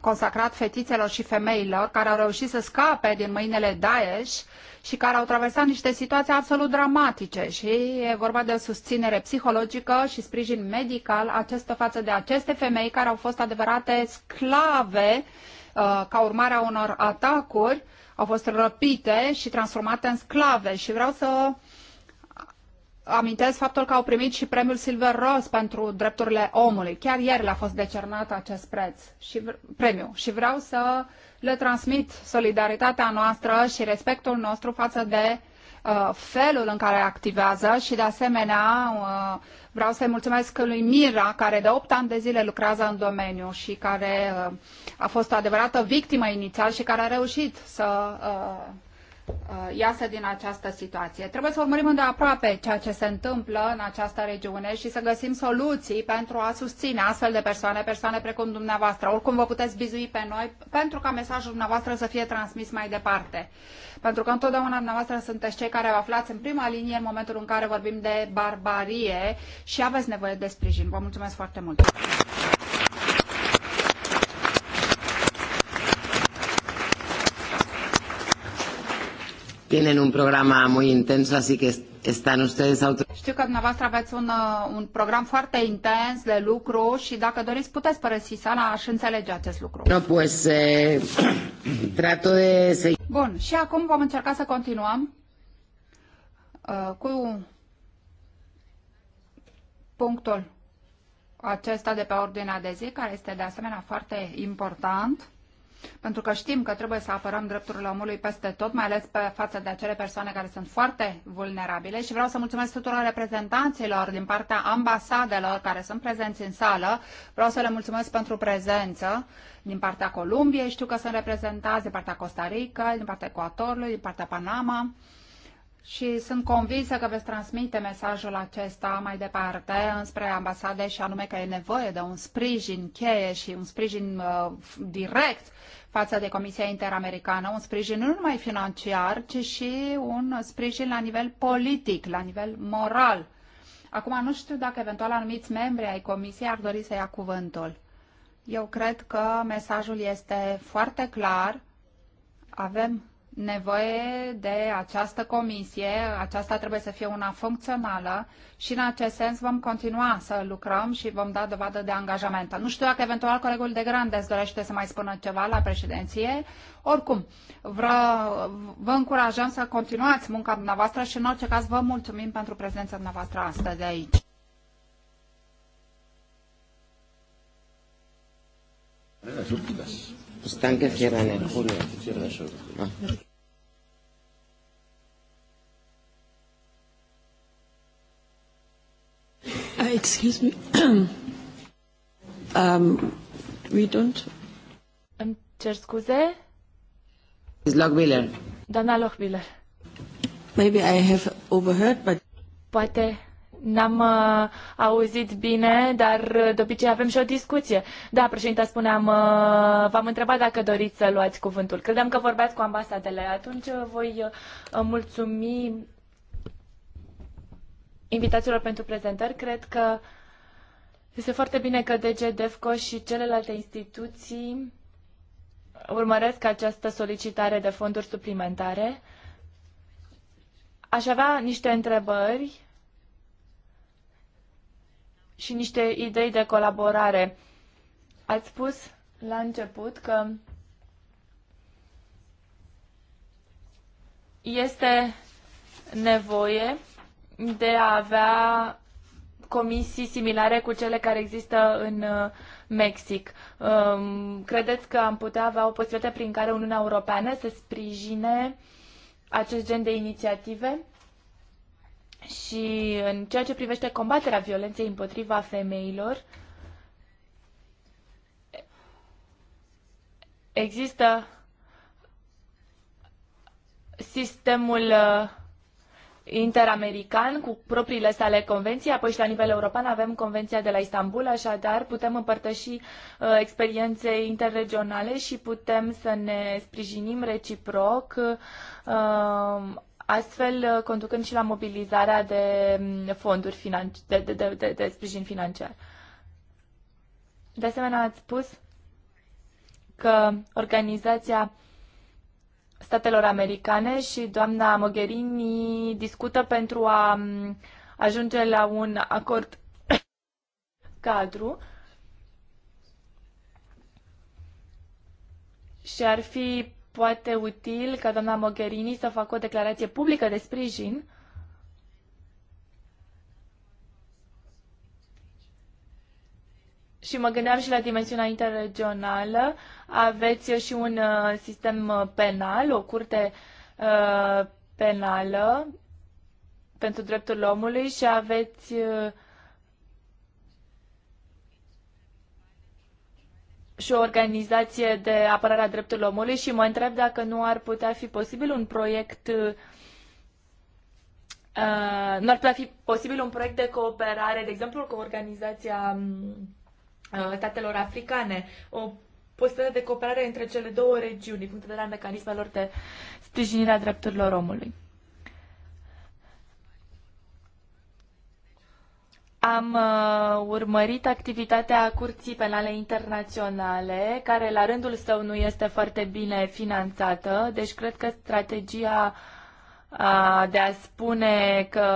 C: consacrat fetițelor și femeilor care au reușit să scape din mâinile Daesh și care au traversat niște situații absolut dramatice și e vorba de o susținere psihologică și sprijin medical acestă față de aceste femei care au fost adevărate sclave uh, ca urmare a unor atacuri, au fost răpite și transformate în sclave și vreau să amintesc faptul că au primit și premiul Silver Rose pentru drepturile omului. Chiar ieri le-a fost decernat acest preț și premiu. Și vreau să uh, le transmit solidaritatea noastră și respectul nostru față de uh, felul în care activează și de asemenea uh, vreau să-i mulțumesc lui Mira care de 8 ani de zile lucrează în domeniu și care uh, a fost o adevărată victimă inițial și care a reușit să uh, iasă din această situație. Trebuie să urmărim îndeaproape ceea ce se întâmplă în această regiune și să găsim soluții pentru a susține astfel de persoane, persoane precum dumneavoastră. Oricum vă puteți bizui pe noi pentru ca mesajul dumneavoastră să fie transmis mai departe. Pentru că întotdeauna dumneavoastră sunteți cei care vă aflați în prima linie în momentul în care vorbim de barbarie și aveți nevoie de sprijin. Vă mulțumesc foarte mult!
A: tienen un programa muy intenso, así que están ustedes
C: Știu că dumneavoastră aveți un, uh, un program foarte intens de lucru și dacă doriți puteți părăsi sala, și înțelege acest lucru.
A: No, pues, eh, trato de...
C: Bun, și acum vom încerca să continuăm uh, cu punctul acesta de pe ordinea de zi, care este de asemenea foarte important pentru că știm că trebuie să apărăm drepturile omului peste tot, mai ales pe față de acele persoane care sunt foarte vulnerabile și vreau să mulțumesc tuturor reprezentanților din partea ambasadelor care sunt prezenți în sală. Vreau să le mulțumesc pentru prezență din partea Columbiei, știu că sunt reprezentați din partea Costa Rica, din partea Ecuatorului, din partea Panama și sunt convinsă că veți transmite mesajul acesta mai departe înspre ambasade și anume că e nevoie de un sprijin cheie și un sprijin uh, direct față de Comisia Interamericană, un sprijin nu numai financiar, ci și un sprijin la nivel politic, la nivel moral. Acum nu știu dacă eventual anumiți membri ai Comisiei ar dori să ia cuvântul. Eu cred că mesajul este foarte clar. Avem nevoie de această comisie, aceasta trebuie să fie una funcțională și în acest sens vom continua să lucrăm și vom da dovadă de angajament. Nu știu dacă eventual colegul de Grandes dorește să mai spună ceva la președinție. Oricum, vă încurajăm să continuați munca dumneavoastră și în orice caz vă mulțumim pentru prezența dumneavoastră astăzi aici.
A: Están que cierran en julio. Uh, excuse me. um, we don't...
B: Îmi cer scuze?
D: Lochbiller.
B: Doamna Lochbiller. Maybe
D: I have overheard, but...
B: Poate n-am uh, auzit bine, dar uh, de obicei avem și o discuție. Da, președinte, spuneam, uh, v-am întrebat dacă doriți să luați cuvântul. Credeam că vorbeați cu ambasadele. Atunci uh, voi uh, mulțumi invitațiilor pentru prezentări. Cred că este foarte bine că DG DEFCO și celelalte instituții urmăresc această solicitare de fonduri suplimentare. Aș avea niște întrebări și niște idei de colaborare. Ați spus la început că este nevoie de a avea comisii similare cu cele care există în uh, Mexic. Um, credeți că am putea avea o posibilitate prin care Uniunea Europeană să sprijine acest gen de inițiative? Și în ceea ce privește combaterea violenței împotriva femeilor, există sistemul uh, interamerican cu propriile sale convenții, apoi și la nivel european avem Convenția de la Istanbul, așadar putem împărtăși uh, experiențe interregionale și putem să ne sprijinim reciproc, uh, astfel uh, conducând și la mobilizarea de um, fonduri finan- de, de, de, de, de sprijin financiar. De asemenea, ați spus că organizația statelor americane și doamna Mogherini discută pentru a ajunge la un acord [COUGHS] cadru și ar fi poate util ca doamna Mogherini să facă o declarație publică de sprijin Și mă gândeam și la dimensiunea interregională. Aveți și un uh, sistem uh, penal, o curte uh, penală pentru dreptul omului și aveți uh, și o organizație de apărare a drepturilor omului și mă întreb dacă nu ar putea fi posibil un proiect uh, uh nu ar putea fi posibil un proiect de cooperare, de exemplu, cu organizația um, Uh, statelor africane, o posibilitate de cooperare între cele două regiuni, din punct de vedere al mecanismelor de sprijinire a drepturilor omului. Am uh, urmărit activitatea Curții Penale Internaționale, care la rândul său nu este foarte bine finanțată, deci cred că strategia uh, de a spune că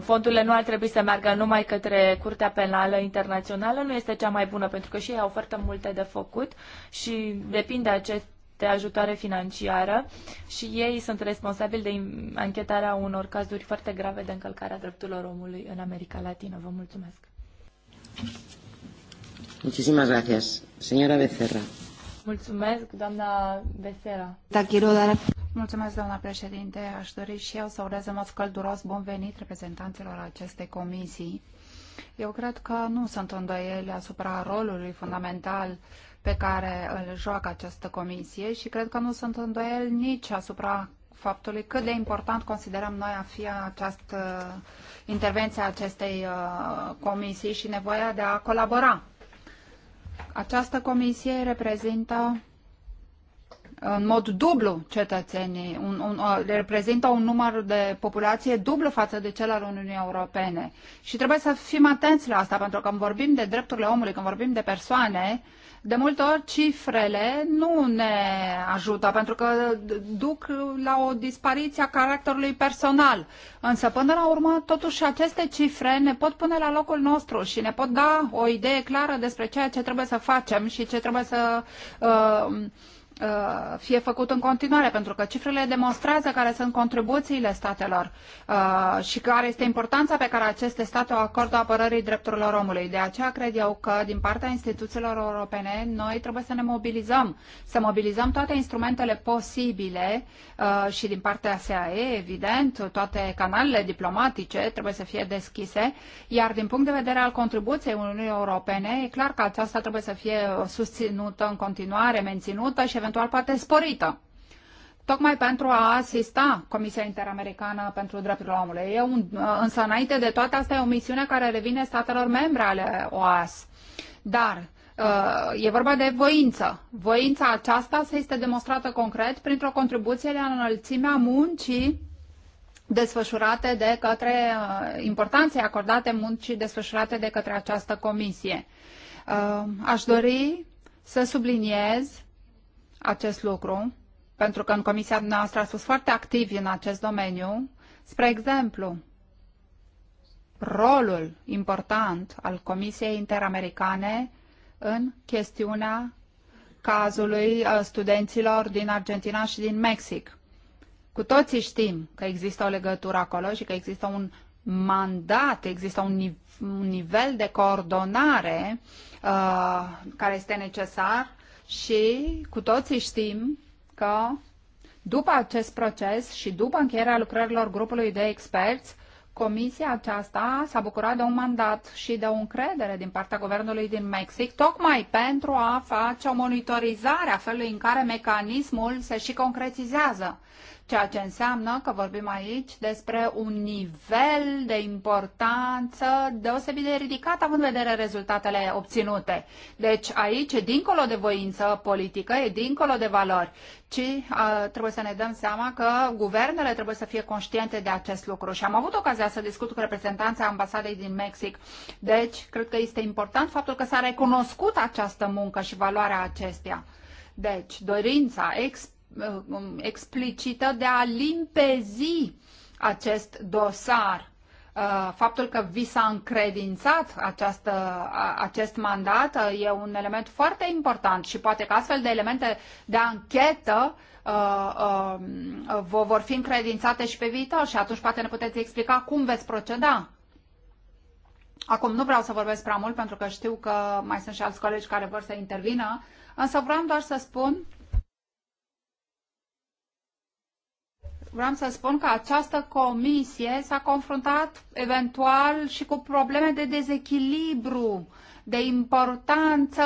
B: fondurile nu ar trebui să meargă numai către Curtea Penală Internațională nu este cea mai bună, pentru că și ei au foarte multe de făcut și depinde acest de ajutoare financiară și ei sunt responsabili de anchetarea unor cazuri foarte grave de încălcare a drepturilor omului în America Latină. Vă mulțumesc.
A: Muchísimas gracias. Señora Becerra.
B: Mulțumesc,
C: doamna Besera. Da, Mulțumesc, doamna președinte. Aș dori și eu să urez în călduros bun venit reprezentanților acestei comisii. Eu cred că nu sunt îndoieli asupra rolului fundamental pe care îl joacă această comisie și cred că nu sunt îndoieli nici asupra faptului cât de important considerăm noi a fi această intervenție a acestei uh, comisii și nevoia de a colabora această comisie reprezintă în mod dublu cetățenii, un, un, reprezintă un număr de populație dublu față de cel al Uniunii Europene. Și trebuie să fim atenți la asta, pentru că când vorbim de drepturile omului, când vorbim de persoane, uh, de multe ori cifrele nu ne ajută pentru că duc la o dispariție a caracterului personal. Însă, până la urmă, totuși aceste cifre ne pot pune la locul nostru și ne pot da o idee clară despre ceea ce trebuie să facem și ce trebuie să uh, Uh, fie făcut în continuare, pentru că cifrele demonstrează care sunt contribuțiile statelor uh, și care este importanța pe care aceste state o acordă apărării drepturilor omului. De aceea cred eu că din partea instituțiilor europene noi trebuie să ne mobilizăm, să mobilizăm toate instrumentele posibile uh, și din partea SAE, evident, toate canalele diplomatice trebuie să fie deschise, iar din punct de vedere al contribuției Uniunii Europene, e clar că aceasta trebuie să fie susținută în continuare, menținută și eventual eventual poate sporită. Tocmai pentru a asista Comisia Interamericană pentru Drepturile Omului. E un, uh, însă, înainte de toate, asta e o misiune care revine statelor membre ale OAS. Dar uh, e vorba de voință. Voința aceasta se este demonstrată concret printr-o contribuție la înălțimea muncii desfășurate de către uh, importanței acordate muncii desfășurate de către această comisie. Aș dori să subliniez acest lucru, pentru că în comisia noastră a fost foarte activi în acest domeniu. Spre exemplu, rolul important al Comisiei Interamericane în chestiunea cazului uh, studenților din Argentina și din Mexic. Cu toții știm că există o legătură acolo și că există un mandat, există un, nivel de coordonare uh, care este necesar și cu toții știm că după acest proces și după încheierea lucrărilor grupului de experți, comisia aceasta s-a bucurat de un mandat și de o încredere din partea guvernului din Mexic, tocmai pentru a face o monitorizare a felului în care mecanismul se și concretizează ceea ce înseamnă că vorbim aici despre un nivel de importanță deosebit de ridicat, având în vedere rezultatele obținute. Deci aici, e dincolo de voință politică, e dincolo de valori, ci uh, trebuie să ne dăm seama că guvernele trebuie să fie conștiente de acest lucru. Și am avut ocazia să discut cu reprezentanța ambasadei din Mexic. Deci, cred că este important faptul că s-a recunoscut această muncă și valoarea acesteia. Deci, dorința, experiența, Uh, um, explicită de a limpezi acest dosar. Uh, faptul că vi s-a încredințat această, acest mandat uh, e un element foarte important și poate că astfel de elemente de anchetă um, vă vor fi încredințate și pe viitor și atunci poate ne puteți explica cum veți proceda. Acum nu vreau să vorbesc prea mult pentru că știu că mai sunt și alți colegi care vor să intervină, însă vreau doar să spun vreau să spun că această comisie s-a confruntat eventual și cu probleme de dezechilibru, de importanță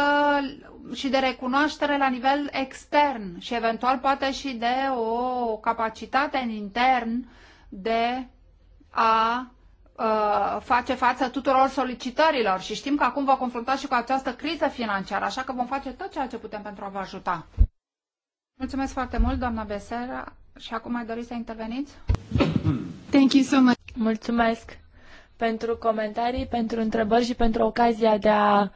C: și de recunoaștere la nivel extern și eventual poate și de o capacitate în intern de a uh, face față tuturor solicitărilor și știm că acum vă confruntați și cu această criză financiară, așa că vom face tot ceea ce putem pentru a vă ajuta. Mulțumesc foarte mult, doamna Besera. Și acum mai doriți să interveniți?
B: Thank you so much. Mulțumesc pentru comentarii, pentru întrebări și pentru ocazia de a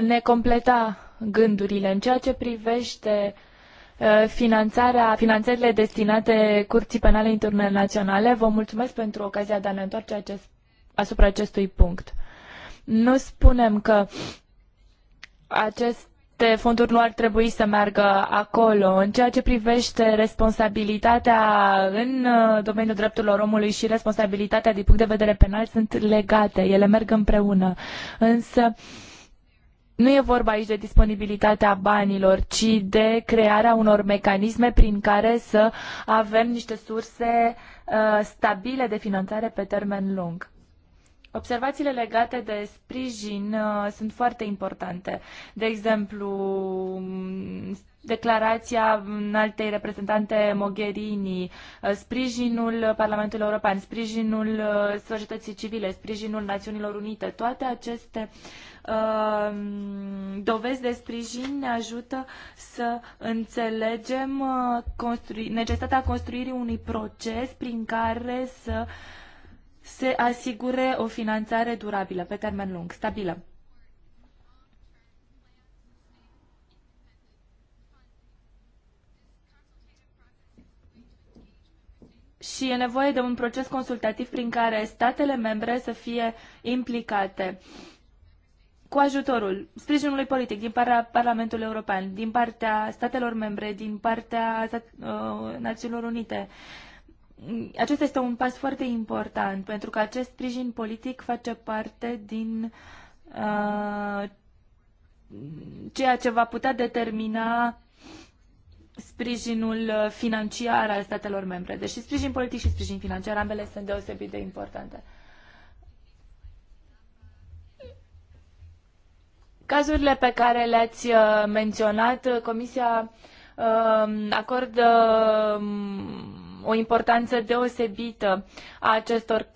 B: ne completa gândurile. În ceea ce privește uh, finanțarea, finanțările destinate Curții Penale Internaționale, vă mulțumesc pentru ocazia de a ne întoarce acest, asupra acestui punct. Nu spunem că acest aceste fonduri nu ar trebui să meargă acolo. În ceea ce privește responsabilitatea în uh, domeniul drepturilor omului și responsabilitatea din punct de vedere penal sunt legate, ele merg împreună. Însă nu e vorba aici de disponibilitatea banilor, ci de crearea unor mecanisme prin care să avem niște surse uh, stabile de finanțare pe termen lung. Observațiile legate de sprijin uh, sunt foarte importante. De exemplu, mm, declarația altei reprezentante Mogherini, uh, sprijinul Parlamentului European, sprijinul uh, societății civile, sprijinul Națiunilor Unite, toate aceste uh, dovezi de sprijin ne ajută să înțelegem construi- necesitatea construirii unui proces prin care să uh, se asigure o finanțare durabilă, pe termen lung, stabilă. și e nevoie de un proces consultativ prin care statele membre să fie implicate cu ajutorul sprijinului politic din partea Parlamentului European, din partea statelor membre, din partea uh, Națiunilor Unite, acesta este un pas foarte important, pentru că acest sprijin politic face parte din uh, ceea ce va putea determina sprijinul financiar al statelor membre. Deși sprijin politic și sprijin financiar, ambele sunt deosebit de importante. Cazurile pe care le-ați uh, menționat, Comisia uh, acordă um, o importanță deosebită a acestor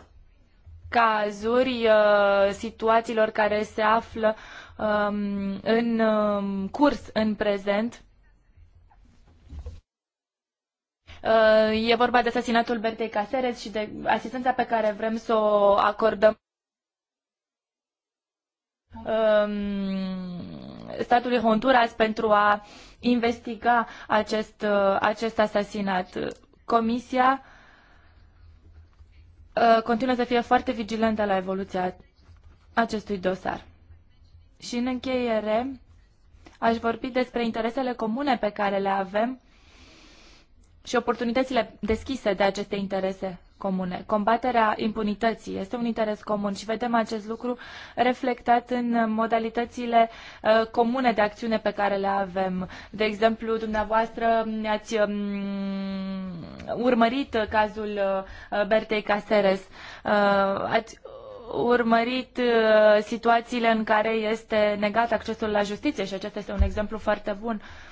B: cazuri, uh, situațiilor care se află um, în um, curs în prezent. Uh, e vorba de asasinatul Bertei Caseres și de asistența pe care vrem să o acordăm um, statului Honduras pentru a investiga acest, uh, acest asasinat. Comisia uh, continuă să fie foarte vigilentă la evoluția acestui dosar. Și în încheiere, aș vorbi despre interesele comune pe care le avem și oportunitățile deschise de aceste interese comune. Combaterea impunității este un interes comun și vedem acest lucru reflectat în modalitățile uh, comune de acțiune pe care le avem. De exemplu, dumneavoastră um, uh, uh, ați urmărit cazul Bertei Caseres. ați urmărit situațiile în care este negat accesul la justiție și acesta este un exemplu foarte bun. Uh,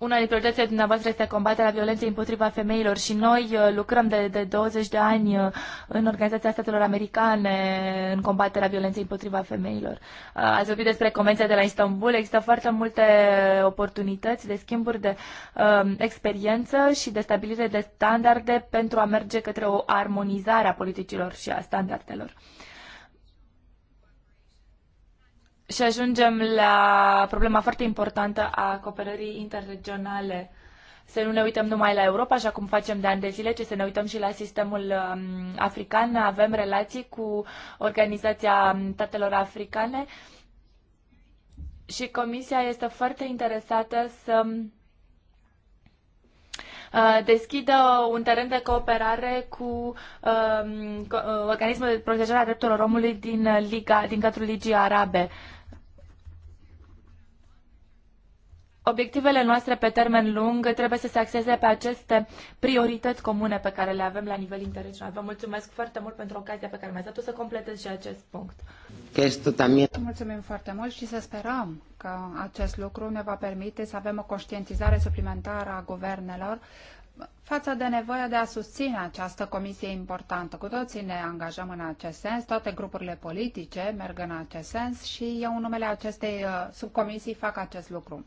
B: una din prioritățile dumneavoastră este combaterea violenței împotriva femeilor și noi uh, lucrăm de, de 20 de ani uh, în Organizația Statelor Americane în combaterea violenței împotriva femeilor. Uh, ați vorbit despre Convenția de la Istanbul, există foarte multe oportunități de schimburi de um, experiență și de stabilire de standarde pentru a merge către o armonizare a politicilor și a standardelor. Uh, și ajungem la problema foarte importantă a cooperării interregionale. Să nu ne uităm numai la Europa, așa cum facem de ani de zile, ci să ne uităm și la sistemul um, african. Avem relații cu Organizația tatelor Africane și Comisia este foarte interesată să uh, deschidă un teren de cooperare cu um, uh, organismul de protejare a drepturilor omului din, uh, Liga, din cadrul Ligii Arabe. obiectivele noastre pe termen lung trebuie să se axeze pe aceste priorități comune pe care le avem la nivel internațional. Vă mulțumesc foarte mult pentru ocazia pe care mi-ați dat-o să completez și acest punct. Mulțumim foarte mult și să sperăm că acest
C: lucru ne va permite să avem o conștientizare suplimentară a guvernelor față de nevoia de a susține această comisie importantă. Cu toții ne angajăm în acest sens, toate grupurile politice merg în acest sens și eu în numele acestei uh, subcomisii fac acest lucru.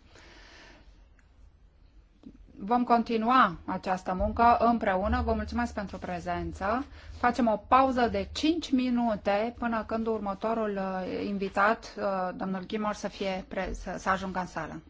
C: Vom continua această muncă împreună. Vă mulțumesc pentru prezență. Facem o pauză de 5 minute până când următorul uh, invitat, uh, domnul Ghimor, să, fie, să, să ajungă în sală.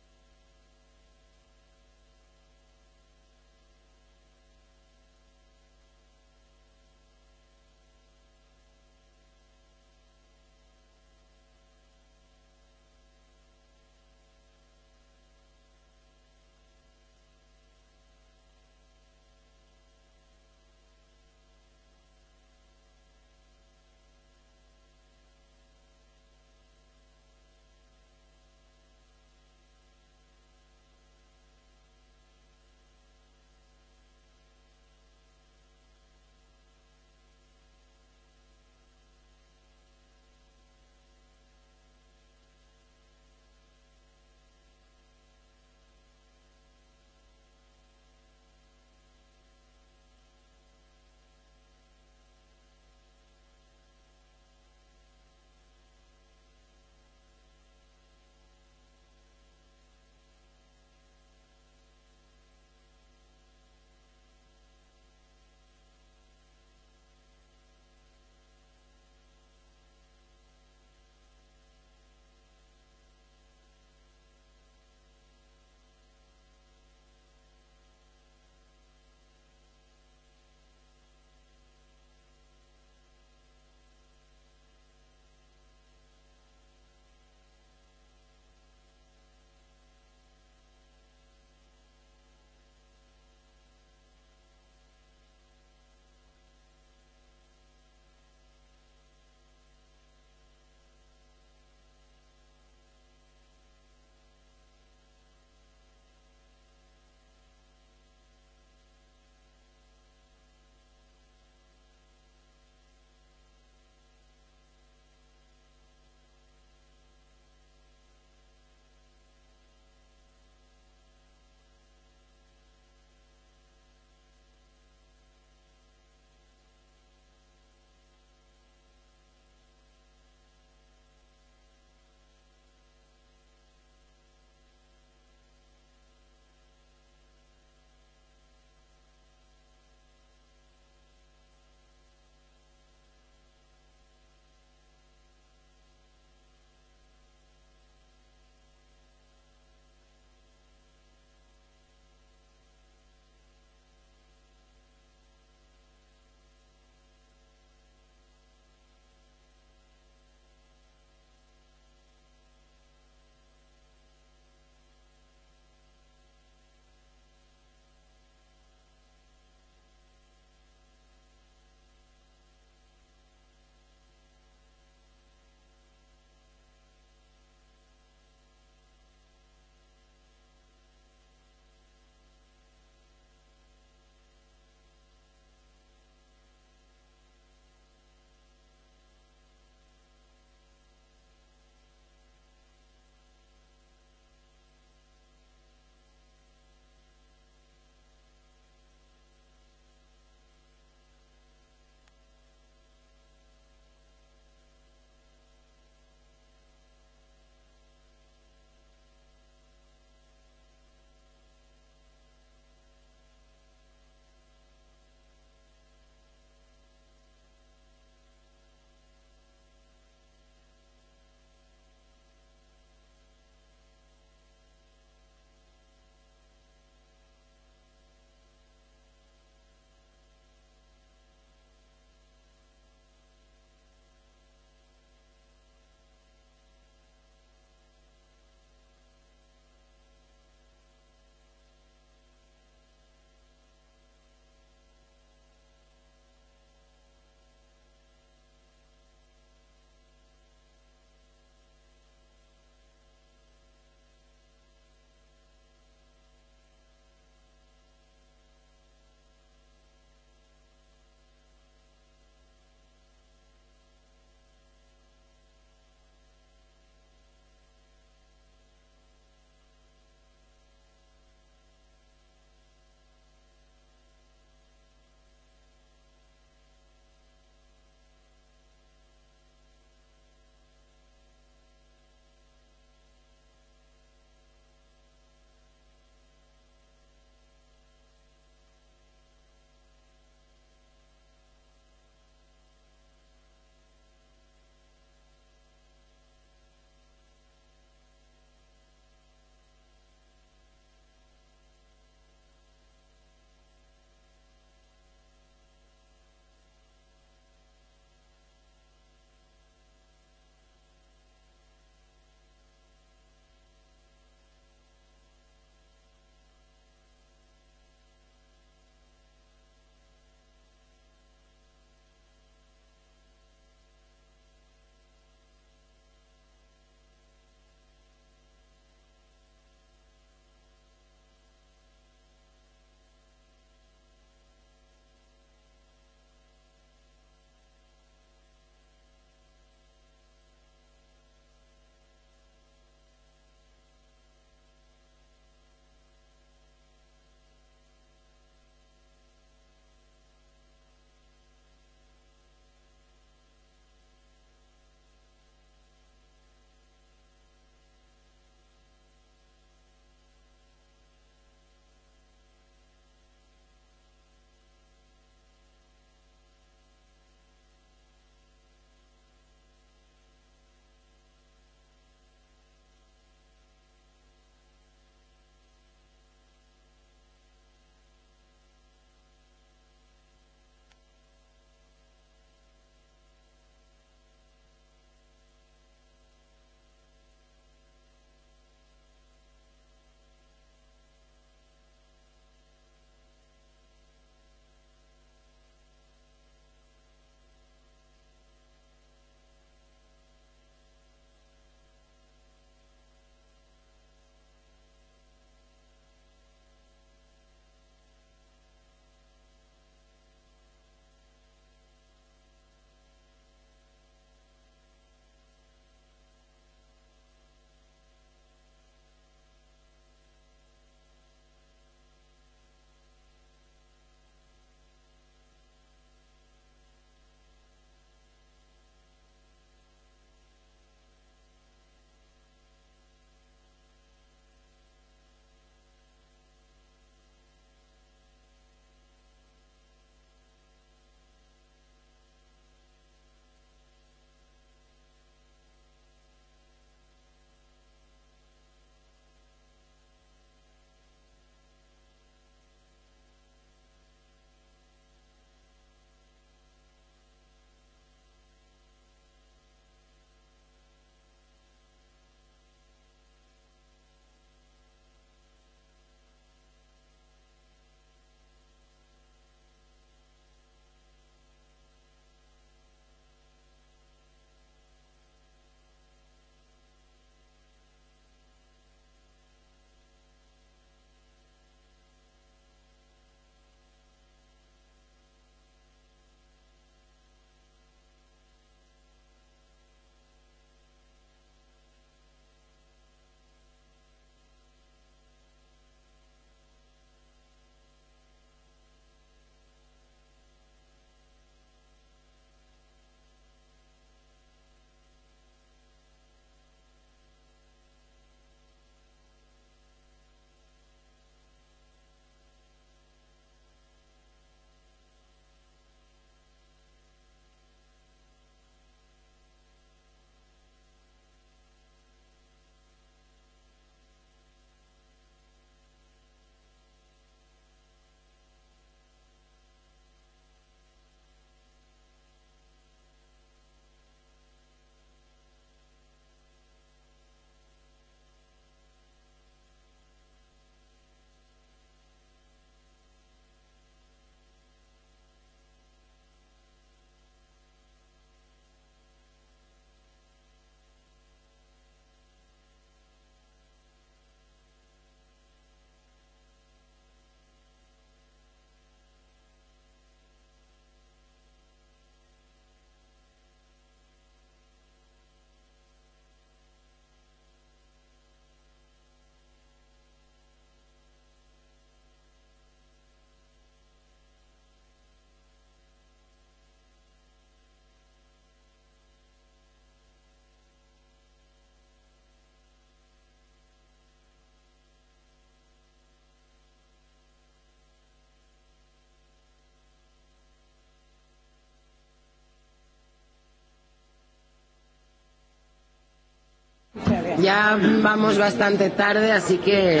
A: Ya vamos bastante tarde, así que...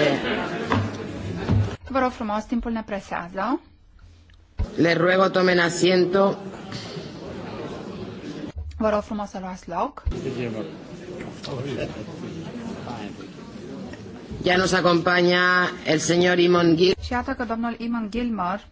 C: Vă frumos, timpul ne presează.
A: Le ruego tomen asiento.
C: Vă rog frumos să luați loc.
A: Ya nos acompaña el señor Imon Gil.
C: Și iată că domnul Imon Gilmore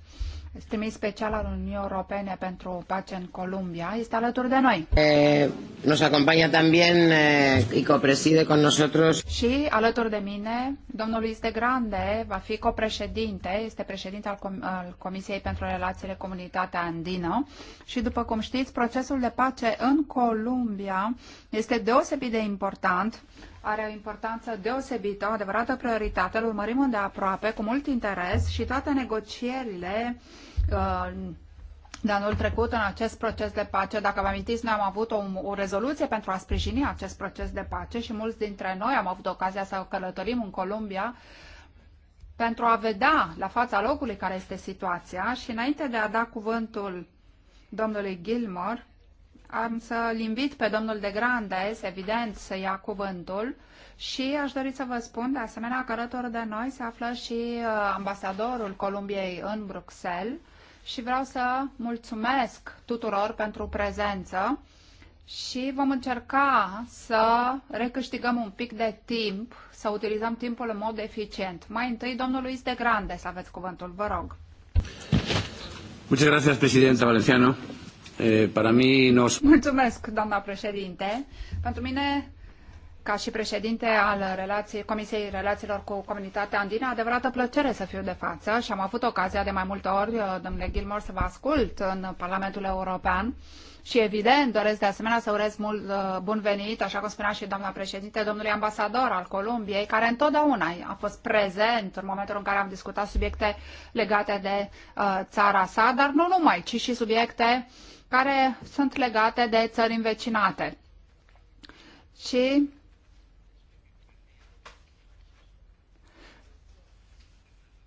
C: trimis special al Uniunii Europene pentru pace în Columbia, este alături de
A: noi. Eh, nos acompaña también eh, y copreside con nosotros. Și
C: alături de mine, domnul Luis de Grande va fi copreședinte, este președinte al, Com al Comisiei pentru Relațiile Comunitatea Andină și după cum știți, procesul de pace în Columbia este deosebit de important are o importanță deosebită, o adevărată prioritate. Îl urmărim îndeaproape, cu mult interes și toate negocierile uh, de anul trecut în acest proces de pace. Dacă vă amintiți, noi am avut o, o rezoluție pentru a sprijini acest proces de pace și mulți dintre noi am avut ocazia să călătorim în Columbia pentru a vedea la fața locului care este situația și înainte de a da cuvântul domnului Gilmore, am să-l invit pe domnul de Grandes, evident, să ia cuvântul și aș dori să vă spun, de asemenea, că alături de noi se află și uh, ambasadorul Columbiei în Bruxelles și vreau să mulțumesc tuturor pentru prezență și vom încerca să recâștigăm un pic de timp, să utilizăm timpul în mod eficient. Mai întâi, domnul Luis de Grandes, să aveți cuvântul, vă rog.
A: Muchas gracias, presidenta Valenciano.
C: Mulțumesc, doamna președinte. Pentru mine, ca și președinte al relației, Comisiei Relațiilor cu Comunitatea Andină, adevărată plăcere să fiu de față și am avut ocazia de mai multe ori, uh, domnule Gilmore, să vă ascult în Parlamentul European. Și evident, doresc de asemenea să urez mult uh, bun venit, așa cum spunea și doamna președinte, domnului ambasador al Columbiei, care întotdeauna a fost prezent în momentul în care am discutat subiecte legate de uh, țara sa, dar nu numai, ci și subiecte uh, care sunt legate de țări învecinate. Și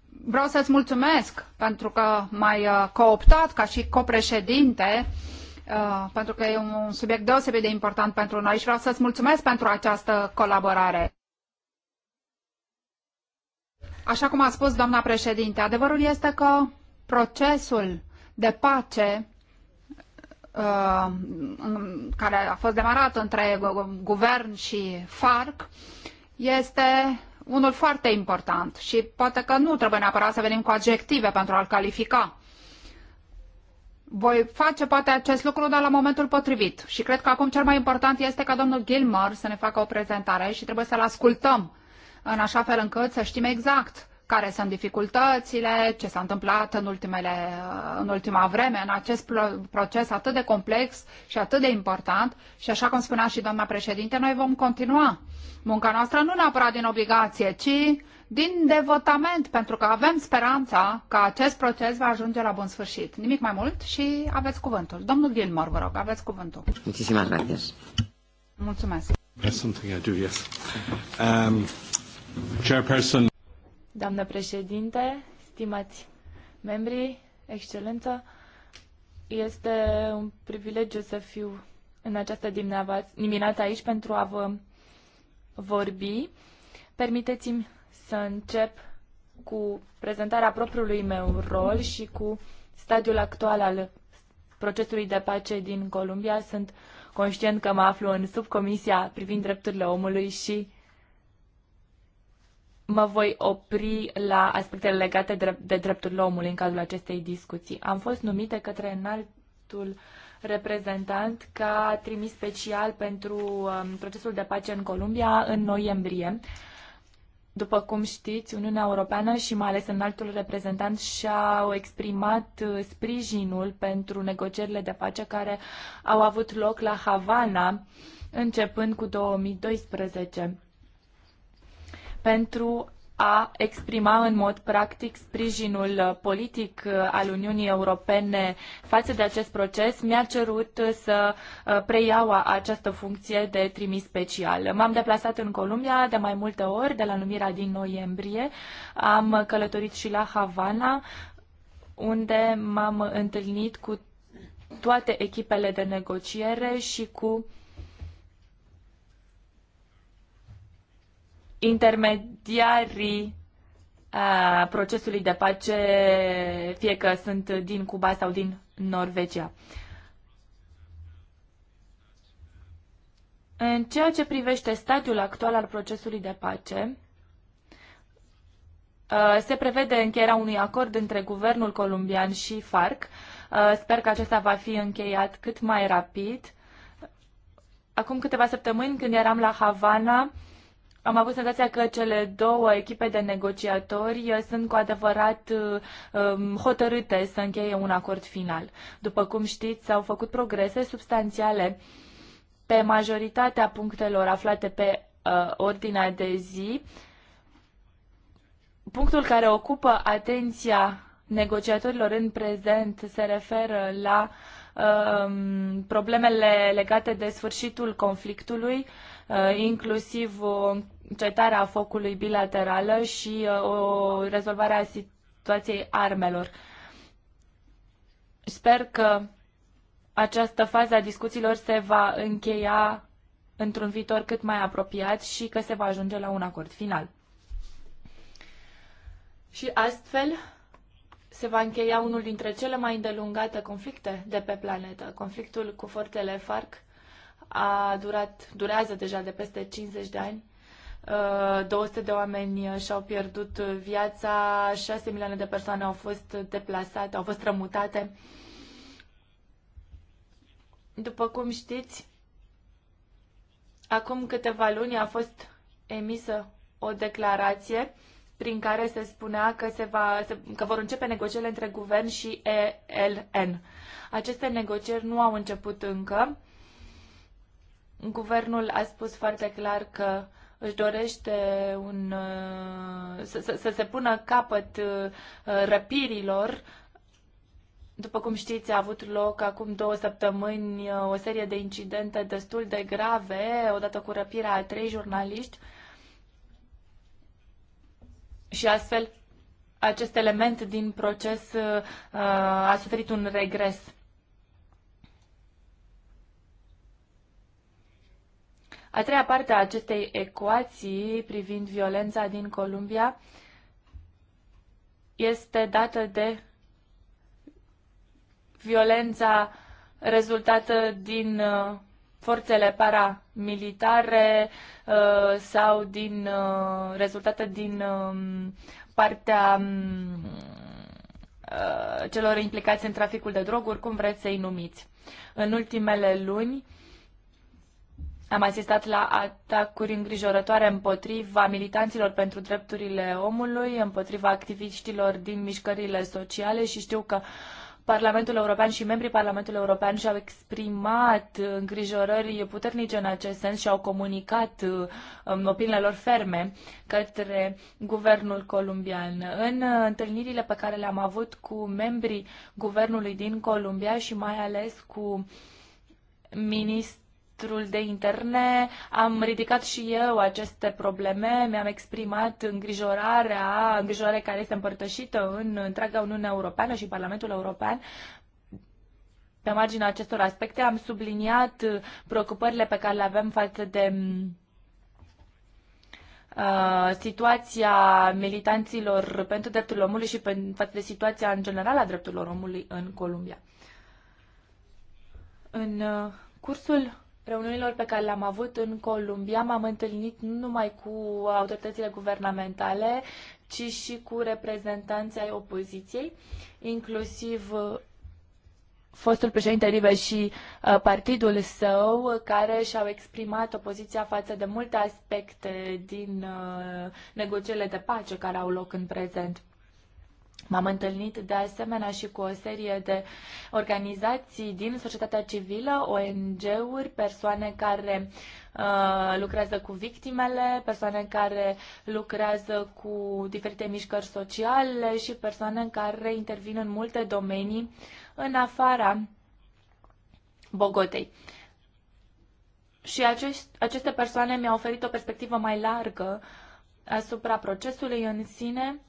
C: vreau să-ți mulțumesc pentru că m-ai uh, cooptat ca și copreședinte uh, pentru că e un subiect deosebit de important pentru noi și vreau să-ți mulțumesc pentru această colaborare. Așa cum a spus doamna președinte, adevărul este că procesul de pace Uh, care a fost demarat între guvern și FARC este unul foarte important și poate că nu trebuie neapărat să venim cu adjective pentru a-l califica. Voi face poate acest lucru, dar la momentul potrivit. Și cred că acum cel mai important este ca domnul Gilmore să ne facă o prezentare și trebuie să-l ascultăm în așa fel încât să știm exact care sunt dificultățile, ce s-a întâmplat în, ultimele, în ultima vreme, în acest proces atât de complex și atât de important. Și așa cum spunea și doamna președinte, noi vom continua munca noastră nu neapărat din obligație, ci din devotament, pentru că avem speranța că acest proces va ajunge la bun sfârșit. Nimic mai mult și aveți cuvântul. Domnul Gilmore, vă rog, aveți cuvântul.
A: Muchísimas Mulțumesc. something I do, yes. Um, chairperson.
B: Doamnă președinte, stimați membri, excelență, este un privilegiu să fiu în această dimineață aici pentru a vă vorbi. Permiteți-mi să încep cu prezentarea propriului meu rol și cu stadiul actual al procesului de pace din Columbia. Sunt conștient că mă aflu în subcomisia privind drepturile omului și mă voi opri la aspectele legate de drepturile omului în cadrul acestei discuții. Am fost numite către înaltul reprezentant ca trimis special pentru um, procesul de pace în Columbia în noiembrie. După cum știți, Uniunea Europeană și mai ales înaltul reprezentant și-au exprimat uh, sprijinul pentru negocierile de pace care au avut loc la Havana începând cu 2012 pentru a exprima în mod practic sprijinul uh, politic uh, al Uniunii Europene față de acest proces, mi-a cerut să uh, preiau această funcție de trimis special. M-am deplasat în Columbia de mai multe ori, de la numirea din noiembrie. Am călătorit și la Havana, unde m-am întâlnit cu toate echipele de negociere și cu uh, intermediarii a procesului de pace, fie că sunt din Cuba sau din Norvegia. În ceea ce privește stadiul actual al procesului de pace, se prevede încheierea unui acord între guvernul colombian și FARC. Sper că acesta va fi încheiat cât mai rapid. Acum câteva săptămâni, când eram la Havana, am avut senzația că cele două echipe de negociatori uh, sunt cu adevărat uh, um, hotărâte să încheie un acord final. După cum știți, s-au făcut progrese substanțiale pe majoritatea punctelor aflate pe uh, ordinea de zi. Punctul care ocupă atenția negociatorilor în prezent se referă la um, problemele legate de sfârșitul conflictului, uh, inclusiv cetarea focului bilaterală și uh, o rezolvare a situației armelor. Sper că această fază a discuțiilor se va încheia într-un viitor cât mai apropiat și că se va ajunge la un acord final. Și astfel se va încheia unul dintre cele mai îndelungate conflicte de pe planetă. Conflictul cu forțele FARC a durat, durează deja de peste 50 de ani 200 uh, de oameni și-au pierdut viața, 6 milioane de persoane au fost deplasate, au fost rămutate. După cum știți, acum câteva luni a fost emisă o declarație prin care se spunea că, se va, că vor începe negocierile între guvern și ELN. Aceste negocieri nu au început încă. Guvernul a spus foarte clar că uh, își dorește un, uh, să, să, să se pună capăt uh, răpirilor. După cum știți, a avut loc acum două săptămâni uh, o serie de incidente destul de grave, odată cu răpirea a trei jurnaliști. Și astfel, acest element din proces a suferit un regres. A treia parte a acestei ecuații privind violența din Columbia este dată de violența rezultată din uh, forțele paramilitare uh, sau din uh, rezultată din um, partea um, celor implicați în traficul de droguri, cum vreți să-i numiți. În ultimele luni, am asistat la atacuri îngrijorătoare împotriva militanților pentru drepturile omului, împotriva activiștilor din mișcările sociale și știu că Parlamentul European și membrii Parlamentului European și-au exprimat îngrijorări puternice în acest sens și au comunicat um, opiniile lor ferme către guvernul columbian. În întâlnirile pe care le-am avut cu membrii guvernului din Columbia și mai ales cu ministrul ministrul de interne am ridicat și eu aceste probleme, mi-am exprimat îngrijorarea, îngrijorarea care este împărtășită în întreaga Uniune Europeană și Parlamentul European pe marginea acestor aspecte am subliniat preocupările pe care le avem față de uh, situația militanților pentru dreptul omului și față de situația în general a drepturilor omului în Columbia. În uh, cursul reuniunilor pe care le-am avut în Columbia, m-am întâlnit nu numai cu autoritățile guvernamentale, ci și cu reprezentanții ai opoziției, inclusiv uh, fostul președinte Rive și uh, partidul său, care și-au exprimat opoziția față de multe aspecte din uh, negocierile de pace care au loc în prezent. M-am întâlnit de asemenea și cu o serie de organizații din societatea civilă, ONG-uri, persoane care uh, lucrează cu victimele, persoane care lucrează cu diferite mișcări sociale și persoane care intervin în multe domenii în afara Bogotei. Și acești, aceste persoane mi-au oferit o perspectivă mai largă asupra procesului în sine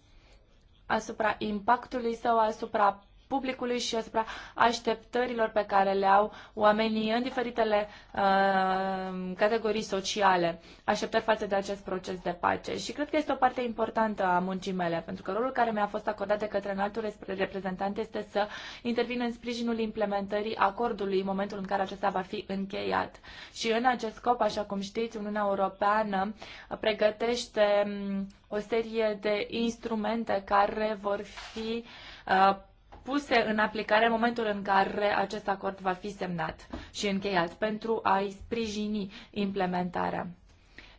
B: asupra impactului său asupra publicului și asupra așteptărilor pe care le au oamenii în diferitele uh, categorii sociale, așteptări față de acest proces de pace. Și cred că este o parte importantă a muncii mele, pentru că rolul care mi-a fost acordat de către înaltul reprezentant este să intervin în sprijinul implementării acordului în momentul în care acesta va fi încheiat. Și în acest scop, așa cum știți, Uniunea Europeană pregătește mm, o serie de instrumente care vor fi uh, puse în aplicare în momentul în care acest acord va fi semnat și încheiat pentru a-i sprijini implementarea.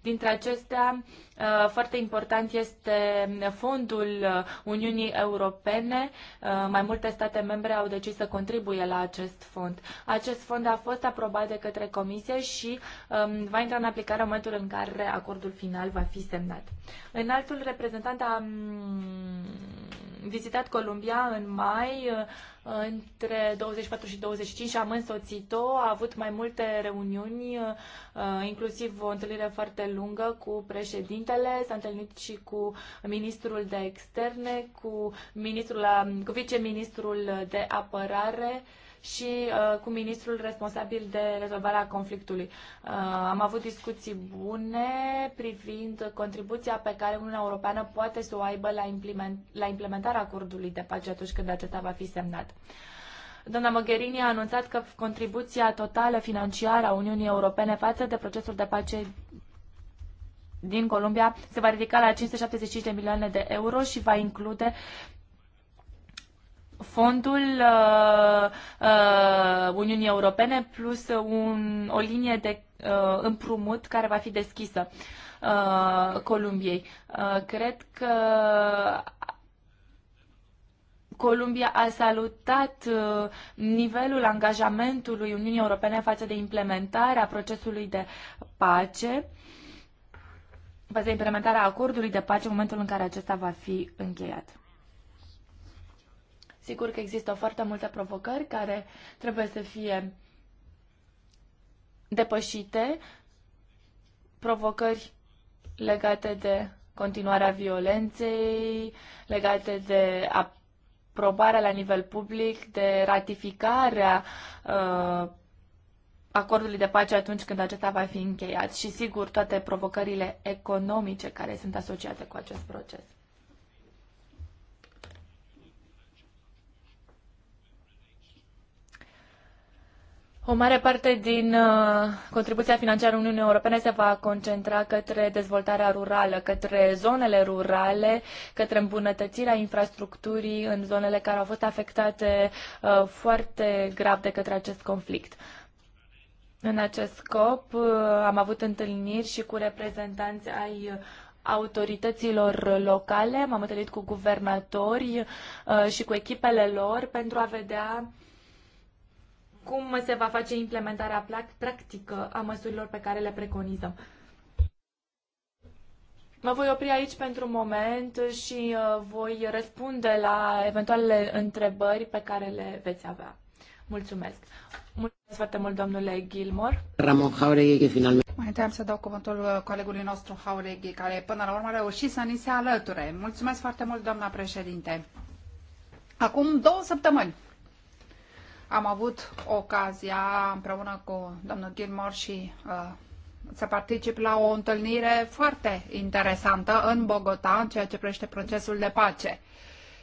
B: Dintre acestea, uh, foarte important este fondul Uniunii Europene. Uh, mai multe state membre au decis să contribuie la acest fond. Acest fond a fost aprobat de către Comisie și um, va intra în aplicare în momentul în care acordul final va fi semnat. În altul reprezentant a mm, vizitat Columbia în mai uh, între 24 și 25 am însoțit-o, a avut mai multe reuniuni, uh, inclusiv o întâlnire foarte lungă cu președintele, s-a întâlnit și cu ministrul de externe, cu, ministrul cu viceministrul de apărare, uh, și uh, cu ministrul responsabil de rezolvarea conflictului. Uh, am avut discuții bune privind contribuția pe care Uniunea Europeană poate să o aibă la, implement, la implementarea acordului de pace atunci când acesta va fi semnat. Doamna Mogherini a anunțat că contribuția totală financiară a Uniunii Europene față de procesul de pace din Columbia se va ridica la 575 de milioane de euro și va include fondul uh, uh, Uniunii Europene plus un, o linie de uh, împrumut care va fi deschisă uh, Columbiei. Uh, cred că Columbia a salutat uh, nivelul angajamentului Uniunii Europene față de implementarea procesului de pace, față de implementarea acordului de pace în momentul în care acesta va fi încheiat. Sigur că există foarte multe provocări care trebuie să fie depășite, provocări legate de continuarea violenței, legate de aprobarea la nivel public, de ratificarea uh, acordului de pace atunci când acesta va fi încheiat și, sigur, toate provocările economice care sunt asociate cu acest proces. O mare parte din uh, contribuția financiară a Uniunii Europene se va concentra către dezvoltarea rurală, către zonele rurale, către îmbunătățirea infrastructurii în zonele care au fost afectate uh, foarte grav de către acest conflict. În acest scop uh, am avut întâlniri și cu reprezentanți ai autorităților locale, m-am întâlnit cu guvernatori și cu echipele lor pentru a vedea cum se va face implementarea practică a măsurilor pe care le preconizăm. Mă voi opri aici pentru un moment și uh, voi răspunde la eventualele întrebări pe care le veți avea. Mulțumesc. Mulțumesc foarte mult, domnule Gilmor.
A: Ramon Jauregui, finalmente.
C: Mai întâi am să dau cuvântul uh, colegului nostru Jauregui, care până la urmă a reușit să ni se alăture. Mulțumesc foarte mult, doamna președinte. Acum două săptămâni am avut ocazia, împreună cu domnul Gilmore și uh, să particip la o întâlnire foarte interesantă în Bogota, în ceea ce privește procesul de pace.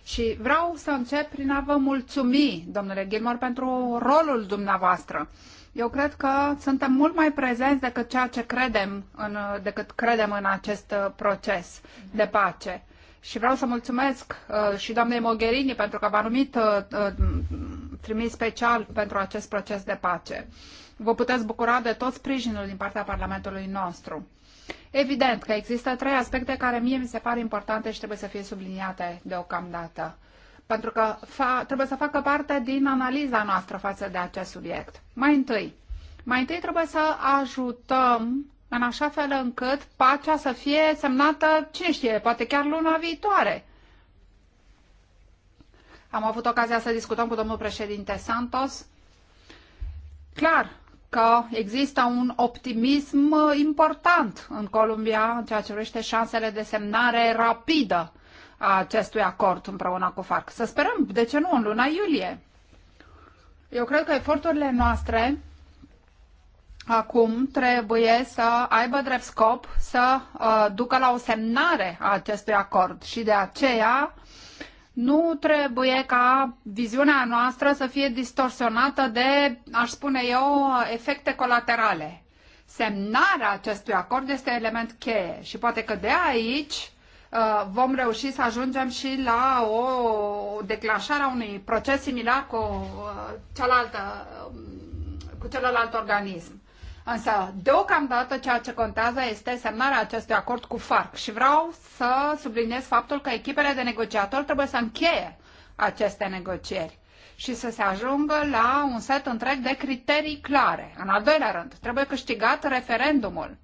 C: Și vreau să încep prin a vă mulțumi, domnule Gilmore, pentru rolul dumneavoastră. Eu cred că suntem mult mai prezenți decât ceea ce credem în, decât credem în acest uh, proces de pace. Și vreau să mulțumesc uh, și doamnei Mogherini pentru că v-a numit uh, uh, trimis special pentru acest proces de pace. Vă puteți bucura de tot sprijinul din partea Parlamentului nostru. Evident că există trei aspecte care mie mi se par importante și trebuie să fie subliniate deocamdată, pentru că trebuie să facă parte din analiza noastră față de acest subiect. Mai întâi, mai întâi trebuie să ajutăm în așa fel încât pacea să fie semnată, cine știe, poate chiar luna viitoare. Am avut ocazia să discutăm cu domnul președinte Santos. Clar că există un optimism important în Columbia în ceea ce privește șansele de semnare rapidă a acestui acord împreună cu FARC. Să sperăm, de ce nu, în luna iulie. Eu cred că eforturile noastre acum trebuie să aibă drept scop să uh, ducă la o semnare a acestui acord și de aceea uh, nu trebuie ca viziunea noastră să fie distorsionată de, aș spune eu, efecte colaterale. Semnarea acestui acord este element cheie și poate că de aici uh, vom reuși să ajungem și la o declanșare a unui proces similar cu, uh, cealaltă, um, cu celălalt organism. Însă, deocamdată, ceea ce contează este semnarea acestui acord cu FARC și vreau să subliniez faptul că echipele de negociatori trebuie să încheie aceste negocieri și să se ajungă la un set întreg de criterii clare. În al doilea rând, trebuie câștigat referendumul.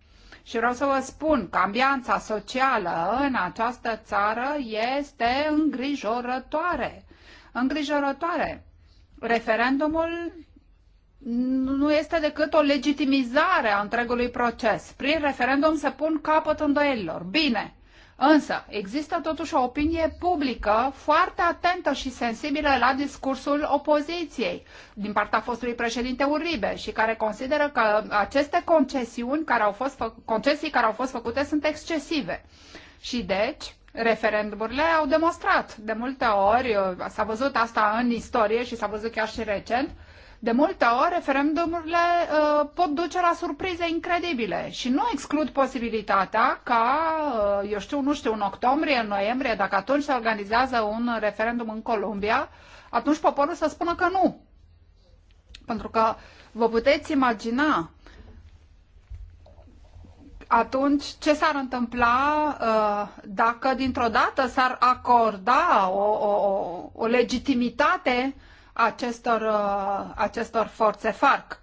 C: Și vreau să vă spun că ambianța socială în această țară este îngrijorătoare. Îngrijorătoare. Referendumul nu este decât o legitimizare a întregului proces. Prin referendum se pun capăt îndoielilor. Bine, însă există totuși o opinie publică foarte atentă și sensibilă la discursul opoziției din partea fostului președinte Uribe și care consideră că aceste concesiuni care au fost concesii care au fost făcute sunt excesive. Și deci, Referendumurile au demonstrat de multe ori, uh, s-a văzut asta în istorie și s-a văzut chiar și recent, de multe ori, referendumurile uh, pot duce la surprize incredibile și nu exclud posibilitatea ca, uh, eu știu, nu știu, în octombrie, în noiembrie, dacă atunci se organizează un referendum în Columbia, atunci poporul să spună că nu. Pentru că vă puteți imagina atunci ce s-ar întâmpla uh, dacă dintr-o dată s-ar acorda o, o, o legitimitate acestor, uh, acestor forțe FARC.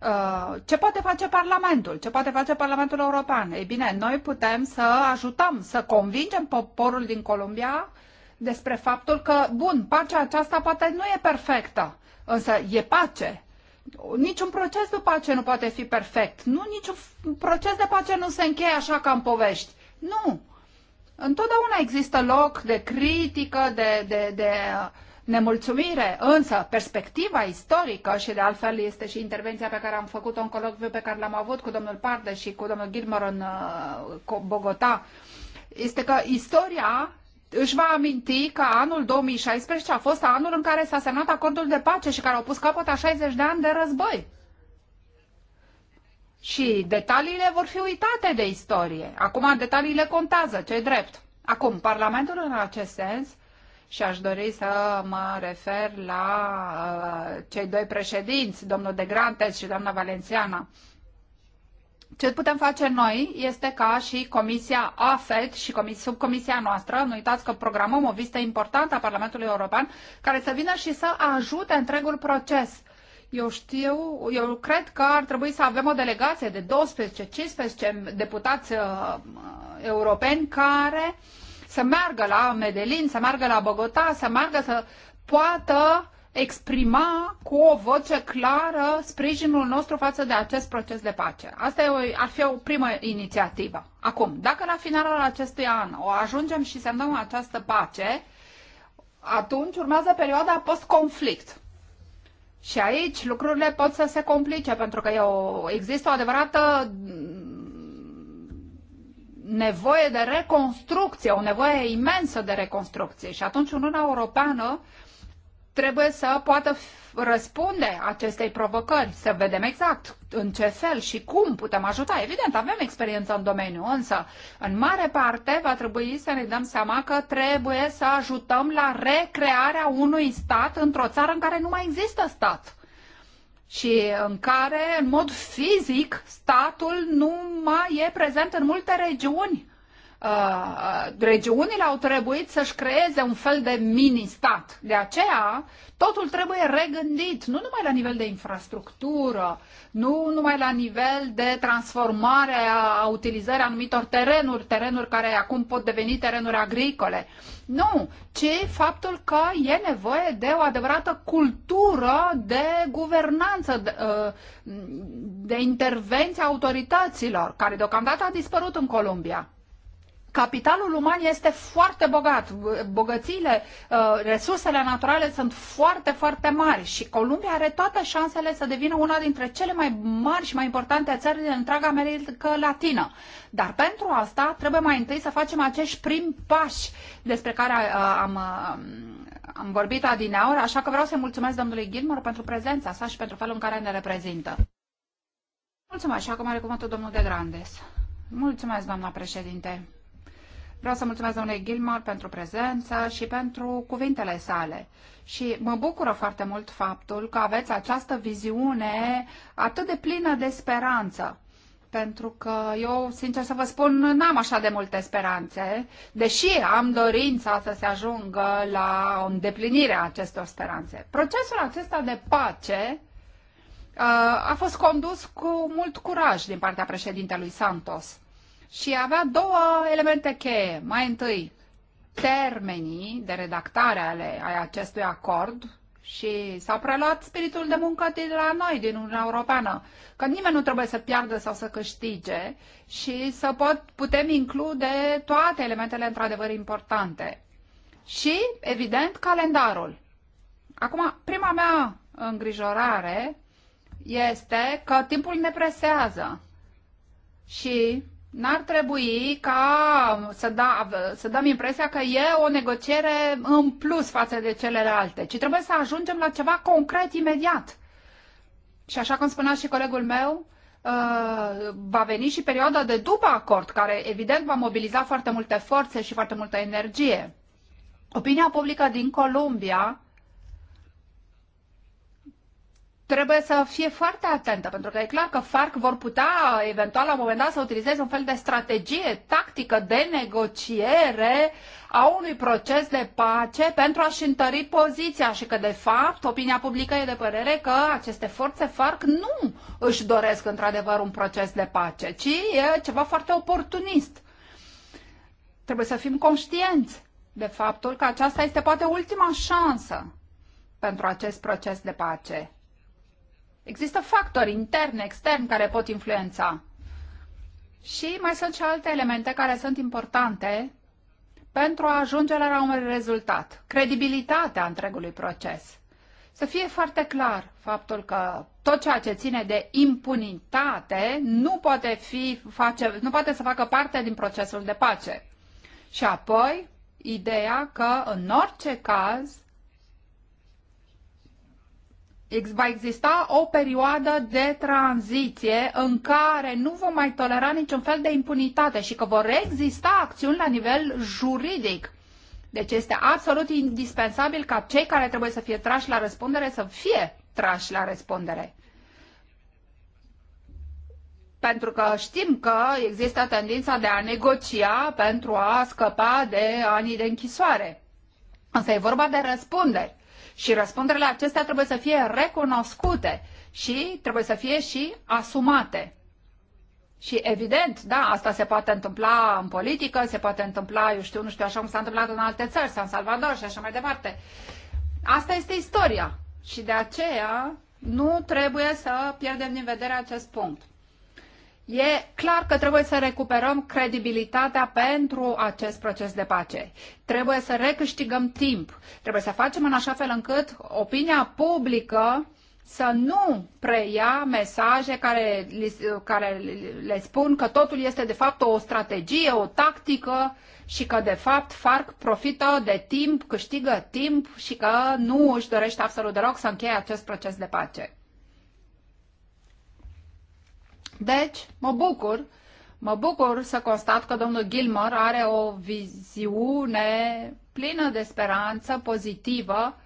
C: Uh, ce poate face Parlamentul? Ce poate face Parlamentul European? Ei bine, noi putem să ajutăm, să convingem poporul din Columbia despre faptul că, bun, pacea aceasta poate nu e perfectă, însă e pace. Niciun proces de pace nu poate fi perfect. Nu, niciun proces de pace nu se încheie așa ca în povești. Nu. Întotdeauna există loc de critică, de, de, de uh, nemulțumire, însă perspectiva istorică și de altfel este și intervenția pe care am făcut-o în colocviu pe care l-am avut cu domnul Parde și cu domnul Gilmor în uh, Bogota, este că istoria își va aminti că anul 2016 a fost anul în care s-a semnat acordul de pace și care au pus capăt a 60 de ani de război. Și detaliile vor fi uitate de istorie. Acum detaliile contează, ce drept. Acum, Parlamentul în acest sens și aș dori să mă refer la uh, cei doi președinți, domnul de Grantes și doamna Valențiana. Ce putem face noi este ca și Comisia AFET și subcomisia noastră, nu uitați că programăm o vizită importantă a Parlamentului European, care să vină și să ajute întregul proces. Eu știu, eu cred că ar trebui să avem o delegație de 12-15 deputați uh, europeni care uh, să meargă la Medellin, să meargă la Bogota, să meargă să poată exprima cu o voce clară sprijinul nostru față de acest proces de pace. Asta e o, ar fi o primă inițiativă. Acum, dacă la finalul acestui an o ajungem și semnăm această pace, atunci urmează perioada post-conflict. Și aici lucrurile pot să se complice, pentru că e o, există o adevărată nevoie de reconstrucție, o nevoie imensă de reconstrucție. Și atunci Uniunea Europeană trebuie să poată răspunde acestei provocări, să vedem exact în ce fel și cum putem ajuta. Evident, avem experiență în domeniu, însă în mare parte va trebui să ne dăm seama că trebuie să ajutăm la recrearea unui stat într-o țară în care nu mai există stat și în care, în mod fizic, statul nu mai e prezent în multe regiuni Uh, regiunile au trebuit să-și creeze un fel de mini-stat. De aceea, totul trebuie regândit, nu numai la nivel de infrastructură, nu numai la nivel de transformare a utilizării anumitor terenuri, terenuri care acum pot deveni terenuri agricole. Nu, ci faptul că e nevoie de o adevărată cultură de guvernanță, de, uh, de intervenție a autorităților, care deocamdată a dispărut în Columbia. Capitalul uman este foarte bogat, bogățiile, uh, resursele naturale sunt foarte, foarte mari și Columbia are toate șansele să devină una dintre cele mai mari și mai importante țări din întreaga America Latină. Dar pentru asta trebuie mai întâi să facem acești prim pași despre care uh, am, uh, am vorbit adineaori, așa că vreau să-i mulțumesc domnului Gilmore pentru prezența sa și pentru felul în care ne reprezintă. Mulțumesc și acum are cuvântul domnul de Grandes. Mulțumesc, doamna președinte. Vreau să mulțumesc domnului Gilmar pentru prezența și pentru cuvintele sale. Și mă bucură foarte mult faptul că aveți această viziune atât de plină de speranță pentru că eu, sincer să vă spun, n-am așa de multe speranțe, deși am dorința să se ajungă la o îndeplinire a acestor speranțe. Procesul acesta de pace uh, a fost condus cu mult curaj din partea președintelui Santos și avea două elemente cheie. Mai întâi, termenii de redactare ale acestui acord și s-a preluat spiritul de muncă de la noi, din Uniunea Europeană, că nimeni nu trebuie să piardă sau să câștige și să pot, putem include toate elementele într-adevăr importante. Și, evident, calendarul. Acum, prima mea îngrijorare este că timpul ne presează și N-ar trebui ca să, da, să dăm impresia că e o negociere în plus față de celelalte, ci trebuie să ajungem la ceva concret imediat. Și așa cum spunea și colegul meu, uh, va veni și perioada de după acord, care evident va mobiliza foarte multe forțe și foarte multă energie. Opinia publică din Columbia trebuie să fie foarte atentă, pentru că e clar că FARC vor putea eventual la un moment dat să utilizeze un fel de strategie tactică de negociere a unui proces de pace pentru a-și întări poziția și că, de fapt, opinia publică e de părere că aceste forțe FARC nu își doresc într-adevăr un proces de pace, ci e ceva foarte oportunist. Trebuie să fim conștienți de faptul că aceasta este poate ultima șansă pentru acest proces de pace Există factori interni, externi care pot influența. Și mai sunt și alte elemente care sunt importante pentru a ajunge la un rezultat. Credibilitatea întregului proces. Să fie foarte clar faptul că tot ceea ce ține de impunitate nu poate, fi, face, nu poate să facă parte din procesul de pace. Și apoi, ideea că, în orice caz, va exista o perioadă de tranziție în care nu vom mai tolera niciun fel de impunitate și că vor exista acțiuni la nivel juridic. Deci este absolut indispensabil ca cei care trebuie să fie trași la răspundere să fie trași la răspundere. Pentru că știm că există tendința de a negocia pentru a scăpa de anii de închisoare. Însă e vorba de răspunderi. Și răspunderile acestea trebuie să fie recunoscute și trebuie să fie și asumate. Și evident, da, asta se poate întâmpla în politică, se poate întâmpla, eu știu, nu știu, așa cum s-a întâmplat în alte țări, San Salvador și așa mai departe. Asta este istoria și de aceea nu trebuie să pierdem din vedere acest punct. E clar că trebuie să recuperăm credibilitatea pentru acest proces de pace. Trebuie să recâștigăm timp. Trebuie să facem în așa fel încât opinia publică să nu preia mesaje care, care le spun că totul este de fapt o strategie, o tactică și că de fapt FARC profită de timp, câștigă timp și că nu își dorește absolut deloc să încheie acest proces de pace. Deci, mă bucur, mă bucur să constat că domnul Gilmore are o viziune plină de speranță pozitivă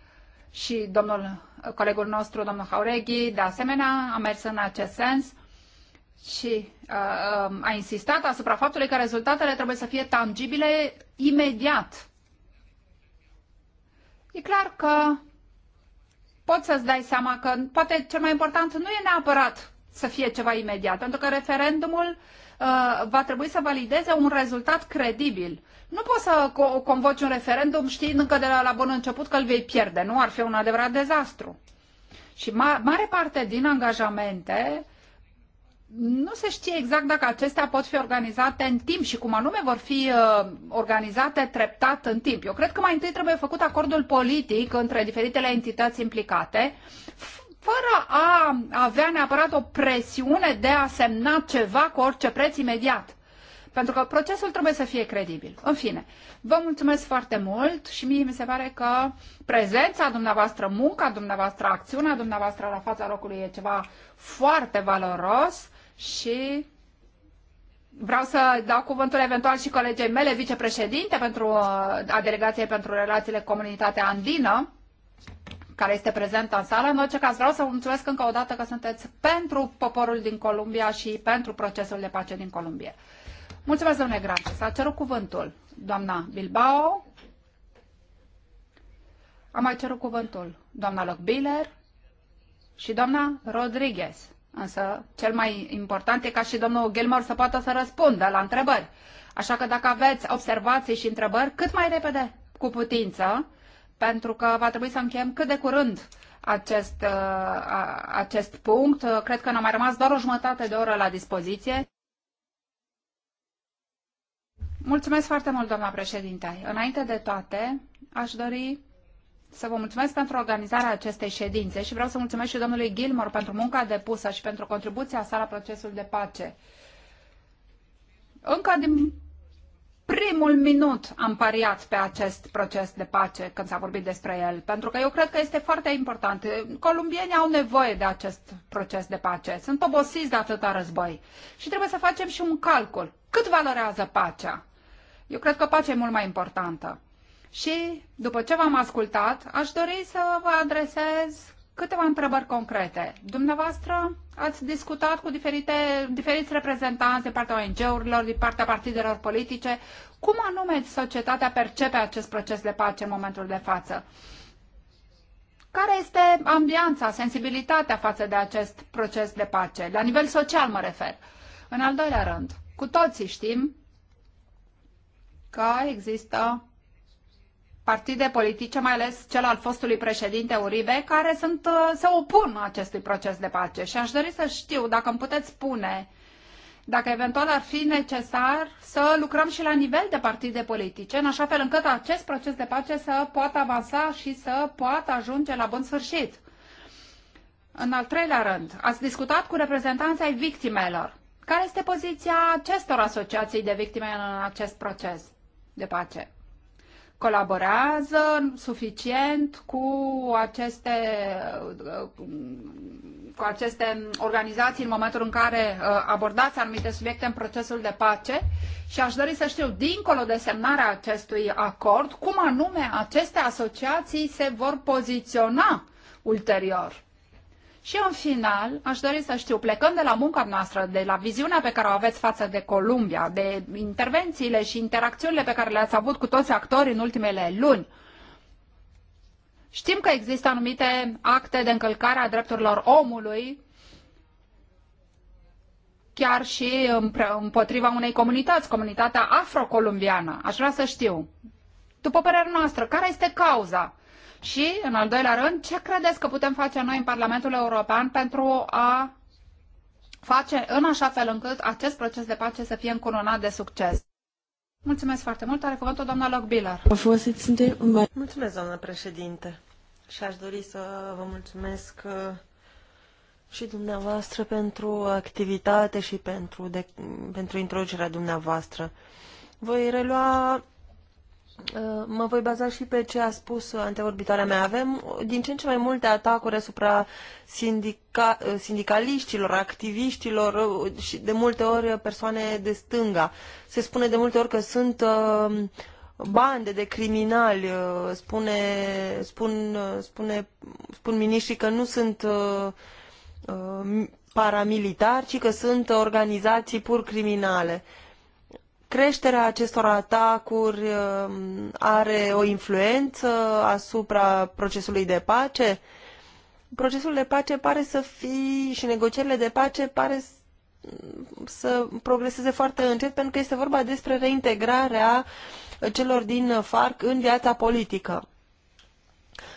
C: și domnul colegul nostru, domnul Haureghi, de asemenea, a mers în acest sens și uh, uh, a insistat asupra faptului că rezultatele trebuie să fie tangibile imediat. E clar că poți să-ți dai seama că poate cel mai important nu e neapărat să fie ceva imediat, pentru că referendumul uh, va trebui să valideze un rezultat credibil. Nu poți să co- convoci un referendum știind încă de la, la bun început că îl vei pierde, nu? Ar fi un adevărat dezastru. Și ma- mare parte din angajamente nu se știe exact dacă acestea pot fi organizate în timp și cum anume vor fi uh, organizate treptat în timp. Eu cred că mai întâi trebuie făcut acordul politic între diferitele entități implicate, fără a avea neapărat o presiune de a semna ceva cu orice preț imediat. Pentru că procesul trebuie să fie credibil. În fine, vă mulțumesc foarte mult și mie mi se pare că prezența dumneavoastră, munca dumneavoastră, acțiunea dumneavoastră la fața locului e ceva foarte valoros și vreau să dau cuvântul eventual și colegei mele, vicepreședinte pentru, uh, a delegației pentru relațiile comunitatea andină, care este prezentă în sală. În orice caz, vreau să vă mulțumesc încă o dată că sunteți pentru poporul din Columbia și pentru procesul de pace din Columbia. Mulțumesc, domnule Grace. S-a cerut cuvântul doamna Bilbao. Am mai cerut cuvântul doamna Lockbiller și doamna Rodriguez. Însă cel mai important e ca și domnul Gilmore să poată să răspundă la întrebări. Așa că dacă aveți observații și întrebări, cât mai repede cu putință, pentru că va trebui să încheiem cât de curând acest, uh, acest punct. Uh, cred că ne-a mai rămas doar o jumătate de oră la dispoziție. Mulțumesc foarte mult, doamna președinte. Înainte de toate, aș dori să vă mulțumesc pentru organizarea acestei ședințe și vreau să mulțumesc și domnului Gilmore pentru munca depusă și pentru contribuția sa la procesul de pace. Încă din primul minut am pariat pe acest proces de pace când s-a vorbit despre el, pentru că eu cred că este foarte important. Columbienii au nevoie de acest proces de pace, sunt obosiți de atâta război și trebuie să facem și un calcul. Cât valorează pacea? Eu cred că pacea e mult mai importantă. Și după ce v-am ascultat, aș dori să vă adresez Câteva întrebări concrete. Dumneavoastră ați discutat cu diferite, diferiți reprezentanți din partea ONG-urilor, din partea partidelor politice. Cum anume societatea percepe acest proces de pace în momentul de față? Care este ambianța, sensibilitatea față de acest proces de pace? La nivel social mă refer. În al doilea rând, cu toții știm că există partide politice, mai ales cel al fostului președinte Uribe, care sunt, uh, se opun acestui proces de pace. Și aș dori să știu dacă îmi puteți spune dacă eventual ar fi necesar să lucrăm și la nivel de partide politice, în așa fel încât acest proces de pace să poată avansa și să poată ajunge la bun sfârșit. În al treilea rând, ați discutat cu reprezentanții ai victimelor. Care este poziția acestor asociații de victime în acest proces de pace? colaborează suficient cu aceste, cu aceste organizații în momentul în care uh, abordați anumite subiecte în procesul de pace și aș dori să știu, dincolo de semnarea acestui acord, cum anume aceste asociații se vor poziționa ulterior. Și în final, aș dori să știu, plecând de la munca noastră, de la viziunea pe care o aveți față de Columbia, de intervențiile și interacțiunile pe care le-ați avut cu toți actorii în ultimele luni, știm că există anumite acte de încălcare a drepturilor omului, chiar și împotriva unei comunități, comunitatea afrocolumbiană. Aș vrea să știu, după părerea noastră, care este cauza? Și, în al doilea rând, ce credeți că putem face noi în Parlamentul European pentru a face în așa fel încât acest proces de pace să fie încununat de succes? Mulțumesc foarte mult. Are cuvântul doamna
D: Lockbiller. Mulțumesc, doamnă președinte. Și aș dori să vă mulțumesc uh, și dumneavoastră pentru activitate și pentru, de, pentru introducerea dumneavoastră. Voi relua Uh, mă voi baza și pe ce a spus anteorbitoarea mea. Avem din ce în ce mai multe atacuri asupra sindica, uh, sindicaliștilor, activiștilor uh, și de multe ori persoane de stânga. Se spune de multe ori că sunt bande de criminali, spune, spun, spune, spun miniștrii că nu sunt paramilitari, ci că sunt organizații pur criminale creșterea acestor atacuri um, are o influență asupra procesului de pace? Procesul de pace pare să fie și negocierile de pace pare să progreseze foarte încet pentru că este vorba despre reintegrarea celor din FARC în viața politică.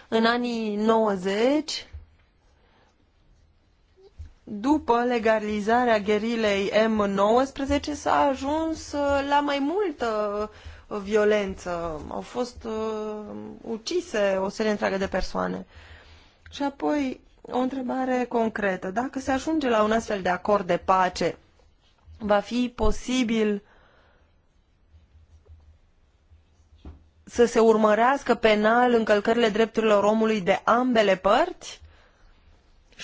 D: În anii 90 după legalizarea gherilei M19 s-a ajuns uh, la mai multă uh, violență. Au fost uh, ucise o serie întreagă de persoane. Și apoi o întrebare concretă. Dacă se ajunge la un astfel de acord de pace, va fi posibil să se urmărească penal încălcările drepturilor omului de ambele părți?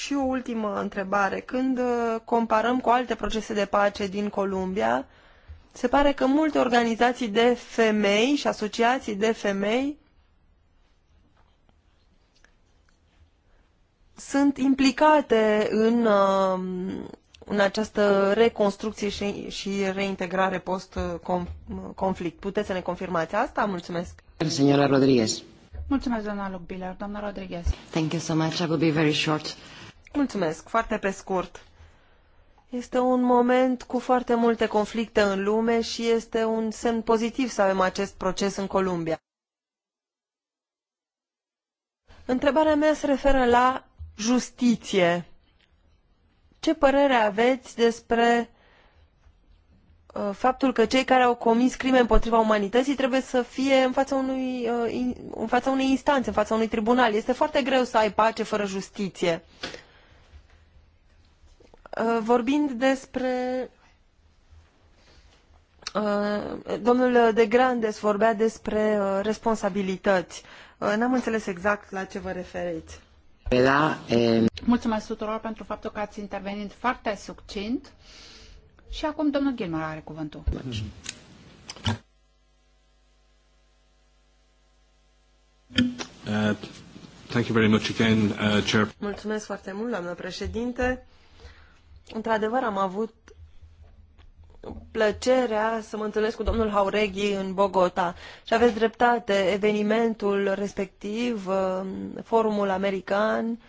D: Și o ultimă întrebare. Când uh, comparăm cu alte procese de pace din Columbia, se pare că multe organizații de femei și asociații de femei sunt implicate în, um, în această reconstrucție și, și reintegrare post-conflict. Puteți să ne confirmați asta? Mulțumesc.
A: Señora Rodríguez.
D: Mulțumesc, doamna Lucbiler. Doamna Rodriguez.
A: Thank you so much. I will
D: be very short. Mulțumesc, foarte pe scurt. Este un moment cu foarte multe conflicte în lume și este un semn pozitiv să avem acest proces în Columbia. Întrebarea mea se referă la justiție. Ce părere aveți despre uh, faptul că cei care au comis crime împotriva umanității trebuie să fie în fața, unui, uh, în fața unei instanțe, în fața unui tribunal. Este foarte greu să ai pace fără justiție. Uh, vorbind despre uh, domnul de Grandes vorbea despre uh, responsabilități. N-am înțeles exact la ce vă referiți.
A: Da, e... Eh,
C: Mulțumesc tuturor pentru faptul că ați intervenit foarte succint. Și acum domnul Gilmar are cuvântul. Uh,
D: thank you very much again, uh, Mulțumesc foarte mult, doamnă președinte. Într-adevăr, am avut plăcerea să mă întâlnesc cu domnul Haureghi în Bogota. Și aveți dreptate, evenimentul respectiv, uh, forumul american,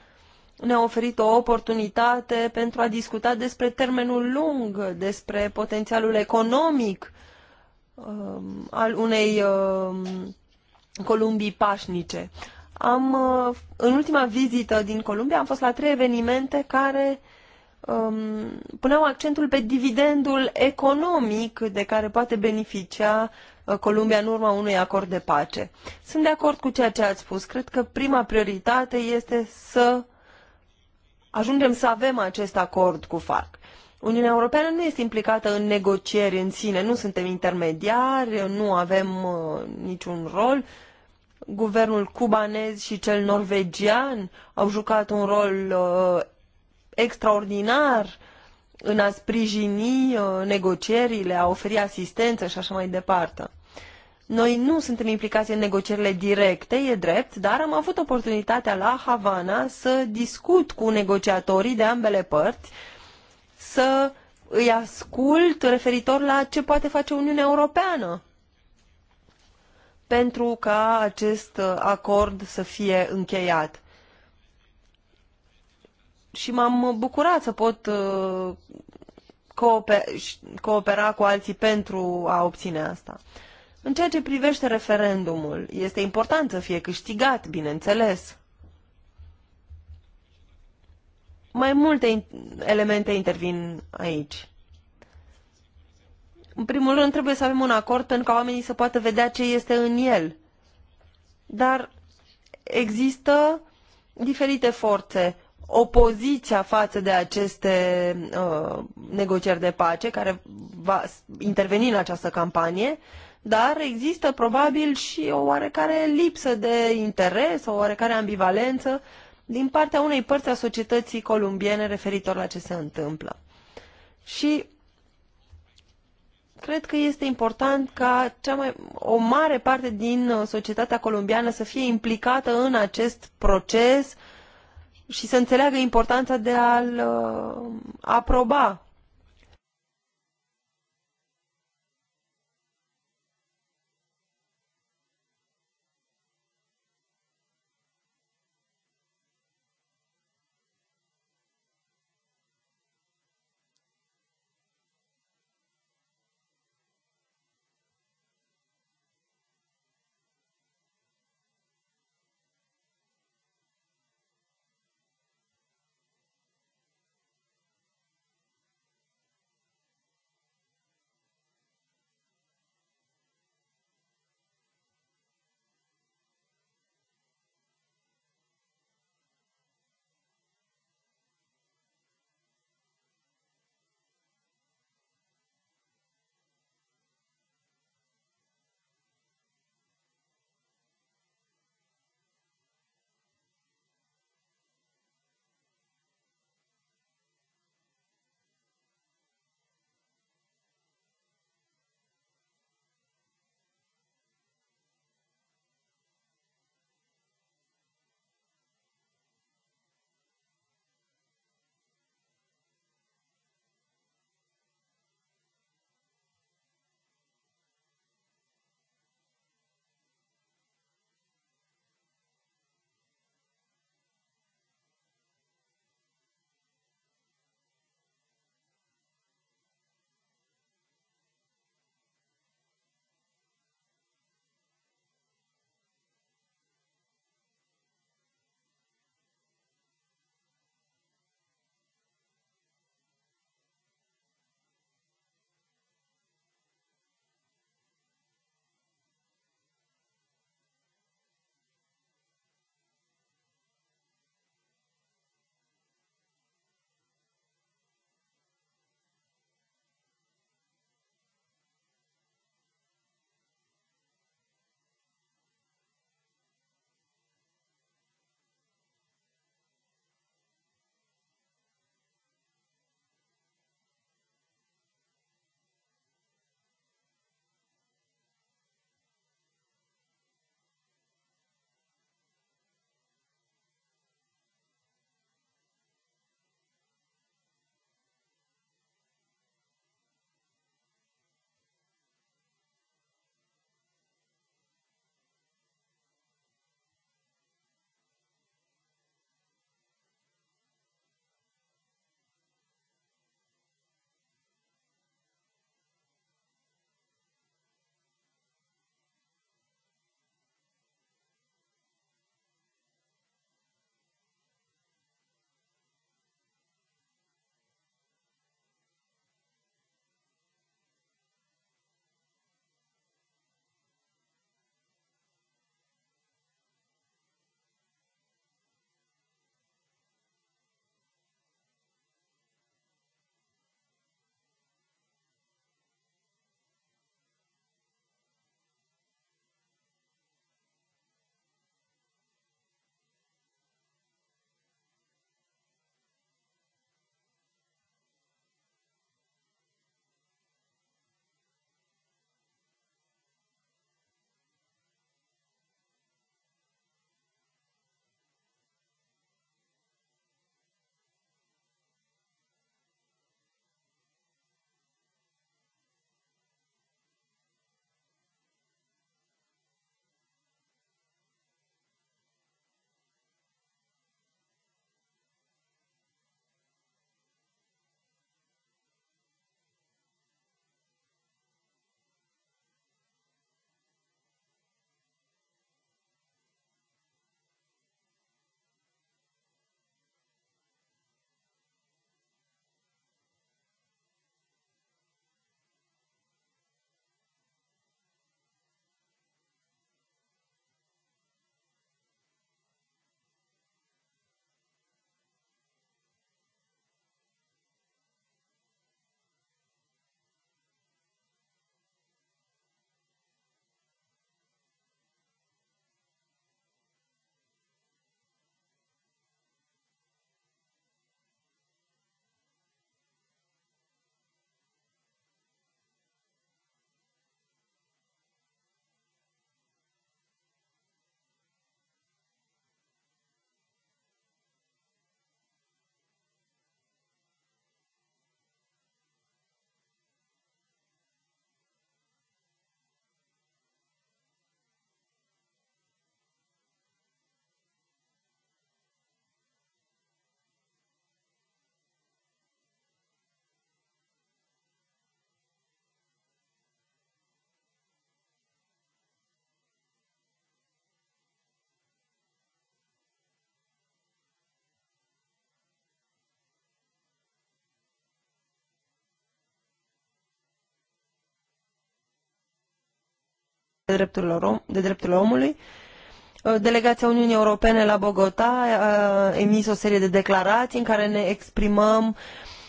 D: ne-a oferit o oportunitate pentru a discuta despre termenul lung, despre potențialul economic um, al unei um, Columbii pașnice. Am, uh, în ultima vizită din Columbia am fost la trei evenimente care uh, um, puneau accentul pe dividendul economic de care poate beneficia uh, Columbia în urma unui acord de pace. Sunt de acord cu ceea ce ați spus. Cred că prima prioritate este să ajungem să avem acest acord cu FARC. Uniunea Europeană nu este implicată în negocieri în sine, nu suntem intermediari, nu avem uh, niciun rol. Guvernul cubanez și cel norvegian au jucat un rol uh, extraordinar în a sprijini uh, negocierile, a oferi asistență și așa mai departe. Noi nu suntem implicați în negocierile directe, e drept, dar am avut oportunitatea la Havana să discut cu negociatorii de ambele părți, să îi ascult referitor la ce poate face Uniunea Europeană pentru ca acest uh, acord să fie încheiat și m-am bucurat să pot uh, coopera cu alții pentru a obține asta. În ceea ce privește referendumul, este important să fie câștigat, bineînțeles. Mai multe elemente intervin aici. În primul rând, trebuie să avem un acord pentru ca oamenii să poată vedea ce este în el. Dar există diferite forțe opoziția față de aceste uh, negocieri de pace care va interveni în această campanie, dar există probabil și o oarecare lipsă de interes, o oarecare ambivalență din partea unei părți a societății columbiene referitor la ce se întâmplă. Și cred că este important ca cea mai, o mare parte din uh, societatea columbiană să fie implicată în acest proces și să înțeleagă importanța de a-l uh, aproba de drepturile, om, de drepturile omului. Uh, delegația Uniunii Europene la Bogota uh, a emis o serie de declarații în care ne exprimăm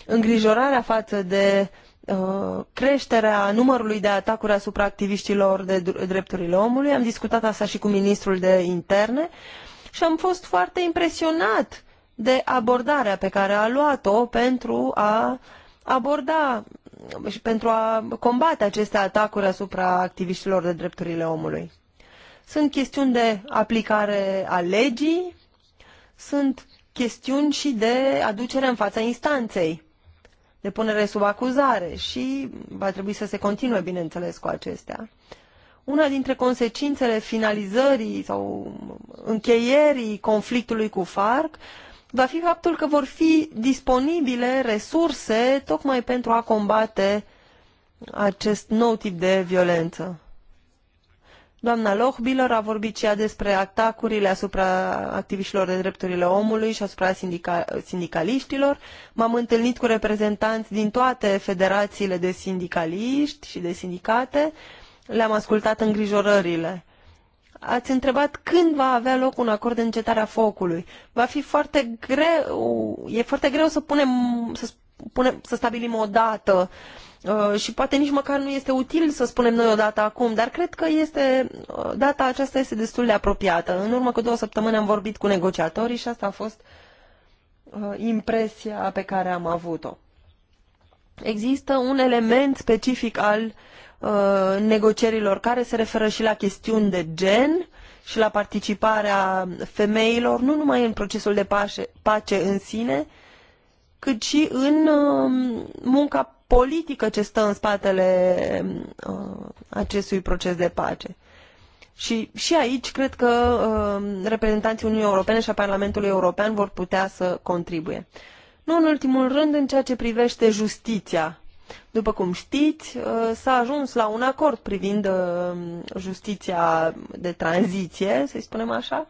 D: îngrijorarea față de uh, creșterea numărului de atacuri asupra activiștilor de drepturile omului. Am discutat asta și cu ministrul de interne și am fost foarte impresionat de abordarea pe care a luat-o pentru a aborda și pentru a combate aceste atacuri asupra activiștilor de drepturile omului. Sunt chestiuni de aplicare a legii, sunt chestiuni și de aducere în fața instanței, de punere sub acuzare și va trebui să se continue, bineînțeles, cu acestea. Una dintre consecințele finalizării sau încheierii conflictului cu FARC va fi faptul că vor fi disponibile resurse tocmai pentru a combate acest nou tip de violență. Doamna Lochbiller a vorbit și ea despre atacurile asupra activiștilor de drepturile omului și asupra sindica sindicaliștilor. M-am întâlnit cu reprezentanți din toate federațiile de sindicaliști și de sindicate. Le-am ascultat îngrijorările. Ați întrebat când va avea loc un acord de încetare a focului. Va fi foarte greu, e foarte greu să punem, să, punem, să stabilim o dată uh, și poate nici măcar nu este util să spunem noi o dată acum, dar cred că este, uh, data aceasta este destul de apropiată. În urmă cu două săptămâni am vorbit cu negociatorii și asta a fost uh, impresia pe care am avut-o. Există un element specific al Uh, negocierilor care se referă și la chestiuni de gen și la participarea femeilor, nu numai în procesul de pace, pace în sine, cât și în um, munca politică ce stă în spatele uh, acestui proces de pace. Și, și aici cred că uh, reprezentanții Uniunii Europene și a Parlamentului European vor putea să contribuie. Nu în ultimul rând în ceea ce privește justiția. După cum știți, uh, s-a ajuns la un acord privind uh, justiția de tranziție, să-i spunem așa.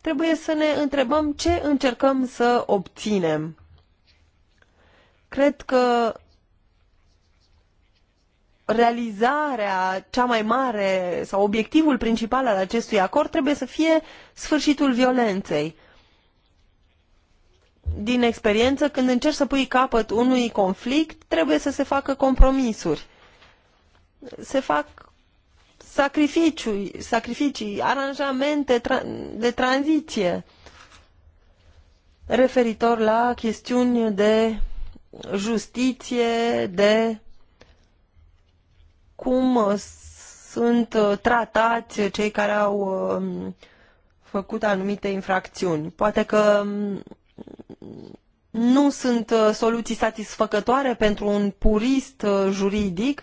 D: Trebuie să ne întrebăm ce încercăm să obținem. Cred că realizarea cea mai mare sau obiectivul principal al acestui acord trebuie să fie sfârșitul violenței din experiență, când încerci să pui capăt unui conflict, trebuie să se facă compromisuri. Se fac sacrificii, sacrificii aranjamente de tranziție referitor la chestiuni de justiție, de cum sunt tratați cei care au um, făcut anumite infracțiuni. Poate că um, nu sunt uh, soluții satisfăcătoare pentru un purist uh, juridic,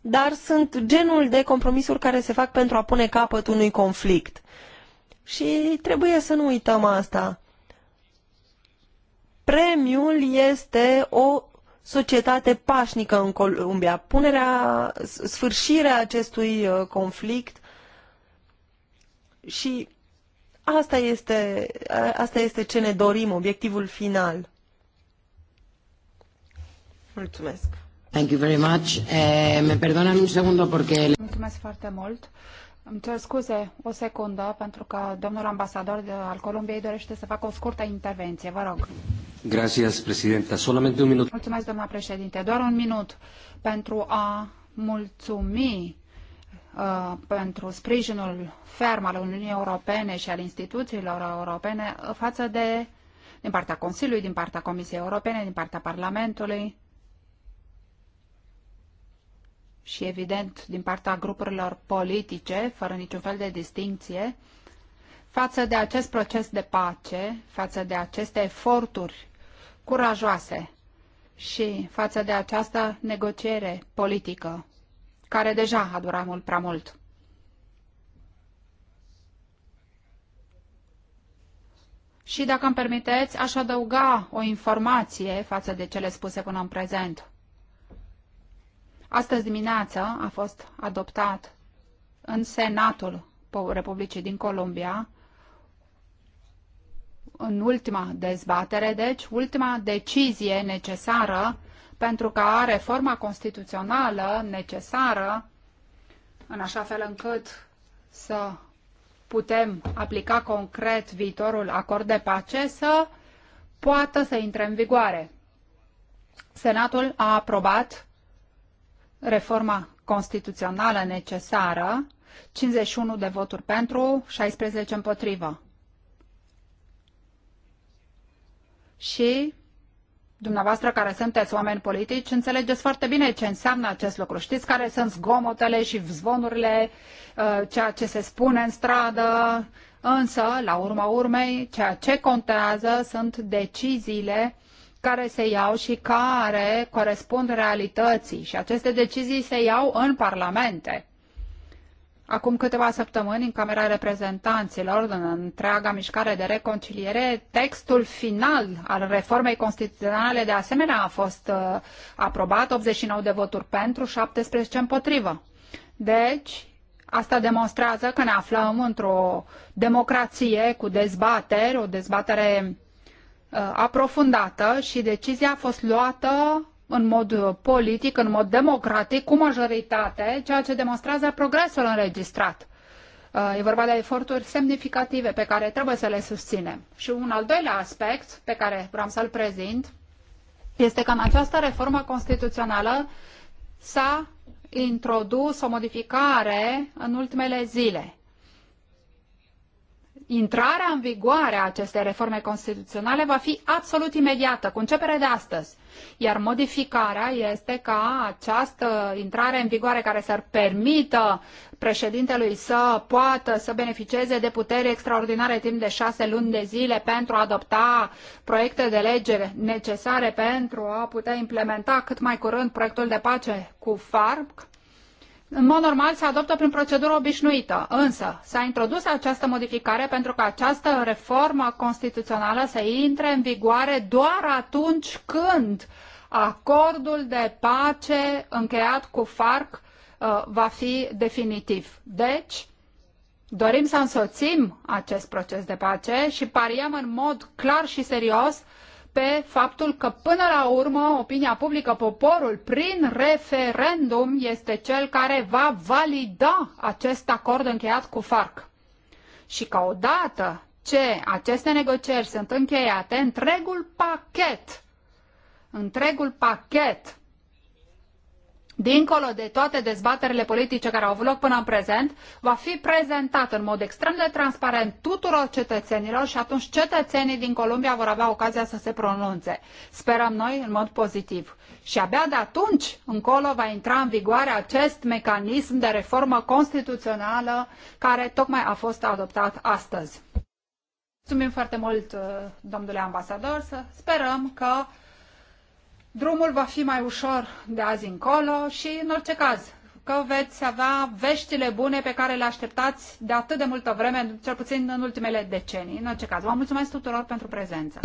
D: dar sunt genul de compromisuri care se fac pentru a pune capăt unui conflict. Și trebuie să nu uităm asta. Premiul este o societate pașnică în Columbia. Punerea, sfârșirea acestui uh, conflict și Asta este, asta este ce ne dorim, obiectivul final. Mulțumesc.
A: Thank you very much. Eh, me un segundo porque...
C: Mulțumesc foarte mult. Îmi cer scuze o secundă pentru că domnul ambasador de, al Columbiei dorește să facă o scurtă intervenție. Vă rog.
A: Gracias, presidenta. Solamente un minut.
C: Mulțumesc, doamna președinte. Doar un minut pentru a mulțumi uh, pentru sprijinul ferm al Uniunii Europene și al instituțiilor europene față de, din partea Consiliului, din partea Comisiei Europene, din partea Parlamentului și, evident, din partea grupurilor politice, fără niciun fel de distinție, față de acest proces de pace, față de aceste eforturi curajoase și față de această negociere politică care deja a durat mult prea mult. Și dacă îmi permiteți, aș adăuga o informație față de cele spuse până în prezent. Astăzi dimineață a fost adoptat în Senatul Republicii din Columbia, în ultima dezbatere, deci ultima decizie necesară pentru ca reforma constituțională necesară, în așa fel încât să putem aplica concret viitorul acord de pace, să poată să intre în vigoare. Senatul a aprobat reforma constituțională necesară, 51 de voturi pentru, 16 împotrivă. Și Dumneavoastră care sunteți oameni politici, înțelegeți foarte bine ce înseamnă acest lucru. Știți care sunt zgomotele și zvonurile, uh, ceea ce se spune în stradă, însă, la urma urmei, ceea ce contează sunt deciziile care se iau și care corespund realității. Și aceste decizii se iau în parlamente acum câteva săptămâni în Camera Reprezentanților, în întreaga mișcare de reconciliere, textul final al reformei constituționale de asemenea a fost uh, aprobat, 89 de voturi pentru, 17 împotrivă. Deci, asta demonstrează că ne aflăm într-o democrație cu dezbateri, o dezbatere uh, aprofundată și decizia a fost luată în mod uh, politic, în mod democratic, cu majoritate, ceea ce demonstrează progresul înregistrat. Uh, e vorba de eforturi semnificative pe care trebuie să le susținem. Și un al doilea aspect pe care vreau să-l prezint este că în această reformă constituțională s-a introdus o modificare în ultimele zile. Intrarea în vigoare a acestei reforme constituționale va fi absolut imediată, cu începere de astăzi iar modificarea este ca această intrare în vigoare care să-ar permită președintelui să poată să beneficieze de puteri extraordinare timp de șase luni de zile pentru a adopta proiecte de lege necesare pentru a putea implementa cât mai curând proiectul de pace cu FARC, în mod normal se adoptă prin procedură obișnuită, însă s-a introdus această modificare pentru că această reformă constituțională să intre în vigoare doar atunci când acordul de pace încheiat cu FARC uh, va fi definitiv. Deci, dorim să însoțim acest proces de pace și pariem în mod clar și serios uh, pe faptul că până la urmă opinia publică, poporul, prin referendum, este cel care va valida acest acord încheiat cu FARC. Și că odată ce aceste negocieri sunt încheiate, întregul pachet, întregul pachet dincolo de toate dezbaterile politice care au avut loc până în prezent, va fi prezentat în mod extrem de transparent tuturor cetățenilor și atunci cetățenii din Columbia vor avea ocazia să se pronunțe. Sperăm noi în mod pozitiv. Și abia de atunci încolo va intra în vigoare acest mecanism de reformă constituțională care tocmai a fost adoptat astăzi. Mulțumim foarte mult, domnule ambasador, să sperăm că Drumul va fi mai ușor de azi încolo și, în orice caz, că veți avea veștile bune pe care le așteptați de atât de multă vreme, cel puțin în ultimele decenii. În orice caz, vă mulțumesc tuturor pentru prezență.